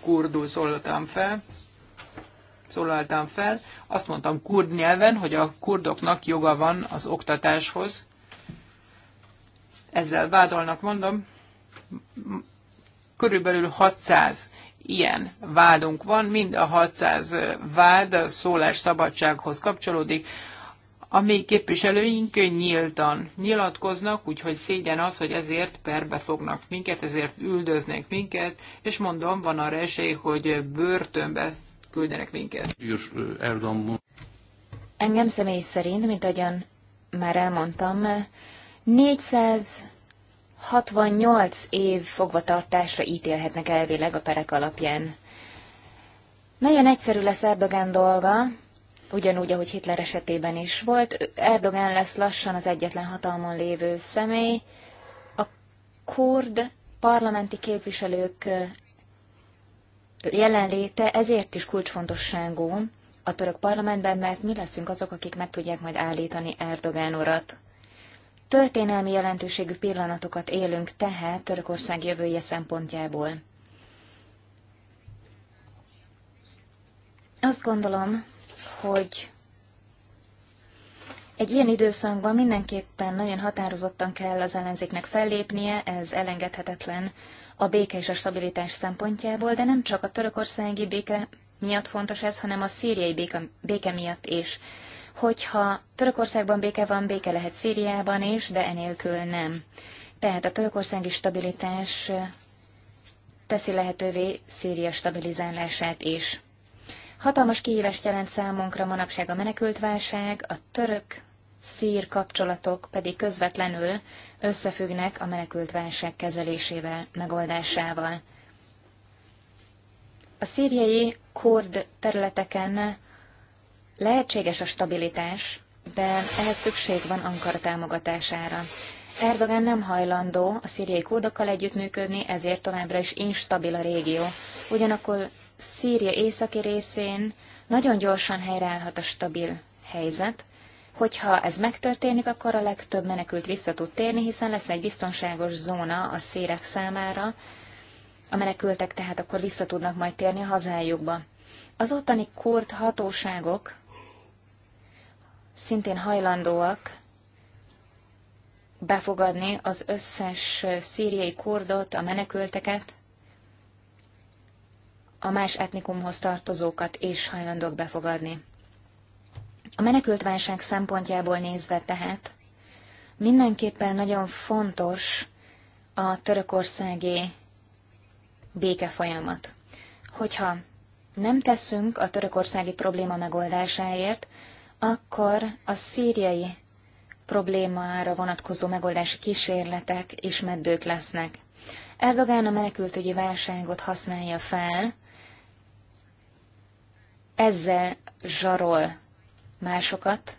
kurdul szólaltam fel, szólaltam fel. Azt mondtam kurd nyelven, hogy a kurdoknak joga van az oktatáshoz. Ezzel vádolnak, mondom, Körülbelül 600 ilyen vádunk van, mind a 600 vád a szólásszabadsághoz kapcsolódik. A mi képviselőink nyíltan nyilatkoznak, úgyhogy szégyen az, hogy ezért perbe fognak minket, ezért üldöznek minket, és mondom, van arra esély, hogy börtönbe küldenek minket. Engem személy szerint, mint ahogyan már elmondtam, 400 68 év fogvatartásra ítélhetnek elvileg a perek alapján. Nagyon egyszerű lesz Erdogan dolga, ugyanúgy, ahogy Hitler esetében is volt. Erdogan lesz lassan az egyetlen hatalmon lévő személy. A kurd parlamenti képviselők jelenléte ezért is kulcsfontosságú a török parlamentben, mert mi leszünk azok, akik meg tudják majd állítani Erdogán urat. Történelmi jelentőségű pillanatokat élünk tehát Törökország jövője szempontjából. Azt gondolom, hogy egy ilyen időszakban mindenképpen nagyon határozottan kell az ellenzéknek fellépnie, ez elengedhetetlen a béke és a stabilitás szempontjából, de nem csak a törökországi béke miatt fontos ez, hanem a szíriai béke, béke miatt is. Hogyha Törökországban béke van, béke lehet Szíriában is, de enélkül nem. Tehát a törökországi stabilitás teszi lehetővé Szíria stabilizálását is. Hatalmas kihívást jelent számunkra manapság a menekültválság, a török szír kapcsolatok pedig közvetlenül összefüggnek a menekültválság kezelésével, megoldásával. A szíriai kurd területeken Lehetséges a stabilitás, de ehhez szükség van Ankara támogatására. Erdogan nem hajlandó a szíriai kódokkal együttműködni, ezért továbbra is instabil a régió. Ugyanakkor Szíria északi részén nagyon gyorsan helyreállhat a stabil helyzet, Hogyha ez megtörténik, akkor a legtöbb menekült vissza tud térni, hiszen lesz egy biztonságos zóna a szérek számára, a menekültek tehát akkor vissza tudnak majd térni a hazájukba. Az ottani kurd hatóságok szintén hajlandóak befogadni az összes szíriai kurdot, a menekülteket, a más etnikumhoz tartozókat is hajlandók befogadni. A menekültválság szempontjából nézve tehát mindenképpen nagyon fontos a törökországi békefolyamat. Hogyha nem teszünk a törökországi probléma megoldásáért, akkor a szíriai problémára vonatkozó megoldási kísérletek is meddők lesznek. Erdogán a menekültügyi válságot használja fel, ezzel zsarol másokat.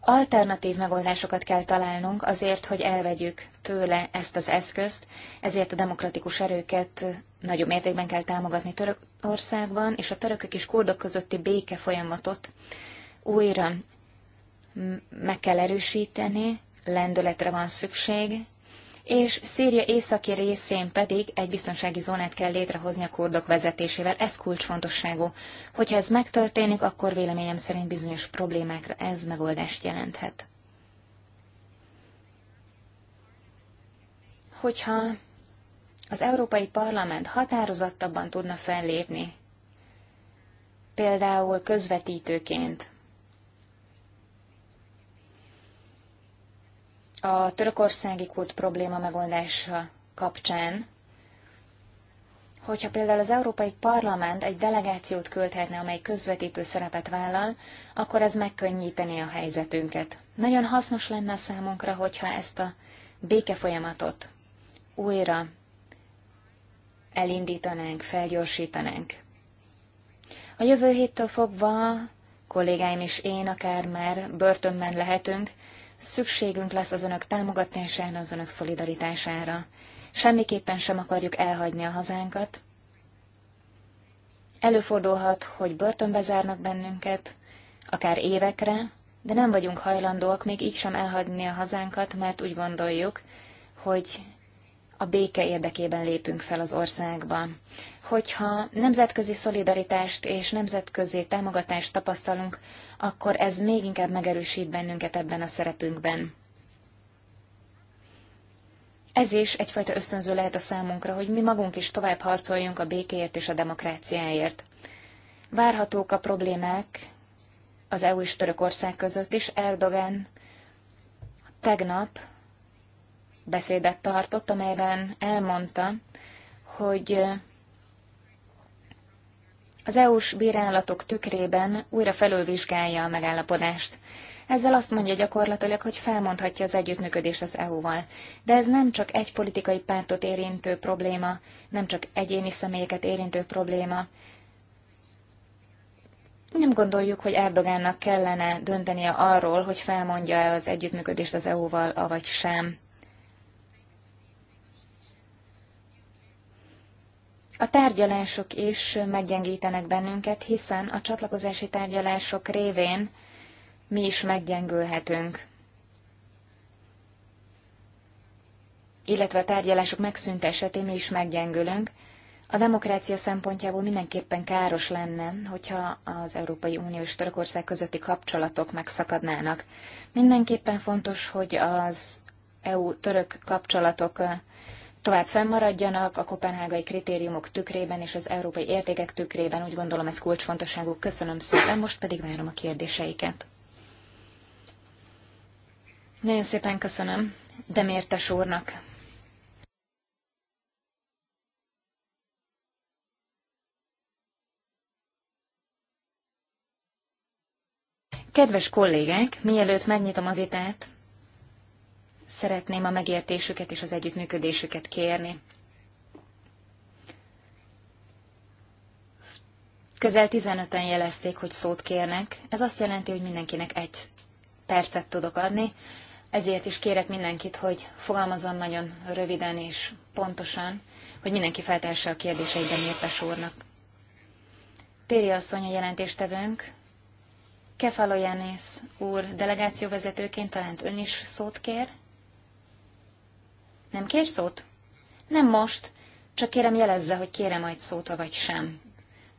Alternatív megoldásokat kell találnunk azért, hogy elvegyük tőle ezt az eszközt, ezért a demokratikus erőket nagyobb mértékben kell támogatni Törökországban, és a törökök és kurdok közötti béke folyamatot újra meg kell erősíteni, lendületre van szükség, és Szíria északi részén pedig egy biztonsági zónát kell létrehozni a kurdok vezetésével. Ez kulcsfontosságú. Hogyha ez megtörténik, akkor véleményem szerint bizonyos problémákra ez megoldást jelenthet. Hogyha az Európai Parlament határozottabban tudna fellépni, például közvetítőként a törökországi kult probléma megoldása kapcsán, hogyha például az Európai Parlament egy delegációt küldhetne, amely közvetítő szerepet vállal, akkor ez megkönnyítené a helyzetünket. Nagyon hasznos lenne a számunkra, hogyha ezt a békefolyamatot újra elindítanánk, felgyorsítanánk. A jövő héttől fogva kollégáim és én akár már börtönben lehetünk, Szükségünk lesz az önök támogatására, az önök szolidaritására. Semmiképpen sem akarjuk elhagyni a hazánkat. Előfordulhat, hogy börtönbe zárnak bennünket, akár évekre, de nem vagyunk hajlandóak még így sem elhagyni a hazánkat, mert úgy gondoljuk, hogy a béke érdekében lépünk fel az országba, Hogyha nemzetközi szolidaritást és nemzetközi támogatást tapasztalunk, akkor ez még inkább megerősít bennünket ebben a szerepünkben. Ez is egyfajta ösztönző lehet a számunkra, hogy mi magunk is tovább harcoljunk a békéért és a demokráciáért. Várhatók a problémák az EU és Törökország között is. Erdogan tegnap beszédet tartott, amelyben elmondta, hogy az EU-s bírálatok tükrében újra felülvizsgálja a megállapodást. Ezzel azt mondja gyakorlatilag, hogy felmondhatja az együttműködést az EU-val. De ez nem csak egy politikai pártot érintő probléma, nem csak egyéni személyeket érintő probléma. Nem gondoljuk, hogy Erdogánnak kellene döntenie arról, hogy felmondja-e az együttműködést az EU-val, avagy sem. A tárgyalások is meggyengítenek bennünket, hiszen a csatlakozási tárgyalások révén mi is meggyengülhetünk. Illetve a tárgyalások megszűnt esetén mi is meggyengülünk. A demokrácia szempontjából mindenképpen káros lenne, hogyha az Európai Unió és Törökország közötti kapcsolatok megszakadnának. Mindenképpen fontos, hogy az EU-török kapcsolatok tovább fennmaradjanak a kopenhágai kritériumok tükrében és az európai értékek tükrében. Úgy gondolom ez kulcsfontosságú. Köszönöm szépen, most pedig várom a kérdéseiket. Nagyon szépen köszönöm Demértes úrnak. Kedves kollégák, mielőtt megnyitom a vitát, szeretném a megértésüket és az együttműködésüket kérni. Közel 15-en jelezték, hogy szót kérnek. Ez azt jelenti, hogy mindenkinek egy percet tudok adni, ezért is kérek mindenkit, hogy fogalmazon nagyon röviden és pontosan, hogy mindenki feltesse a kérdéseiben értes úrnak. Péri asszony a jelentéstevőnk, Jánész úr delegációvezetőként talán ön is szót kér. Nem kér szót? Nem most, csak kérem jelezze, hogy kérem majd szót, vagy sem.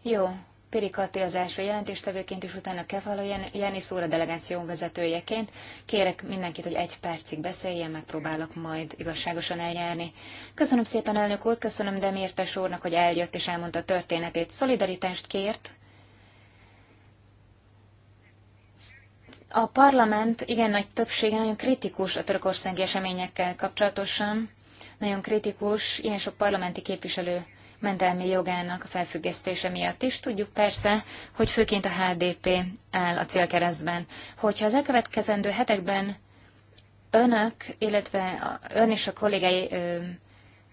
Jó, Pirikati az első jelentéstevőként, és utána Kefalo Jenny Szóra delegáció vezetőjeként. Kérek mindenkit, hogy egy percig beszéljen, megpróbálok majd igazságosan eljárni. Köszönöm szépen, elnök úr, köszönöm Demirtes úrnak, hogy eljött és elmondta a történetét. Szolidaritást kért, A parlament igen nagy többsége nagyon kritikus a törökországi eseményekkel kapcsolatosan, nagyon kritikus ilyen sok parlamenti képviselő mentelmi jogának a felfüggesztése miatt is. Tudjuk persze, hogy főként a HDP áll a célkeresztben. Hogyha az elkövetkezendő hetekben önök, illetve ön és a kollégái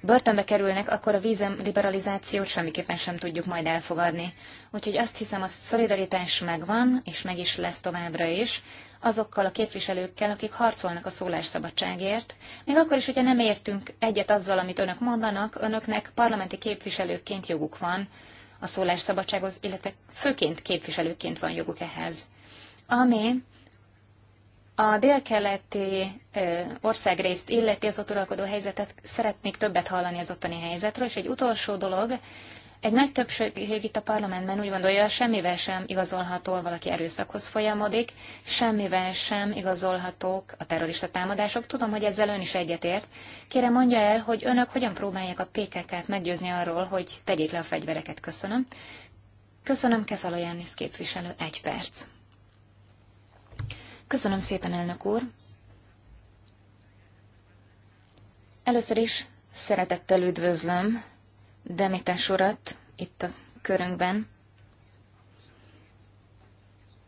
börtönbe kerülnek, akkor a vízem liberalizációt semmiképpen sem tudjuk majd elfogadni. Úgyhogy azt hiszem, a szolidaritás megvan, és meg is lesz továbbra is, azokkal a képviselőkkel, akik harcolnak a szólásszabadságért. Még akkor is, hogyha nem értünk egyet azzal, amit önök mondanak, önöknek parlamenti képviselőként joguk van a szólásszabadsághoz, illetve főként képviselőként van joguk ehhez. Ami a délkeleti országrészt illeti az ott uralkodó helyzetet, szeretnék többet hallani az ottani helyzetről, és egy utolsó dolog, egy nagy többség itt a parlamentben úgy gondolja, semmivel sem igazolható, valaki erőszakhoz folyamodik, semmivel sem igazolhatók a terrorista támadások. Tudom, hogy ezzel ön is egyetért. Kérem, mondja el, hogy önök hogyan próbálják a PKK-t meggyőzni arról, hogy tegyék le a fegyvereket. Köszönöm. Köszönöm, Kefalo Jánisz képviselő. Egy perc. Köszönöm szépen, elnök úr! Először is szeretettel üdvözlöm Demitás urat itt a körünkben.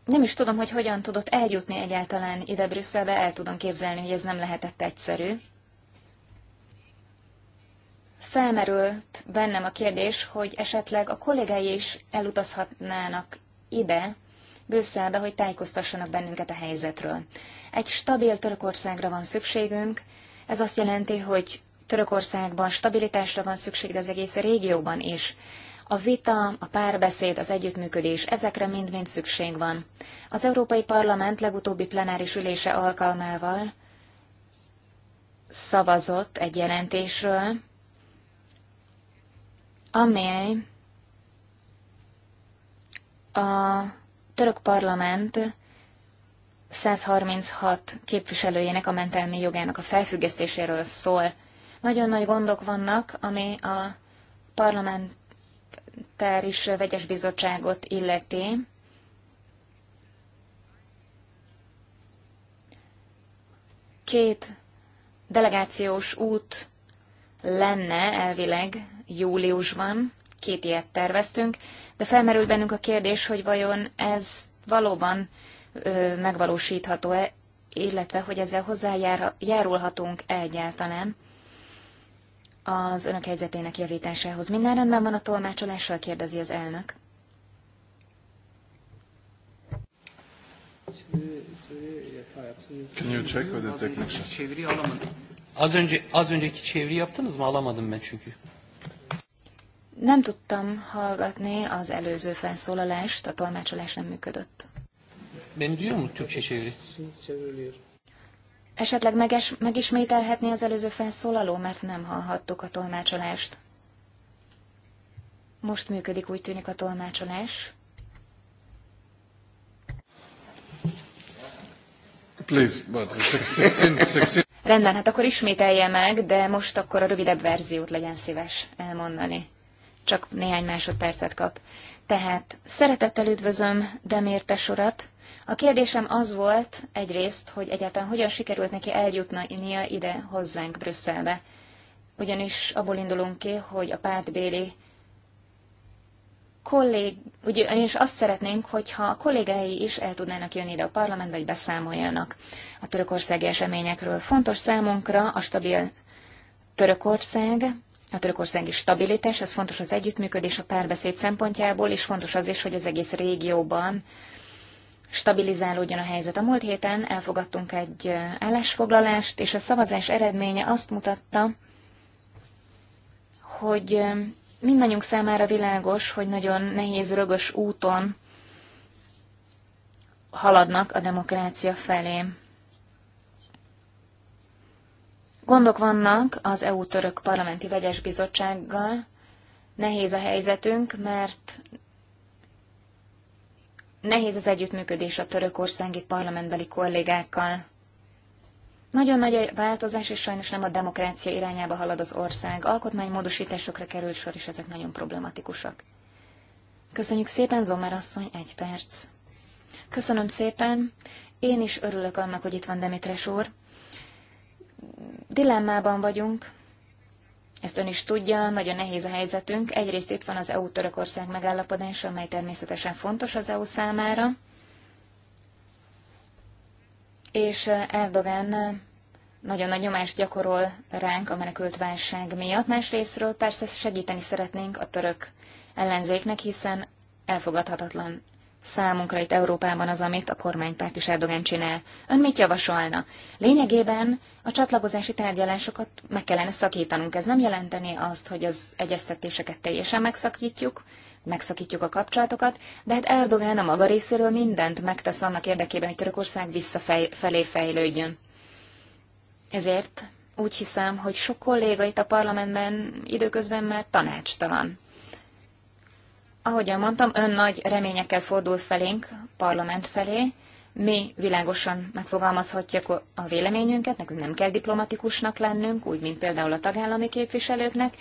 Nem is tudom, hogy hogyan tudott eljutni egyáltalán ide Brüsszelbe, el tudom képzelni, hogy ez nem lehetett egyszerű. Felmerült bennem a kérdés, hogy esetleg a kollégái is elutazhatnának ide, Brüsszelbe, hogy tájékoztassanak bennünket a helyzetről. Egy stabil Törökországra van szükségünk, ez azt jelenti, hogy Törökországban stabilitásra van szükség, de az egész régióban is. A vita, a párbeszéd, az együttműködés, ezekre mind-mind szükség van. Az Európai Parlament legutóbbi plenáris ülése alkalmával szavazott egy jelentésről, amely a török parlament 136 képviselőjének a mentelmi jogának a felfüggesztéséről szól. Nagyon nagy gondok vannak, ami a parlamentáris vegyes bizottságot illeti. Két delegációs út lenne elvileg júliusban, két ilyet terveztünk, de felmerült bennünk a kérdés, hogy vajon ez valóban ö, megvalósítható-e, illetve hogy ezzel hozzájárulhatunk-e egyáltalán az önök helyzetének javításához. Minden rendben van a tolmácsolással, kérdezi az elnök. Az, önce, az önceki çeviri yaptınız mı? Alamadım ben çünkü. Nem tudtam hallgatni az előző felszólalást, a tolmácsolás nem működött. Ben duyuyor mu Türkçe çeviri? Esetleg meges, megismételhetné az előző felszólaló, mert nem hallhattuk a tolmácsolást. Most működik, úgy tűnik a tolmácsolás. Please, but Rendben, hát akkor ismételje meg, de most akkor a rövidebb verziót legyen szíves elmondani csak néhány másodpercet kap. Tehát szeretettel üdvözöm Demértes urat. A kérdésem az volt egyrészt, hogy egyáltalán hogyan sikerült neki eljutnia ide hozzánk Brüsszelbe. Ugyanis abból indulunk ki, hogy a pártbéli kollég, ugyanis azt szeretnénk, hogyha a kollégái is el tudnának jönni ide a parlamentbe, vagy beszámoljanak a törökországi eseményekről. Fontos számunkra a stabil Törökország, a törökországi stabilitás, ez fontos az együttműködés a párbeszéd szempontjából, és fontos az is, hogy az egész régióban stabilizálódjon a helyzet. A múlt héten elfogadtunk egy állásfoglalást, és a szavazás eredménye azt mutatta, hogy mindannyiunk számára világos, hogy nagyon nehéz, rögös úton haladnak a demokrácia felé. Gondok vannak az EU-török parlamenti vegyes bizottsággal. Nehéz a helyzetünk, mert nehéz az együttműködés a törökországi parlamentbeli kollégákkal. Nagyon nagy a változás, és sajnos nem a demokrácia irányába halad az ország. Alkotmánymódosításokra kerül sor, és ezek nagyon problematikusak. Köszönjük szépen, Zomer asszony, egy perc. Köszönöm szépen. Én is örülök annak, hogy itt van Demetres úr dilemmában vagyunk, ezt ön is tudja, nagyon nehéz a helyzetünk. Egyrészt itt van az EU-Törökország megállapodása, amely természetesen fontos az EU számára, és Erdogan nagyon nagy nyomást gyakorol ránk a menekült válság miatt. Másrésztről persze segíteni szeretnénk a török ellenzéknek, hiszen elfogadhatatlan számunkra itt Európában az, amit a kormánypárt is Erdogan csinál. Ön mit javasolna? Lényegében a csatlakozási tárgyalásokat meg kellene szakítanunk. Ez nem jelenteni azt, hogy az egyeztetéseket teljesen megszakítjuk, megszakítjuk a kapcsolatokat, de hát Erdogan a maga részéről mindent megtesz annak érdekében, hogy Törökország visszafelé fejlődjön. Ezért úgy hiszem, hogy sok kolléga itt a parlamentben időközben már tanácstalan. Ahogyan mondtam, ön nagy reményekkel fordul felénk, parlament felé. Mi világosan megfogalmazhatjuk a véleményünket, nekünk nem kell diplomatikusnak lennünk, úgy, mint például a tagállami képviselőknek,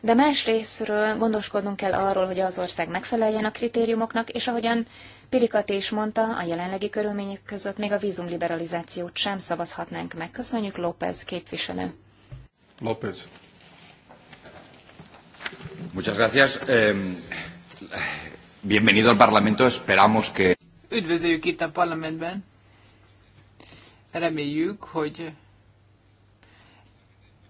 de másrésztről gondoskodnunk kell arról, hogy az ország megfeleljen a kritériumoknak, és ahogyan Pirikat is mondta, a jelenlegi körülmények között még a vízumliberalizációt sem szavazhatnánk meg. Köszönjük, López képviselő. López. Muchas gracias. Eh bienvenido al Parlamento, esperamos que... Üdvözöljük itt a parlamentben. Reméljük, hogy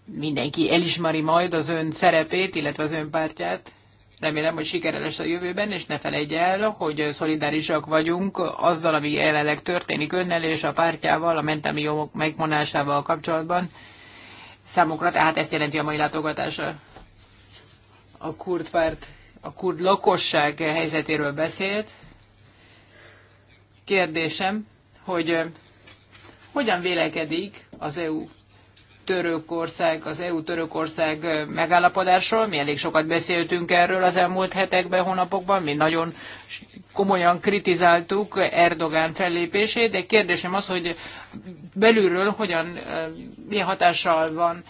mindenki elismeri majd az ön szerepét, illetve az ön pártját. Remélem, hogy sikere lesz a jövőben, és ne felejtj el, hogy szolidárisak vagyunk azzal, ami jelenleg történik önnel és a pártjával, a mentemi jogok megmonásával kapcsolatban. Számukra tehát ezt jelenti a mai látogatása. A kurt párt a kurd lakosság helyzetéről beszélt. Kérdésem, hogy hogyan vélekedik az EU Törökország, az EU-Törökország megállapodásról. Mi elég sokat beszéltünk erről az elmúlt hetekben, hónapokban. Mi nagyon komolyan kritizáltuk Erdogán fellépését, de kérdésem az, hogy belülről hogyan, milyen hatással van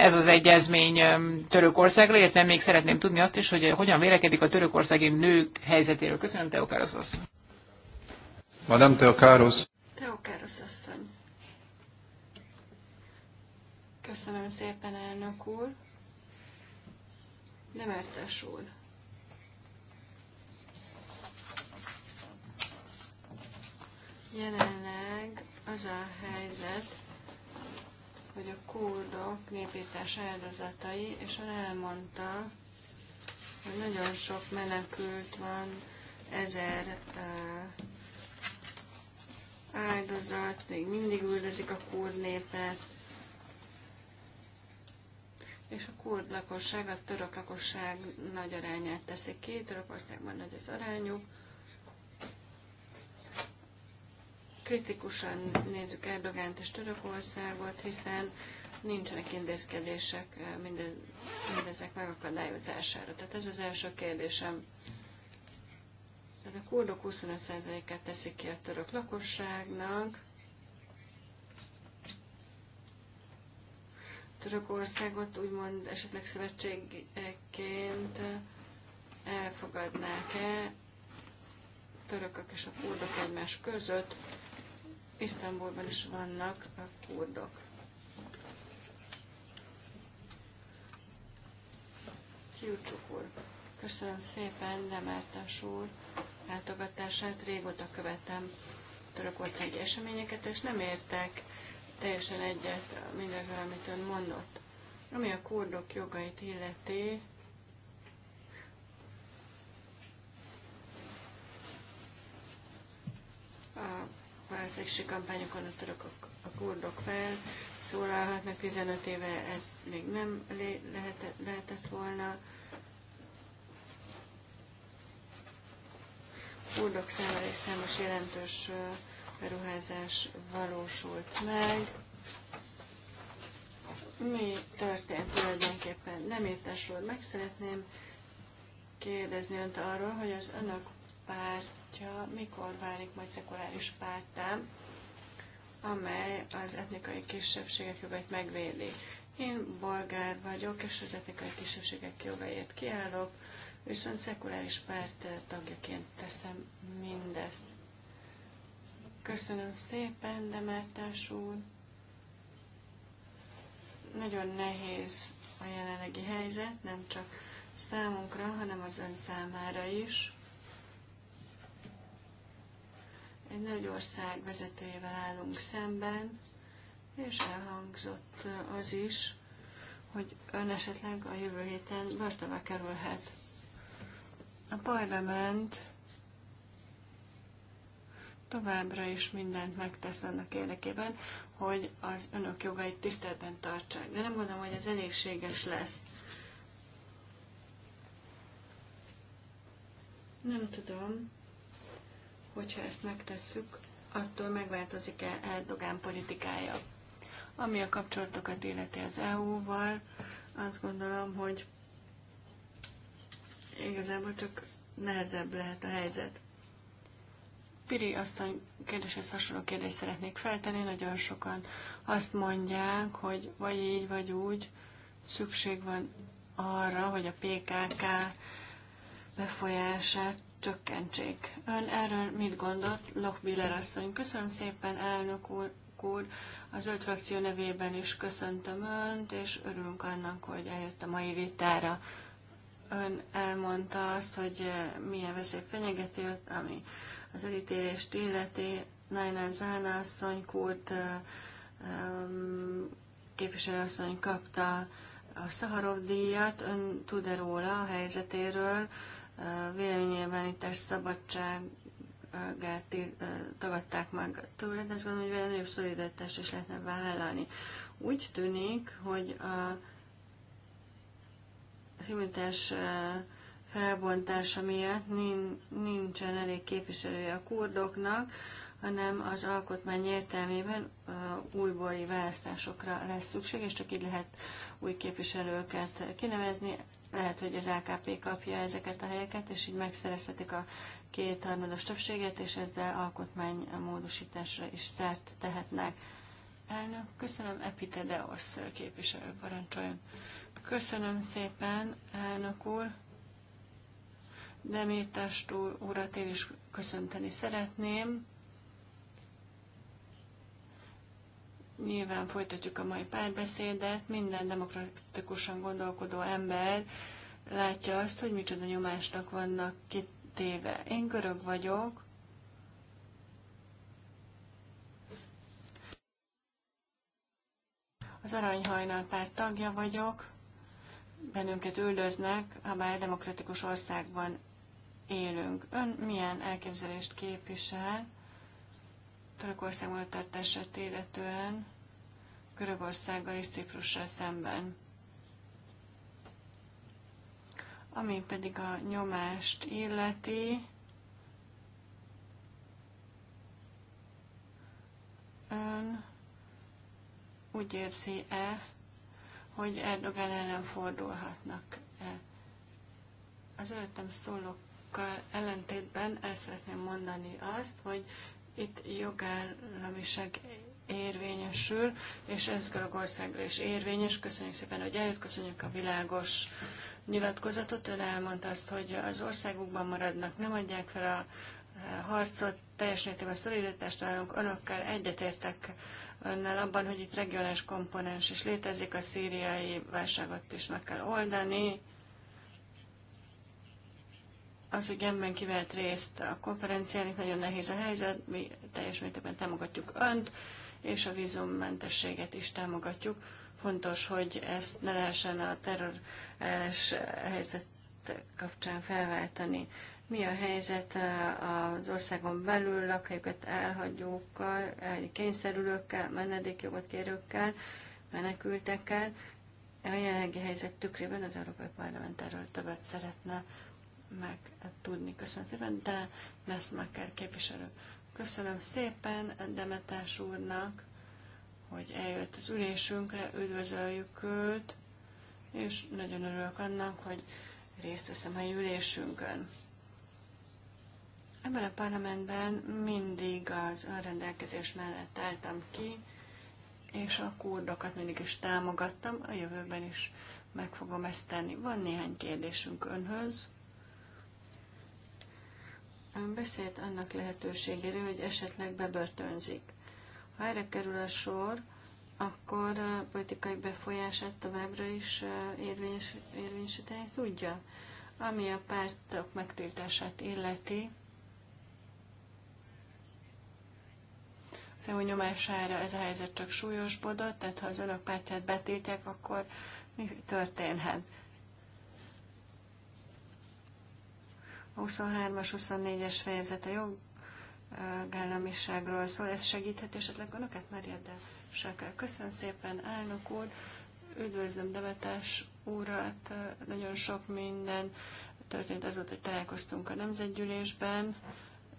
ez az egyezmény Törökországra, értem még szeretném tudni azt is, hogy hogyan vélekedik a törökországi nők helyzetéről. Köszönöm, Teokárosz asszony. Madame Teokárosz. Teokárosz asszony. Köszönöm szépen, elnök úr. Nem értesül. Jelenleg az a helyzet, hogy a kurdok népítás áldozatai, és ön elmondta, hogy nagyon sok menekült van, ezer áldozat, még mindig üldözik a kurd népet, és a kurd lakosság a török lakosság nagy arányát teszik ki, Törökországban nagy az arányuk, kritikusan nézzük Erdogánt és Törökországot, hiszen nincsenek intézkedések eh, mindez, mindezek megakadályozására. Tehát ez az első kérdésem. Tehát a kurdok 25%-át teszik ki a török lakosságnak. Törökországot úgymond esetleg szövetségként elfogadnák-e törökök és a kurdok egymás között, Isztambulban is vannak a kurdok. Kiúcsuk úr, köszönöm szépen Demártás úr látogatását, régóta követem törökországi eseményeket, és nem értek teljesen egyet mindezzel, amit ön mondott. Ami a kurdok jogait illeti, a választási kampányokon a törökök, a kurdok fel szólalhatnak. 15 éve ez még nem lehetett, lehetett volna. Kurdok számára is számos jelentős beruházás valósult meg. Mi történt tulajdonképpen? Nem értes úr, meg szeretném kérdezni önt arról, hogy az önök pártja mikor válik majd szekuláris pártá, amely az etnikai kisebbségek jogait megvédi. Én bolgár vagyok, és az etnikai kisebbségek jogaiért kiállok, viszont szekuláris párt tagjaként teszem mindezt. Köszönöm szépen, Demártás úr. Nagyon nehéz a jelenlegi helyzet, nem csak számunkra, hanem az ön számára is. Egy nagy ország vezetőjével állunk szemben, és elhangzott az is, hogy ön esetleg a jövő héten börtönbe kerülhet. A parlament továbbra is mindent megtesz annak érdekében, hogy az önök jogait tiszteletben tartsák. De nem gondolom, hogy ez elégséges lesz. Nem tudom, hogyha ezt megtesszük, attól megváltozik-e Erdogán politikája. Ami a kapcsolatokat illeti az EU-val, azt gondolom, hogy igazából csak nehezebb lehet a helyzet. Piri asszony kérdéshez hasonló kérdést szeretnék feltenni. Nagyon sokan azt mondják, hogy vagy így, vagy úgy szükség van arra, hogy a PKK befolyását csökkentsék. Ön erről mit gondolt, Lochbiller asszony? Köszönöm szépen, elnök úr, úr, az öt frakció nevében is köszöntöm Önt, és örülünk annak, hogy eljött a mai vitára. Ön elmondta azt, hogy eh, milyen veszély fenyegeti őt, ami az elítélést illeti. Naina Zána asszony, Kurt eh, képviselőasszony kapta a Szaharov díjat, ön tud-e róla a helyzetéről, véleménynyilvánítás szabadságát tagadták meg de azt gondolom, hogy vele nagyobb szolidaritást is lehetne vállalni. Úgy tűnik, hogy a, az felbontása miatt nincsen elég képviselője a kurdoknak, hanem az alkotmány értelmében újbóli választásokra lesz szükség, és csak így lehet új képviselőket kinevezni lehet, hogy az LKP kapja ezeket a helyeket, és így megszerezhetik a kétharmados többséget, és ezzel alkotmánymódosításra is szert tehetnek. Elnök, köszönöm, Epitedeosz képviselő parancsoljon. Köszönöm szépen, elnök úr. Demirtástól urat én is köszönteni szeretném. Nyilván folytatjuk a mai párbeszédet, minden demokratikusan gondolkodó ember látja azt, hogy micsoda nyomásnak vannak kitéve. Én görög vagyok, az Aranyhajnal párt tagja vagyok, bennünket üldöznek, ha bár demokratikus országban élünk. Ön milyen elképzelést képvisel? Törökország magatartását illetően Görögországgal és Ciprussal szemben. Ami pedig a nyomást illeti, ön úgy érzi-e, hogy Erdogan ellen fordulhatnak-e? Az előttem szólókkal ellentétben el szeretném mondani azt, hogy itt jogállamiság érvényesül, és ez Görögországra is érvényes. Köszönjük szépen, hogy eljött, köszönjük a világos nyilatkozatot. Ön elmondta azt, hogy az országukban maradnak, nem adják fel a harcot, teljes mértékben szolidaritást vállalunk. Önökkel egyetértek önnel abban, hogy itt regionális komponens is létezik, a szíriai válságot is meg kell oldani, az, hogy emben kivett részt a konferencián, itt nagyon nehéz a helyzet, mi teljes mértékben támogatjuk Önt, és a vízummentességet is támogatjuk. Fontos, hogy ezt ne lehessen a terrorellenes helyzet kapcsán felváltani. Mi a helyzet eh, az országon belül lakhelyüket elhagyókkal, kényszerülőkkel, menedékjogot kérőkkel, menekültekkel? A jelenlegi helyzet tükrében az Európai Parlament erről többet szeretne meg tudni. Köszönöm szépen, de lesz meg kell képviselő. Köszönöm szépen Demetás úrnak, hogy eljött az ülésünkre, üdvözöljük őt, és nagyon örülök annak, hogy részt veszem a ülésünkön. Ebben a parlamentben mindig az önrendelkezés mellett álltam ki, és a kurdokat mindig is támogattam, a jövőben is meg fogom ezt tenni. Van néhány kérdésünk önhöz. Ön beszélt annak lehetőségéről, hogy esetleg bebörtönzik. Ha erre kerül a sor, akkor a politikai befolyását továbbra is érvényes, érvényesíteni tudja. Ami a pártok megtiltását illeti, az EU nyomására ez a helyzet csak súlyosbodott, tehát ha az önök pártját betiltják, akkor mi történhet? 23-as, 24-es fejezet a jogállamiságról szól. Ez segíthet esetleg önöket, Maria de Sákár. Köszönöm szépen, elnök úr. Üdvözlöm Devetes úrat. Nagyon sok minden történt azóta, hogy találkoztunk a Nemzetgyűlésben.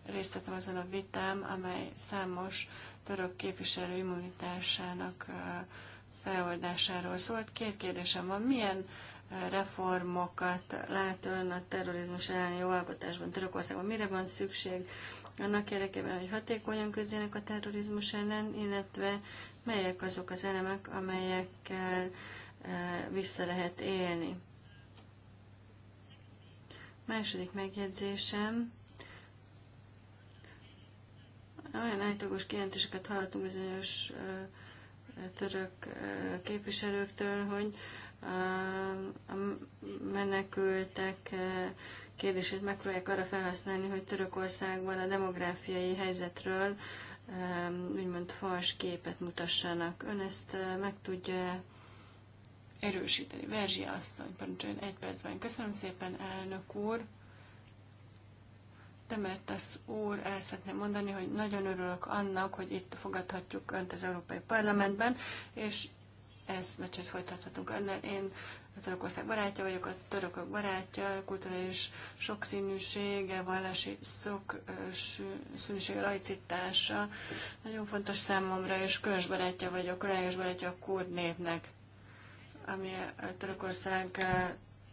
Részt vettem azon a vitám, amely számos török képviselő immunitásának feloldásáról szólt. Két kérdésem van. Milyen reformokat lát ön a terrorizmus elleni jogalkotásban Törökországban? Mire van szükség annak érdekében, hogy hatékonyan küzdjenek a terrorizmus ellen, illetve melyek azok az elemek, amelyekkel e, vissza lehet élni? Második megjegyzésem. Olyan általagos kijelentéseket hallottunk bizonyos e, e, török képviselőktől, hogy a menekültek e, kérdését megpróbálják arra felhasználni, hogy Törökországban a demográfiai helyzetről e, úgymond fals képet mutassanak. Ön ezt e, meg tudja erősíteni. Verzsi asszony, parancsoljon egy percben. Köszönöm szépen, elnök úr. az úr, el szeretném mondani, hogy nagyon örülök annak, hogy itt fogadhatjuk Önt az Európai Parlamentben, és meccset folytathatunk önnel. Én a Törökország barátja vagyok, a törökök barátja, kulturális sokszínűsége, vallási színűsége, rajcítása nagyon fontos számomra, és különös barátja vagyok, különös barátja a kurd népnek, ami a Törökország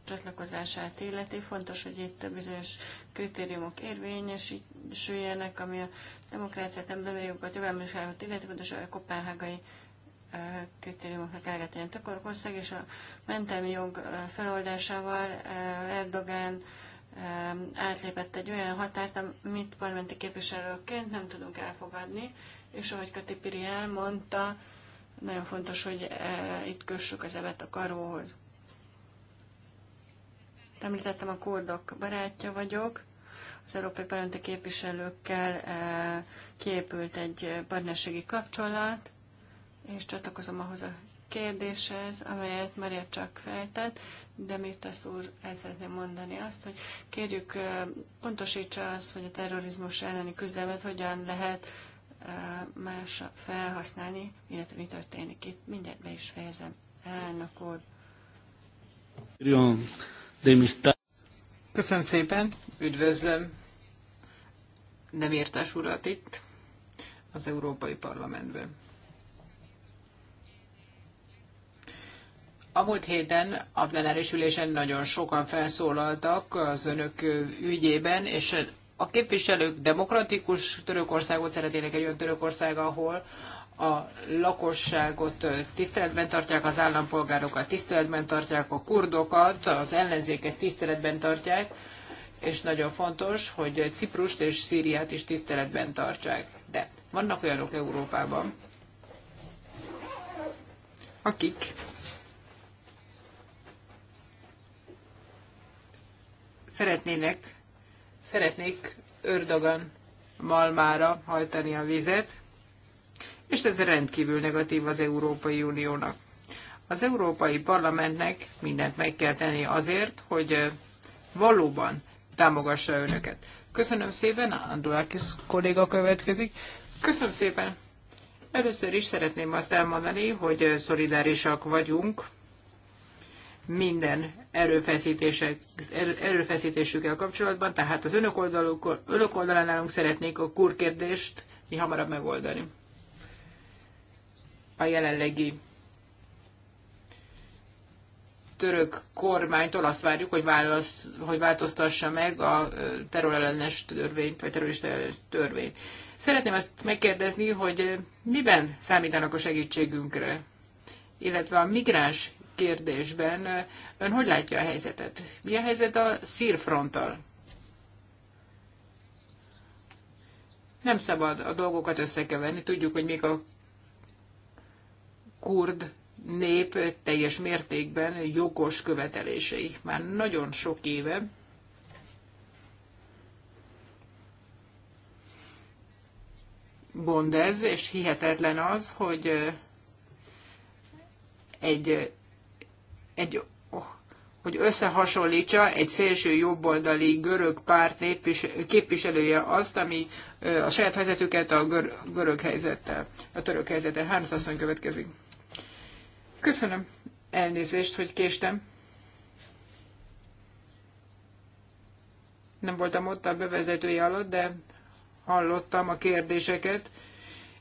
csatlakozását illeti. Fontos, hogy itt bizonyos kritériumok érvényesüljenek, ami a demokráciát, emberi jogokat, jogállamiságot illeti, fontos, hogy a kopenhágai kritériumoknak elgetelni tegyen Törökország, és a mentelmi jog feloldásával Erdogan átlépett egy olyan határt, amit parlamenti képviselőként nem tudunk elfogadni, és ahogy Kati Piri elmondta, nagyon fontos, hogy itt kössük az evet a karóhoz. Említettem, a kurdok barátja vagyok, az európai parlamenti képviselőkkel kiépült egy partnerségi kapcsolat, és csatlakozom ahhoz a kérdéshez, amelyet Maria csak feltett, de Mirtasz úr el szeretném mondani azt, hogy kérjük pontosítsa azt, hogy a terrorizmus elleni küzdelmet hogyan lehet más felhasználni, illetve mi történik itt. Mindjárt be is fejezem. Elnök úr. Köszönöm szépen, üdvözlöm nem értes urat itt az Európai Parlamentben. A múlt héten a plenáris ülésen nagyon sokan felszólaltak az önök ügyében, és a képviselők demokratikus Törökországot szeretnének egy olyan Törökország, ahol a lakosságot tiszteletben tartják, az állampolgárokat tiszteletben tartják, a kurdokat, az ellenzéket tiszteletben tartják, és nagyon fontos, hogy Ciprust és Szíriát is tiszteletben tartsák. De vannak olyanok Európában, akik szeretnének, szeretnék ördögön malmára hajtani a vizet, és ez rendkívül negatív az Európai Uniónak. Az Európai Parlamentnek mindent meg kell tenni azért, hogy valóban támogassa önöket. Köszönöm szépen, Andulakis kolléga következik. Köszönöm szépen. Először is szeretném azt elmondani, hogy szolidárisak vagyunk minden erőfeszítésükkel kapcsolatban, tehát az önök, oldaluk, önök oldalán szeretnék a kurkérdést mi hamarabb megoldani. A jelenlegi török kormánytól azt várjuk, hogy, válasz, hogy változtassa meg a terrorellenes törvényt, vagy terrorista törvényt. Szeretném azt megkérdezni, hogy miben számítanak a segítségünkre, illetve a migráns kérdésben. Ön hogy látja a helyzetet? Mi a helyzet a szírfronttal? Nem szabad a dolgokat összekeverni. Tudjuk, hogy még a kurd nép teljes mértékben jogos követelései. Már nagyon sok éve bondez, és hihetetlen az, hogy egy egy, oh, hogy összehasonlítsa egy szélső jobboldali görög párt képviselője azt, ami a saját helyzetüket a görög helyzettel, a török helyzettel. Hármas asszony következik. Köszönöm elnézést, hogy késtem. Nem voltam ott a bevezetője alatt, de hallottam a kérdéseket,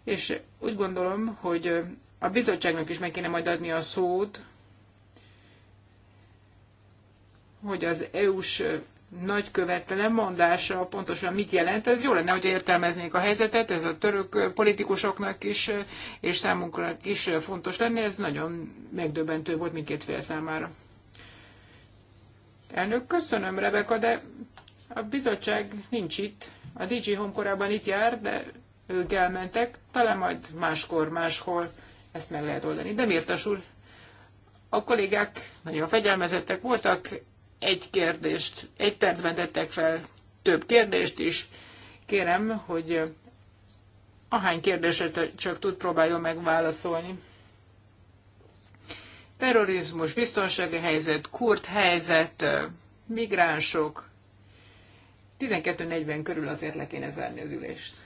és úgy gondolom, hogy a bizottságnak is meg kéne majd adni a szót, hogy az EU-s nagykövet lemondása pontosan mit jelent. Ez jó lenne, hogy értelmeznék a helyzetet, ez a török politikusoknak is, és számunkra is fontos lenne, ez nagyon megdöbbentő volt mindkét fél számára. Elnök, köszönöm, Rebeka, de a bizottság nincs itt. A DG Home korábban itt jár, de ők elmentek, talán majd máskor, máshol ezt meg lehet oldani. De miért úr, a kollégák nagyon fegyelmezettek voltak, egy kérdést, egy percben tettek fel több kérdést is. Kérem, hogy ahány kérdéset csak tud, próbáljon megválaszolni. Terrorizmus, biztonsági helyzet, kurt helyzet, migránsok. 12.40 körül azért le kéne zárni az ülést.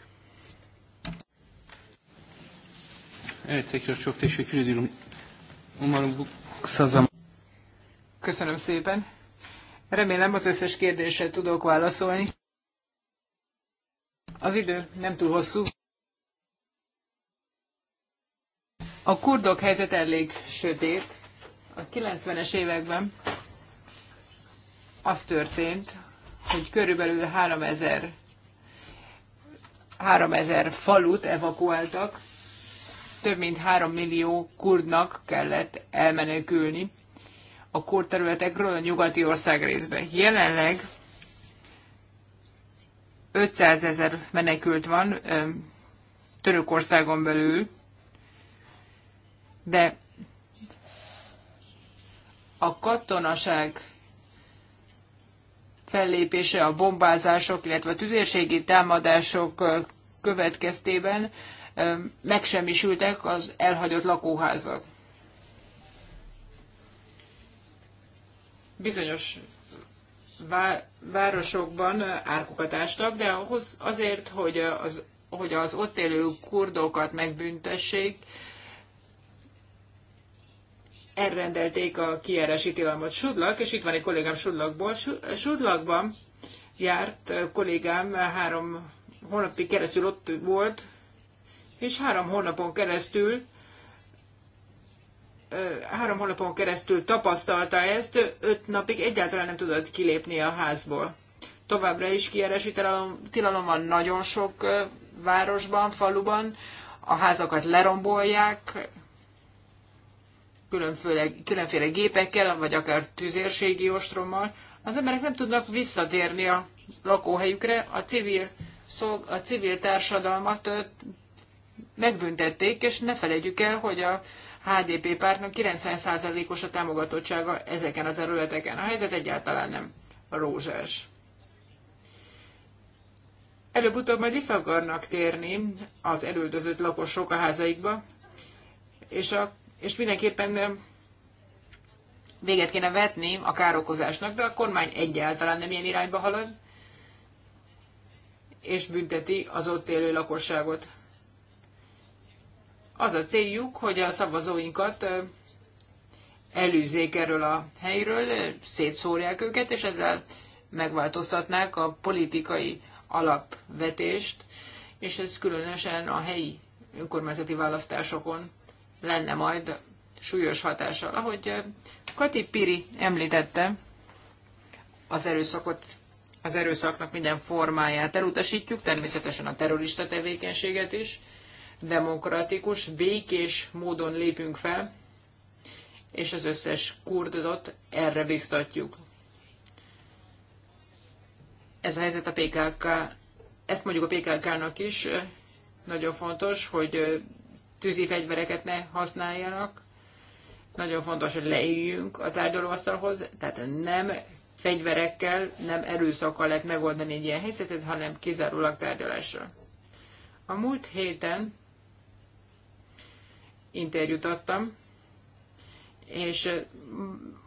Köszönöm szépen. Remélem az összes kérdésre tudok válaszolni. Az idő nem túl hosszú. A kurdok helyzet elég sötét. A 90-es években az történt, hogy körülbelül 3000, 3000 falut evakuáltak, több mint 3 millió kurdnak kellett elmenekülni a kórterületekről a nyugati ország részben Jelenleg 500 ezer menekült van Törökországon belül, de a katonaság fellépése, a bombázások, illetve a tüzérségi támadások következtében megsemmisültek az elhagyott lakóházak. bizonyos városokban árkokat ástak, de ahhoz azért, hogy az, hogy az ott élő kurdokat megbüntessék, elrendelték a kijárási tilalmat Sudlak, és itt van egy kollégám Sudlakból. Sudlakban járt kollégám három hónapig keresztül ott volt, és három hónapon keresztül három hónapon keresztül tapasztalta ezt, öt napig egyáltalán nem tudott kilépni a házból. Továbbra is kieresi tilalom, tilalom van nagyon sok városban, faluban, a házakat lerombolják, különféle, különféle gépekkel, vagy akár tüzérségi ostrommal. Az emberek nem tudnak visszatérni a lakóhelyükre, a civil, szolg, a civil társadalmat megbüntették, és ne felejtjük el, hogy a HDP pártnak 90%-os a támogatottsága ezeken a területeken. A helyzet egyáltalán nem rózsás. Előbb-utóbb majd vissza akarnak térni az elődözött lakosok a házaikba, és, a, és mindenképpen véget kéne vetni a károkozásnak, de a kormány egyáltalán nem ilyen irányba halad, és bünteti az ott élő lakosságot. Az a céljuk, hogy a szavazóinkat elűzzék erről a helyről, szétszórják őket, és ezzel megváltoztatnák a politikai alapvetést, és ez különösen a helyi önkormányzati választásokon lenne majd súlyos hatással. Ahogy Kati Piri említette, az erőszakot, az erőszaknak minden formáját elutasítjuk, természetesen a terrorista tevékenységet is, demokratikus, békés módon lépünk fel, és az összes kurdot erre biztatjuk. Ez a helyzet a PKK, ezt mondjuk a PKK-nak is, nagyon fontos, hogy tűzi fegyvereket ne használjanak, nagyon fontos, hogy leüljünk a tárgyalóasztalhoz, tehát nem fegyverekkel, nem erőszakkal lehet megoldani egy ilyen helyzetet, hanem kizárólag tárgyalással. A múlt héten interjút adtam, és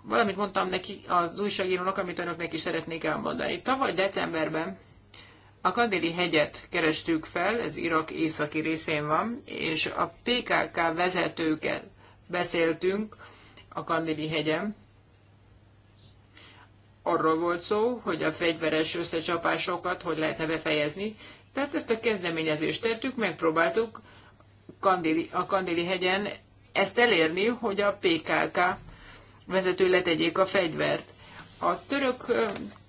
valamit mondtam neki az újságírónak, amit önöknek is szeretnék elmondani. Tavaly decemberben a Kadéli hegyet kerestük fel, ez Irak északi részén van, és a PKK vezetőkkel beszéltünk a Kadéli hegyen. Arról volt szó, hogy a fegyveres összecsapásokat hogy lehetne befejezni. Tehát ezt a kezdeményezést tettük, megpróbáltuk Kandéli, a Kandéli hegyen ezt elérni, hogy a PKK vezető letegyék a fegyvert. A török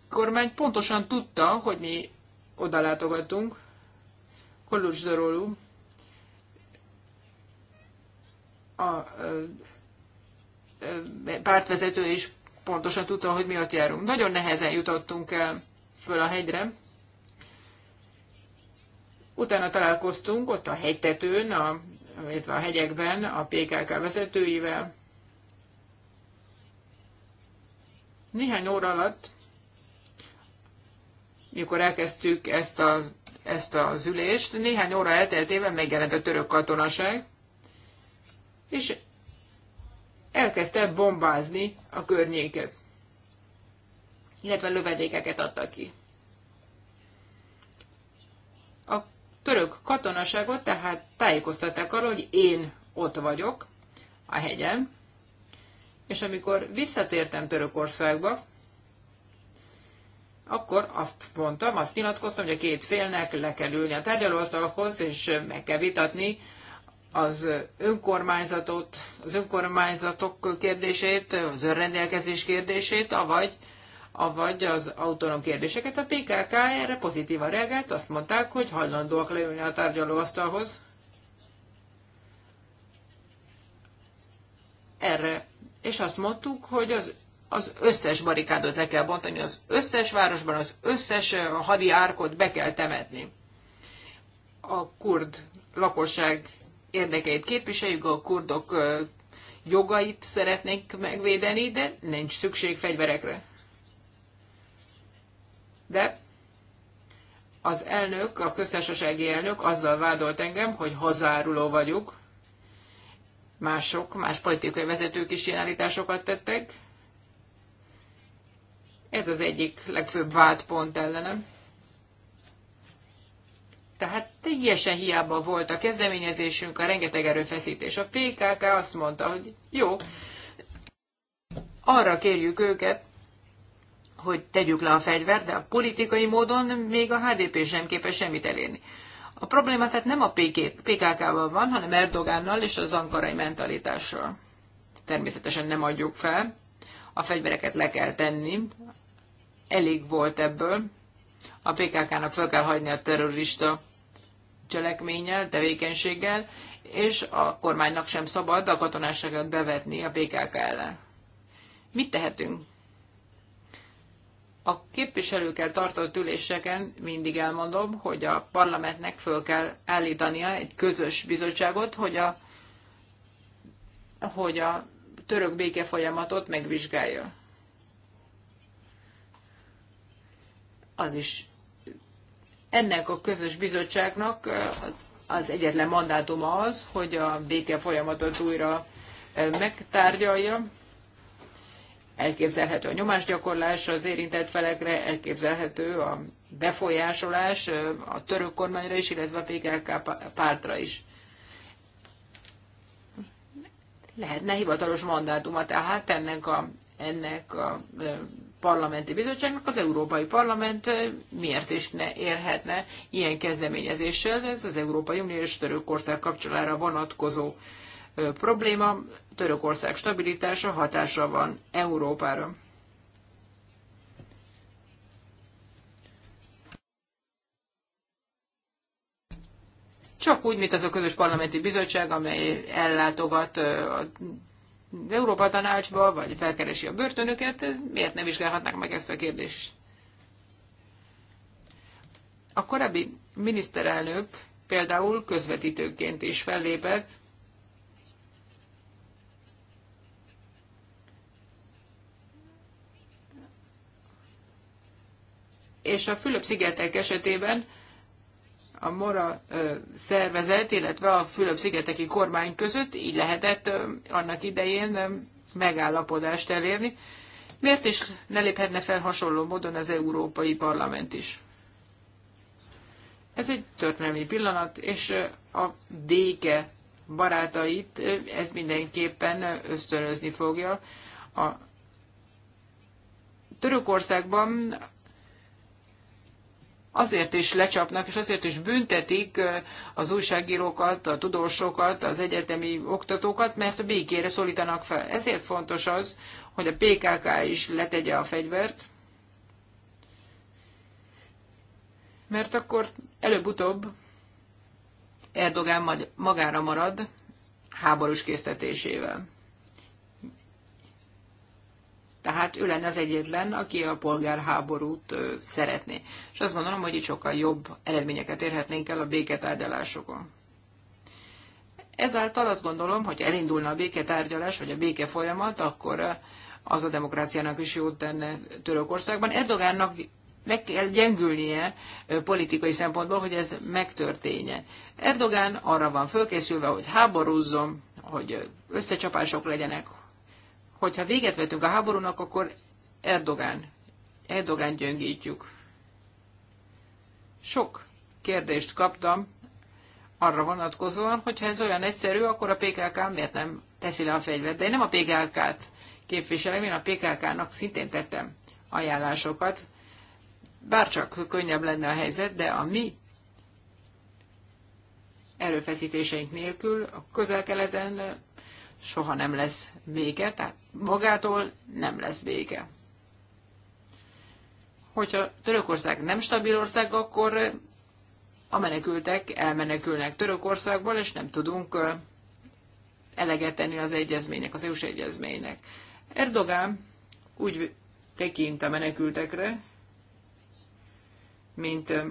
kormány pontosan tudta, hogy mi oda látogatunk, Koluczdorolú, a, a, a pártvezető is pontosan tudta, hogy mi ott járunk. Nagyon nehezen jutottunk el föl a hegyre, Utána találkoztunk ott a hegytetőn, a, a hegyekben a PKK vezetőivel. Néhány óra alatt, mikor elkezdtük ezt, a, ezt az ülést, néhány óra elteltével megjelent a török katonaság, és elkezdte bombázni a környéket, illetve lövedékeket adtak ki. A török katonaságot tehát tájékoztatták arról, hogy én ott vagyok a hegyen, és amikor visszatértem Törökországba, akkor azt mondtam, azt nyilatkoztam, hogy a két félnek le kell ülni a tárgyalóasztalhoz, és meg kell vitatni az önkormányzatot, az önkormányzatok kérdését, az önrendelkezés kérdését, avagy avagy az autonóm kérdéseket. A PKK erre pozitívan reagált, azt mondták, hogy hajlandóak leülni a tárgyalóasztalhoz. Erre. És azt mondtuk, hogy az, az összes barikádot le kell bontani, az összes városban, az összes hadi árkot be kell temetni. A kurd lakosság érdekeit képviseljük, a kurdok jogait szeretnék megvédeni, de nincs szükség fegyverekre de az elnök, a köztársasági elnök azzal vádolt engem, hogy hazáruló vagyok. Mások, más politikai vezetők is ilyen állításokat tettek. Ez az egyik legfőbb vádpont ellenem. Tehát teljesen hiába volt a kezdeményezésünk, a rengeteg erőfeszítés. A PKK azt mondta, hogy jó, arra kérjük őket, hogy tegyük le a fegyvert, de a politikai módon még a HDP sem képes semmit elérni. A probléma tehát nem a PKK-val van, hanem Erdogánnal és az ankarai mentalitással. Természetesen nem adjuk fel, a fegyvereket le kell tenni, elég volt ebből. A PKK-nak fel kell hagyni a terrorista cselekménnyel, tevékenységgel, és a kormánynak sem szabad a katonásságot bevetni a PKK ellen. Mit tehetünk? a képviselőkkel tartott üléseken mindig elmondom, hogy a parlamentnek föl kell állítania egy közös bizottságot, hogy a, hogy a török béke folyamatot megvizsgálja. Az is ennek a közös bizottságnak eh, az egyetlen mandátuma az, hogy a béke folyamatot újra eh, megtárgyalja, Elképzelhető a nyomásgyakorlás az érintett felekre, elképzelhető a befolyásolás a török kormányra is, illetve a PKK pártra is. Lehetne hivatalos mandátuma tehát ennek a, ennek a parlamenti bizottságnak az Európai Parlament miért is ne érhetne ilyen kezdeményezéssel, ez az Európai Unió és Törökország kapcsolára vonatkozó probléma, Törökország stabilitása hatása van Európára. Csak úgy, mint az a közös parlamenti bizottság, amely ellátogat a Európa Tanácsba, vagy felkeresi a börtönöket, miért nem vizsgálhatnák meg ezt a kérdést? A korábbi miniszterelnök például közvetítőként is fellépett, és a Fülöp-szigetek esetében a MORA szervezet, illetve a Fülöp-szigeteki kormány között így lehetett annak idején megállapodást elérni. Miért is ne léphetne fel hasonló módon az Európai Parlament is? Ez egy történelmi pillanat, és a béke barátait ez mindenképpen ösztönözni fogja. A Törökországban azért is lecsapnak, és azért is büntetik az újságírókat, a tudósokat, az egyetemi oktatókat, mert a békére szólítanak fel. Ezért fontos az, hogy a PKK is letegye a fegyvert, mert akkor előbb-utóbb Erdogán magára marad háborús késztetésével. Tehát ő lenne az egyetlen, aki a polgárháborút szeretné. És azt gondolom, hogy itt sokkal jobb eredményeket érhetnénk el a béketárgyalásokon. Ezáltal azt gondolom, hogy elindulna a béketárgyalás, vagy a béke folyamat, akkor az a demokráciának is jót tenne Törökországban. Erdogánnak meg kell gyengülnie politikai szempontból, hogy ez megtörténje. Erdogán arra van fölkészülve, hogy háborúzzon, hogy összecsapások legyenek, hogyha véget vetünk a háborúnak, akkor Erdogán, Erdogán gyöngítjük. Sok kérdést kaptam arra vonatkozóan, hogyha ez olyan egyszerű, akkor a PKK miért nem teszi le a fegyvert. De én nem a PKK-t képviselem, én a PKK-nak szintén tettem ajánlásokat. Bárcsak könnyebb lenne a helyzet, de a mi erőfeszítéseink nélkül a közel-keleten soha nem lesz vége, tehát magától nem lesz vége. Hogyha Törökország nem stabil ország, akkor eh, a menekültek elmenekülnek Törökországból, és nem tudunk eh, eleget tenni az egyezménynek, az EU-s egyezménynek. Erdogán úgy tekint a menekültekre, mint eh,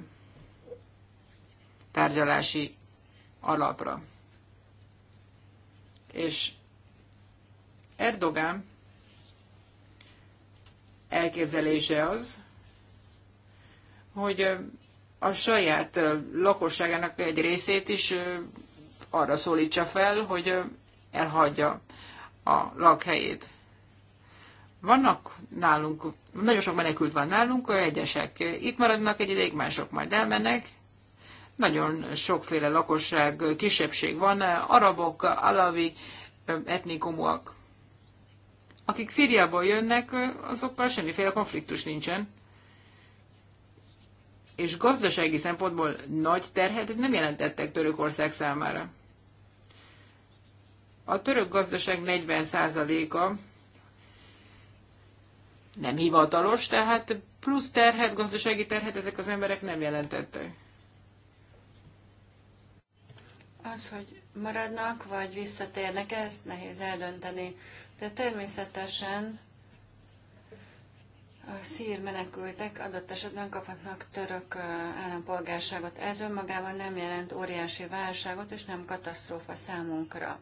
tárgyalási alapra. És Erdogán elképzelése az, hogy a saját lakosságának egy részét is arra szólítsa fel, hogy elhagyja a lakhelyét. Vannak nálunk, nagyon sok menekült van nálunk, egyesek itt maradnak egy ideig, mások majd elmennek. Nagyon sokféle lakosság, kisebbség van, arabok, alavi, etnikumúak akik Szíriából jönnek, azokkal semmiféle konfliktus nincsen. És gazdasági szempontból nagy terhet nem jelentettek Törökország számára. A török gazdaság 40%-a nem hivatalos, tehát plusz terhet, gazdasági terhet ezek az emberek nem jelentettek. Az, hogy maradnak, vagy visszatérnek, ezt nehéz eldönteni. De természetesen a szír menekültek adott esetben kaphatnak török állampolgárságot. Ez önmagában nem jelent óriási válságot, és nem katasztrófa számunkra.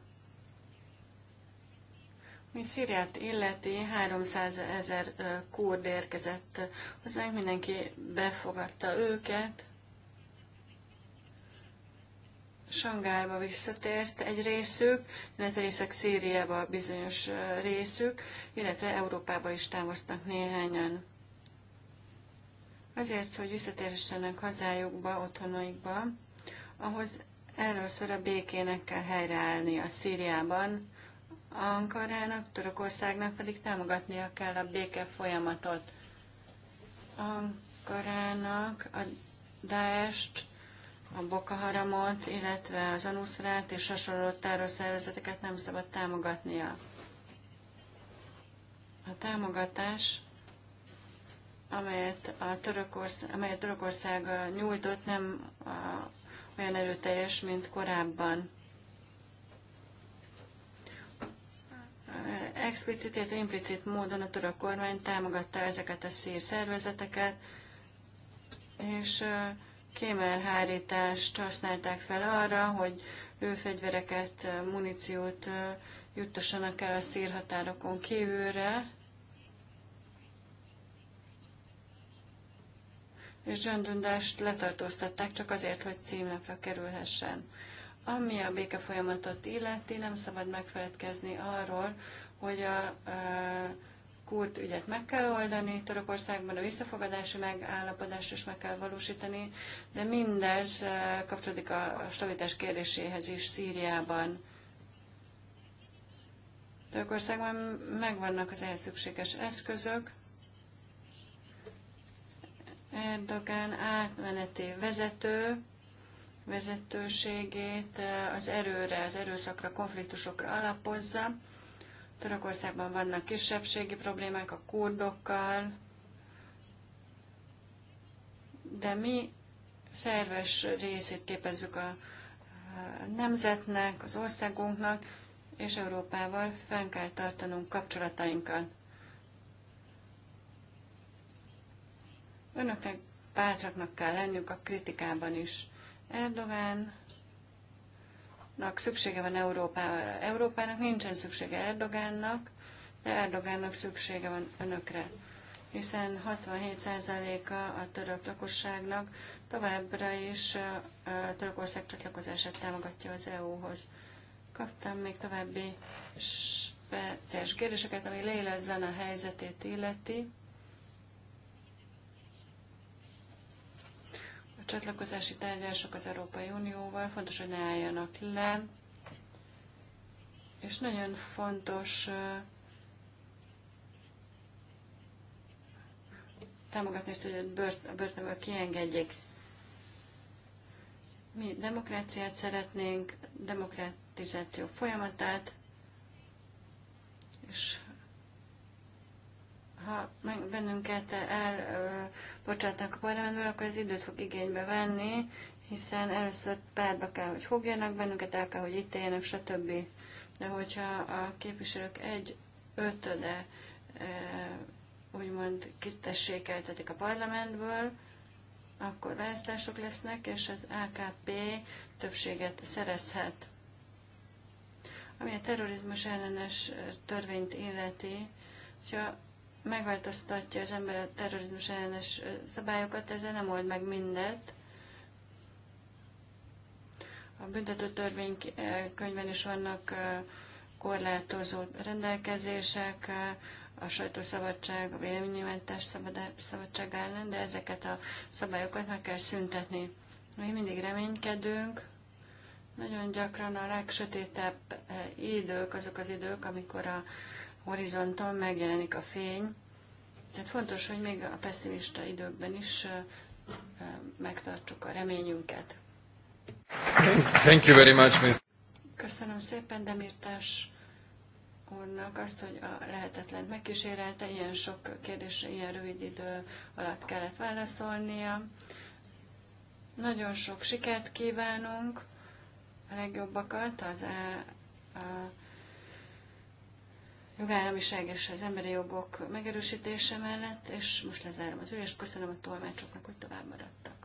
Mi Szíriát illeti, 300 ezer kurd érkezett hozzánk, mindenki befogadta őket, Sangálba visszatért egy részük, illetve részek Szíriába bizonyos részük, illetve Európába is távoztak néhányan. Azért, hogy visszatérhessenek hazájukba, otthonaikba, ahhoz először a békének kell helyreállni a Szíriában, Ankarának, Törökországnak pedig támogatnia kell a béke folyamatot. Ankarának a Daest a Bokaharamot, illetve az Anuszrát és hasonló terrorszervezeteket nem szabad támogatnia. A támogatás, amelyet, a Törökország, amelyet Törökország nyújtott, nem a, olyan erőteljes, mint korábban. Explicit, illetve implicit módon a török kormány támogatta ezeket a szír szervezeteket, és uh, kémelhárítást használták fel arra, hogy lőfegyvereket, muníciót juttassanak el a szírhatárokon kívülre. És John Dundást letartóztatták csak azért, hogy címlapra kerülhessen. Ami a béke folyamatot illeti, nem szabad megfeledkezni arról, hogy a, a kurd ügyet meg kell oldani, Törökországban a visszafogadási megállapodást is meg kell valósítani, de mindez eh, kapcsolódik a stabilitás kérdéséhez is Szíriában. Törökországban megvannak az ehhez szükséges eszközök. Erdogan átmeneti vezető, vezetőségét eh, az erőre, az erőszakra, konfliktusokra alapozza. Törökországban vannak kisebbségi problémák a kurdokkal, de mi szerves részét képezzük a nemzetnek, az országunknak, és Európával fenn kell tartanunk kapcsolatainkat. Önöknek bátraknak kell lennünk a kritikában is. Erdogan. Nak szüksége van Európára. Európának nincsen szüksége Erdogánnak, de Erdogánnak szüksége van önökre, hiszen 67%-a a török lakosságnak továbbra is a Törökország csatlakozását támogatja az EU-hoz. Kaptam még további speciális kérdéseket, ami Léla a helyzetét illeti. csatlakozási tárgyalások az Európai Unióval, fontos, hogy ne álljanak le, és nagyon fontos támogatni ezt, hogy a, bört, a börtönből kiengedjék. Mi demokráciát szeretnénk, demokratizáció folyamatát, és ha bennünket el bocsátnak a parlamentből, akkor az időt fog igénybe venni, hiszen először párba kell, hogy fogjanak bennünket, el kell, hogy itt éljenek, stb. De hogyha a képviselők egy ötöde e, úgymond kitessékeltetik a parlamentből, akkor választások lesznek, és az AKP többséget szerezhet. Ami a terrorizmus ellenes e, törvényt illeti, hogyha megváltoztatja az ember a terrorizmus ellenes szabályokat, ezzel nem old meg mindent. A büntető törvénykönyvben is vannak korlátozó rendelkezések, a sajtószabadság, a véleménynyilvántás szabadság ellen, de ezeket a szabályokat meg kell szüntetni. Mi mindig reménykedünk, nagyon gyakran a legsötétebb idők azok az idők, amikor a horizonton megjelenik a fény. Tehát fontos, hogy még a pessimista időkben is megtartsuk a reményünket. Thank you very much, Ms. Köszönöm szépen, Demirtás úrnak azt, hogy a lehetetlen megkísérelte, ilyen sok kérdésre ilyen rövid idő alatt kellett válaszolnia. Nagyon sok sikert kívánunk, a legjobbakat az e, a, a jogállamiság és az emberi jogok megerősítése mellett, és most lezárom az ülést, köszönöm a tolmácsoknak, hogy tovább maradtak.